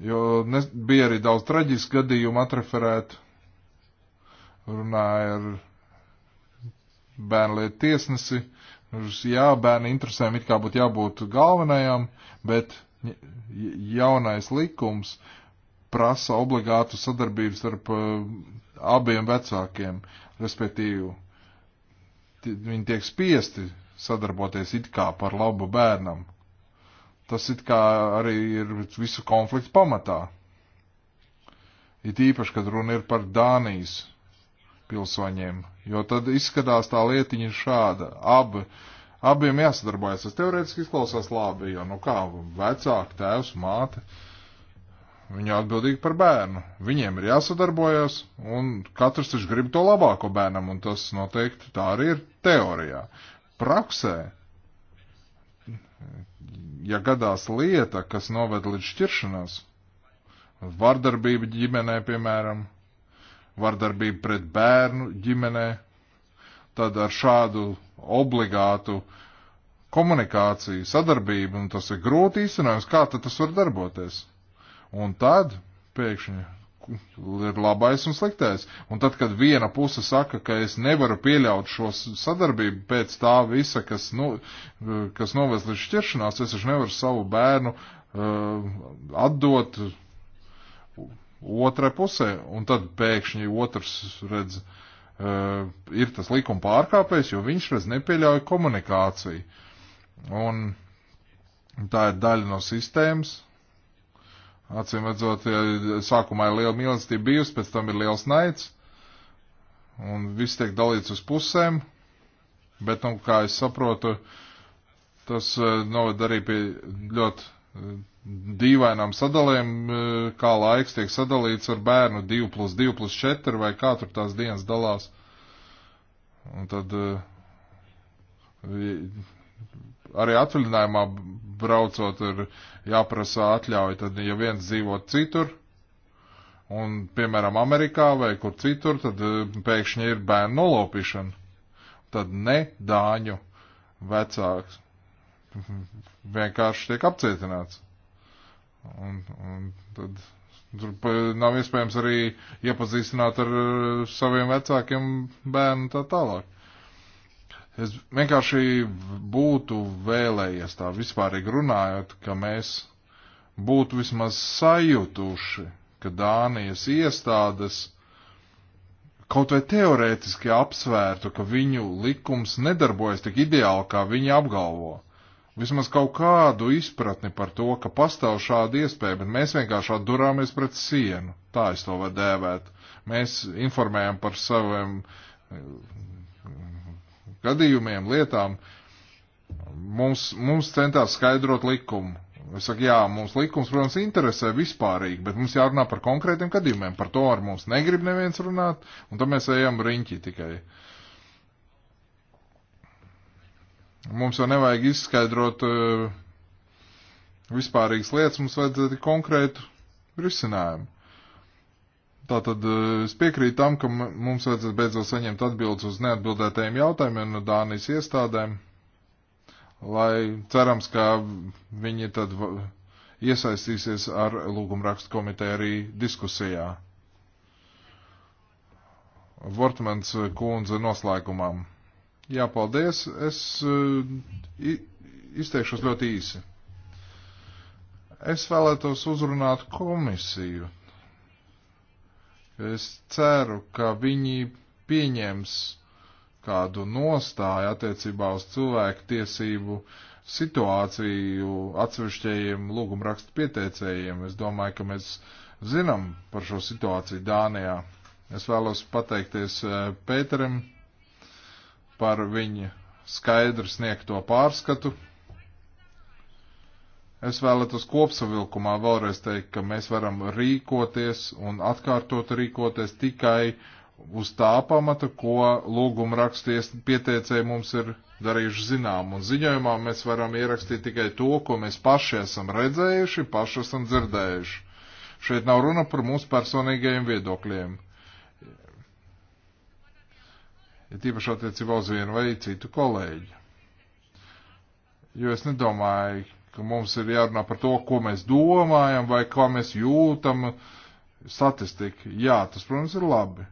Jo nes, bija arī daudz traģisku gadījumu atreferēt. Runāja ar bērnu lietu tiesnesi. Nu, jā, bērnu interesēm it kā būtu jābūt galvenajam, bet jaunais likums prasa obligātu sadarbību starp eh, abiem vecākiem, respektīvi viņi tiek spiesti sadarboties it kā par labu bērnam. Tas it kā arī ir visu konfliktu pamatā. It īpaši, kad runa ir par Dānijas pilsoņiem, jo tad izskatās tā lietiņa šāda. Abi, abiem jāsadarbojas. Tas teorētiski izklausās labi, jo nu kā vecāki, tēvs, māte. Uh, Viņi atbildīgi par bērnu. Viņiem ir jāsadarbojas, un katrs taču grib to labāko bērnam, un tas noteikti tā arī ir teorijā. Praksē, ja gadās lieta, kas noved līdz šķiršanās, vardarbība ģimenē, piemēram, vardarbība pret bērnu ģimenē, tad ar šādu obligātu komunikāciju, sadarbību, un tas ir grūti īstenojams, kā tad tas var darboties? Un tad pēkšņi ir labais un sliktais. Un tad, kad viena puse saka, ka es nevaru pieļaut šo sadarbību pēc tā visa, kas, nu, kas novest līdz šķiršanās, es taču nevaru savu bērnu uh, atdot otrai pusē. Un tad pēkšņi otrs redz, uh, ir tas likuma pārkāpējs, jo viņš redz nepieļauj komunikāciju. Un tā ir daļa no sistēmas, Acīm redzot, sākumā ir liela mīlestība bijusi, pēc tam ir liels naids, un viss tiek dalīts uz pusēm, bet, nu, kā es saprotu, tas e, noved arī pie ļoti e, dīvainām sadalēm, e, kā laiks tiek sadalīts ar bērnu 2 plus 2 plus 4 vai kā tur tās dienas dalās. Un tad arī atvaļinājumā braucot ir jāprasa atļauja, tad ja viens dzīvo citur, un, piemēram, Amerikā vai kur citur, tad eh, pēkšņi ir bērnu nolaupīšana. Tad ne dāņu vecāks [laughs] vienkārši tiek apcietināts. Un, un tad tur nav iespējams arī iepazīstināt ar eh, saviem vecākiem bērnu tā tālāk. Es vienkārši būtu vēlējies tā vispārīgi runājot, ka mēs būtu vismaz sajutuši, ka Dānijas iestādes kaut vai teorētiski apsvērtu, ka viņu likums nedarbojas tik ideāli, kā viņi apgalvo. Vismaz kaut kādu izpratni par to, ka pastāv šāda iespēja, bet mēs vienkārši atdurāmies pret sienu. Tā es to varu dēvēt. Mēs informējam par saviem gadījumiem, lietām. Mums, mums centās skaidrot likumu. Es saku, jā, mums likums, protams, interesē vispārīgi, bet mums jārunā par konkrētiem gadījumiem. Par to ar mums negrib neviens runāt, un tad mēs ejam riņķi tikai. Mums jau nevajag izskaidrot uh, vispārīgas lietas, mums vajadzētu konkrētu risinājumu. Tātad eh, es piekrītu tam, ka mums vajadzētu beidzot saņemt atbildes uz neatbildētajiem jautājumiem no Dānijas iestādēm, lai cerams, ka viņi tad iesaistīsies ar lūgumrakstu komiteju arī diskusijā. Vortmans eh, kundze noslēgumam. Jā, paldies. Es eh, izteikšos ļoti īsi. Es vēlētos uzrunāt komisiju Es ceru, ka viņi pieņems kādu nostāju attiecībā uz cilvēku tiesību situāciju atsevišķajiem lūgumrakstu pieteicējiem. Es domāju, ka mēs zinām par šo situāciju Dānijā. Es vēlos pateikties eh, Pēterim par viņa skaidru sniegto pārskatu Es vēlētos kopsavilkumā vēlreiz teikt, ka mēs varam rīkoties un atkārtot rīkoties tikai uz tā pamata, ko lūguma raksties pieteicēji mums ir darījuši zinām. Un ziņojumā mēs varam ierakstīt tikai to, ko mēs paši esam redzējuši, paši esam dzirdējuši. Šeit nav runa par mūsu personīgajiem viedokļiem. Ir tīpaši attiecībā uz vienu vai citu kolēģi. Jo es nedomāju, ka mums ir jārunā par to, ko mēs domājam vai kā mēs jūtam statistiku. Jā, tas, protams, ir labi,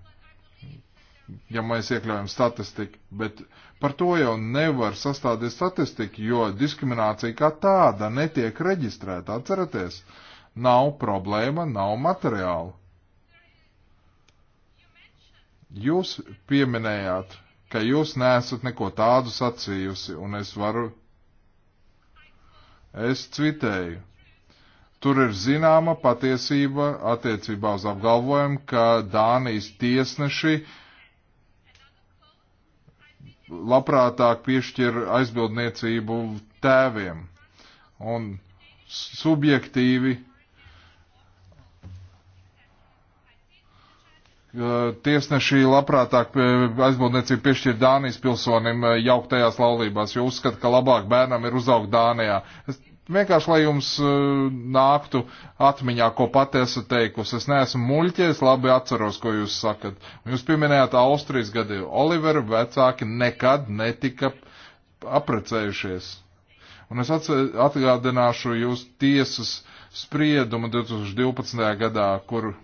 ja mēs iekļaujam statistiku, bet par to jau nevar sastādīt statistiku, jo diskriminācija kā tāda netiek reģistrēta. Atceraties, nav problēma, nav materiāla. Jūs pieminējāt, ka jūs nesat neko tādu sacījusi, un es varu Es citēju. Tur ir zināma patiesība attiecībā uz apgalvojumu, ka Dānijas tiesneši labprātāk piešķir aizbildniecību tēviem. Un subjektīvi tiesneši labprātāk aizbūvniecību piešķir Dānijas pilsonim eh, jauktajās laulībās, jo uzskata, ka labāk bērnam ir uzaugt Dānijā. Es vienkārši, lai jums eh, nāktu atmiņā, ko pati esat teikusi. Es neesmu muļķies, labi atceros, ko jūs sakat. Jūs pieminējāt Austrijas gadījumu. Olivera vecāki nekad netika aprecējušies. Un es atgādināšu jūs tiesas spriedumu 2012. gadā, kur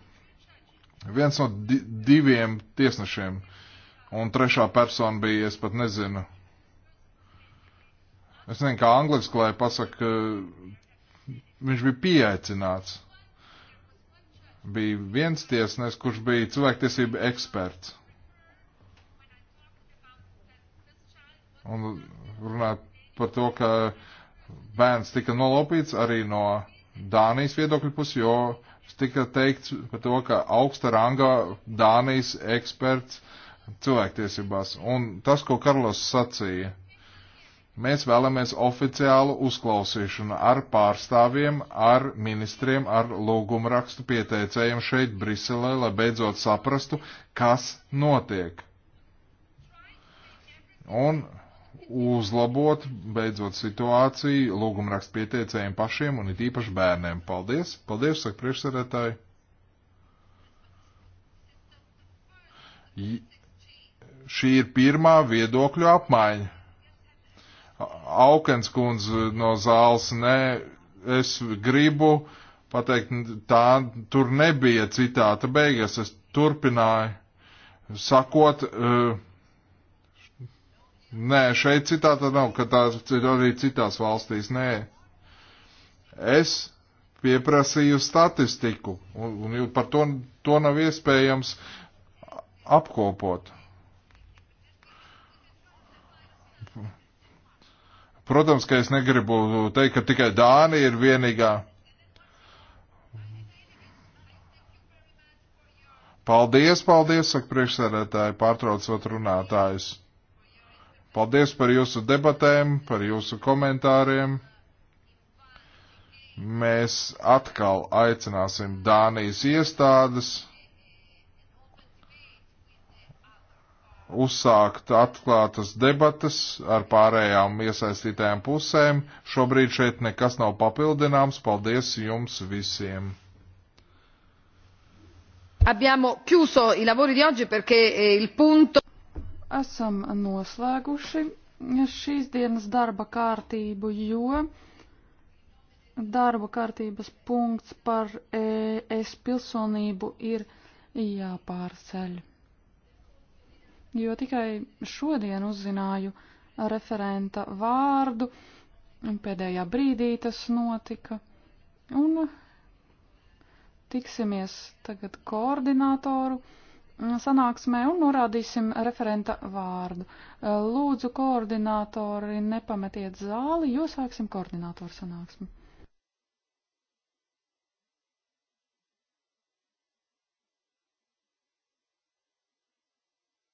Viens no di diviem tiesnešiem un trešā persona bija, es pat nezinu. Es nezinu, kā angliski, lai pasaka, viņš bija pieaicināts. Bija viens tiesnes, kurš bija cilvēktiesība eksperts. Un runāt par to, ka bērns tika nolaupīts arī no Dānijas viedokļa puses, jo tika teikts par to, ka augsta rangā Dānijas eksperts cilvēktiesībās. Un tas, ko Karlos sacīja, mēs vēlamies oficiālu uzklausīšanu ar pārstāvjiem, ar ministriem, ar lūgumrakstu pieteicējiem šeit Briselē, lai beidzot saprastu, kas notiek. Un uzlabot beidzot situāciju lūgumrakst pieteicējiem pašiem un it īpaši bērniem. Paldies! Paldies, saka priekšsēdētāji! Šī ir pirmā viedokļu apmaiņa. Aukens kundze no zāles, nē, es gribu pateikt, tā tur nebija citāta beigas, es turpināju sakot, uh, Nē, šeit citāta nav, ka tā ir arī citās valstīs. Nē, es pieprasīju statistiku, un, un par to, to nav iespējams apkopot. Protams, ka es negribu teikt, ka tikai Dānija ir vienīgā. Paldies, paldies, saka priekšsēdētāji, pārtraucot runātājus. Paldies par jūsu debatēm, par jūsu komentāriem. Mēs atkal aicināsim Dānijas iestādes uzsākt atklātas debatas ar pārējām iesaistītajām pusēm. Šobrīd šeit nekas nav papildināms. Paldies jums visiem! Abbiamo chiuso i lavori di oggi perché eh, il punto esam noslēguši šīs dienas darba kārtību, jo darba kārtības punkts par es pilsonību ir jāpārceļ. Jo tikai šodien uzzināju referenta vārdu, pēdējā brīdī tas notika, un tiksimies tagad koordinātoru sanāksmē un norādīsim referenta vārdu. Lūdzu, koordinātori, nepametiet zāli, jo sāksim koordinātoru sanāksmi.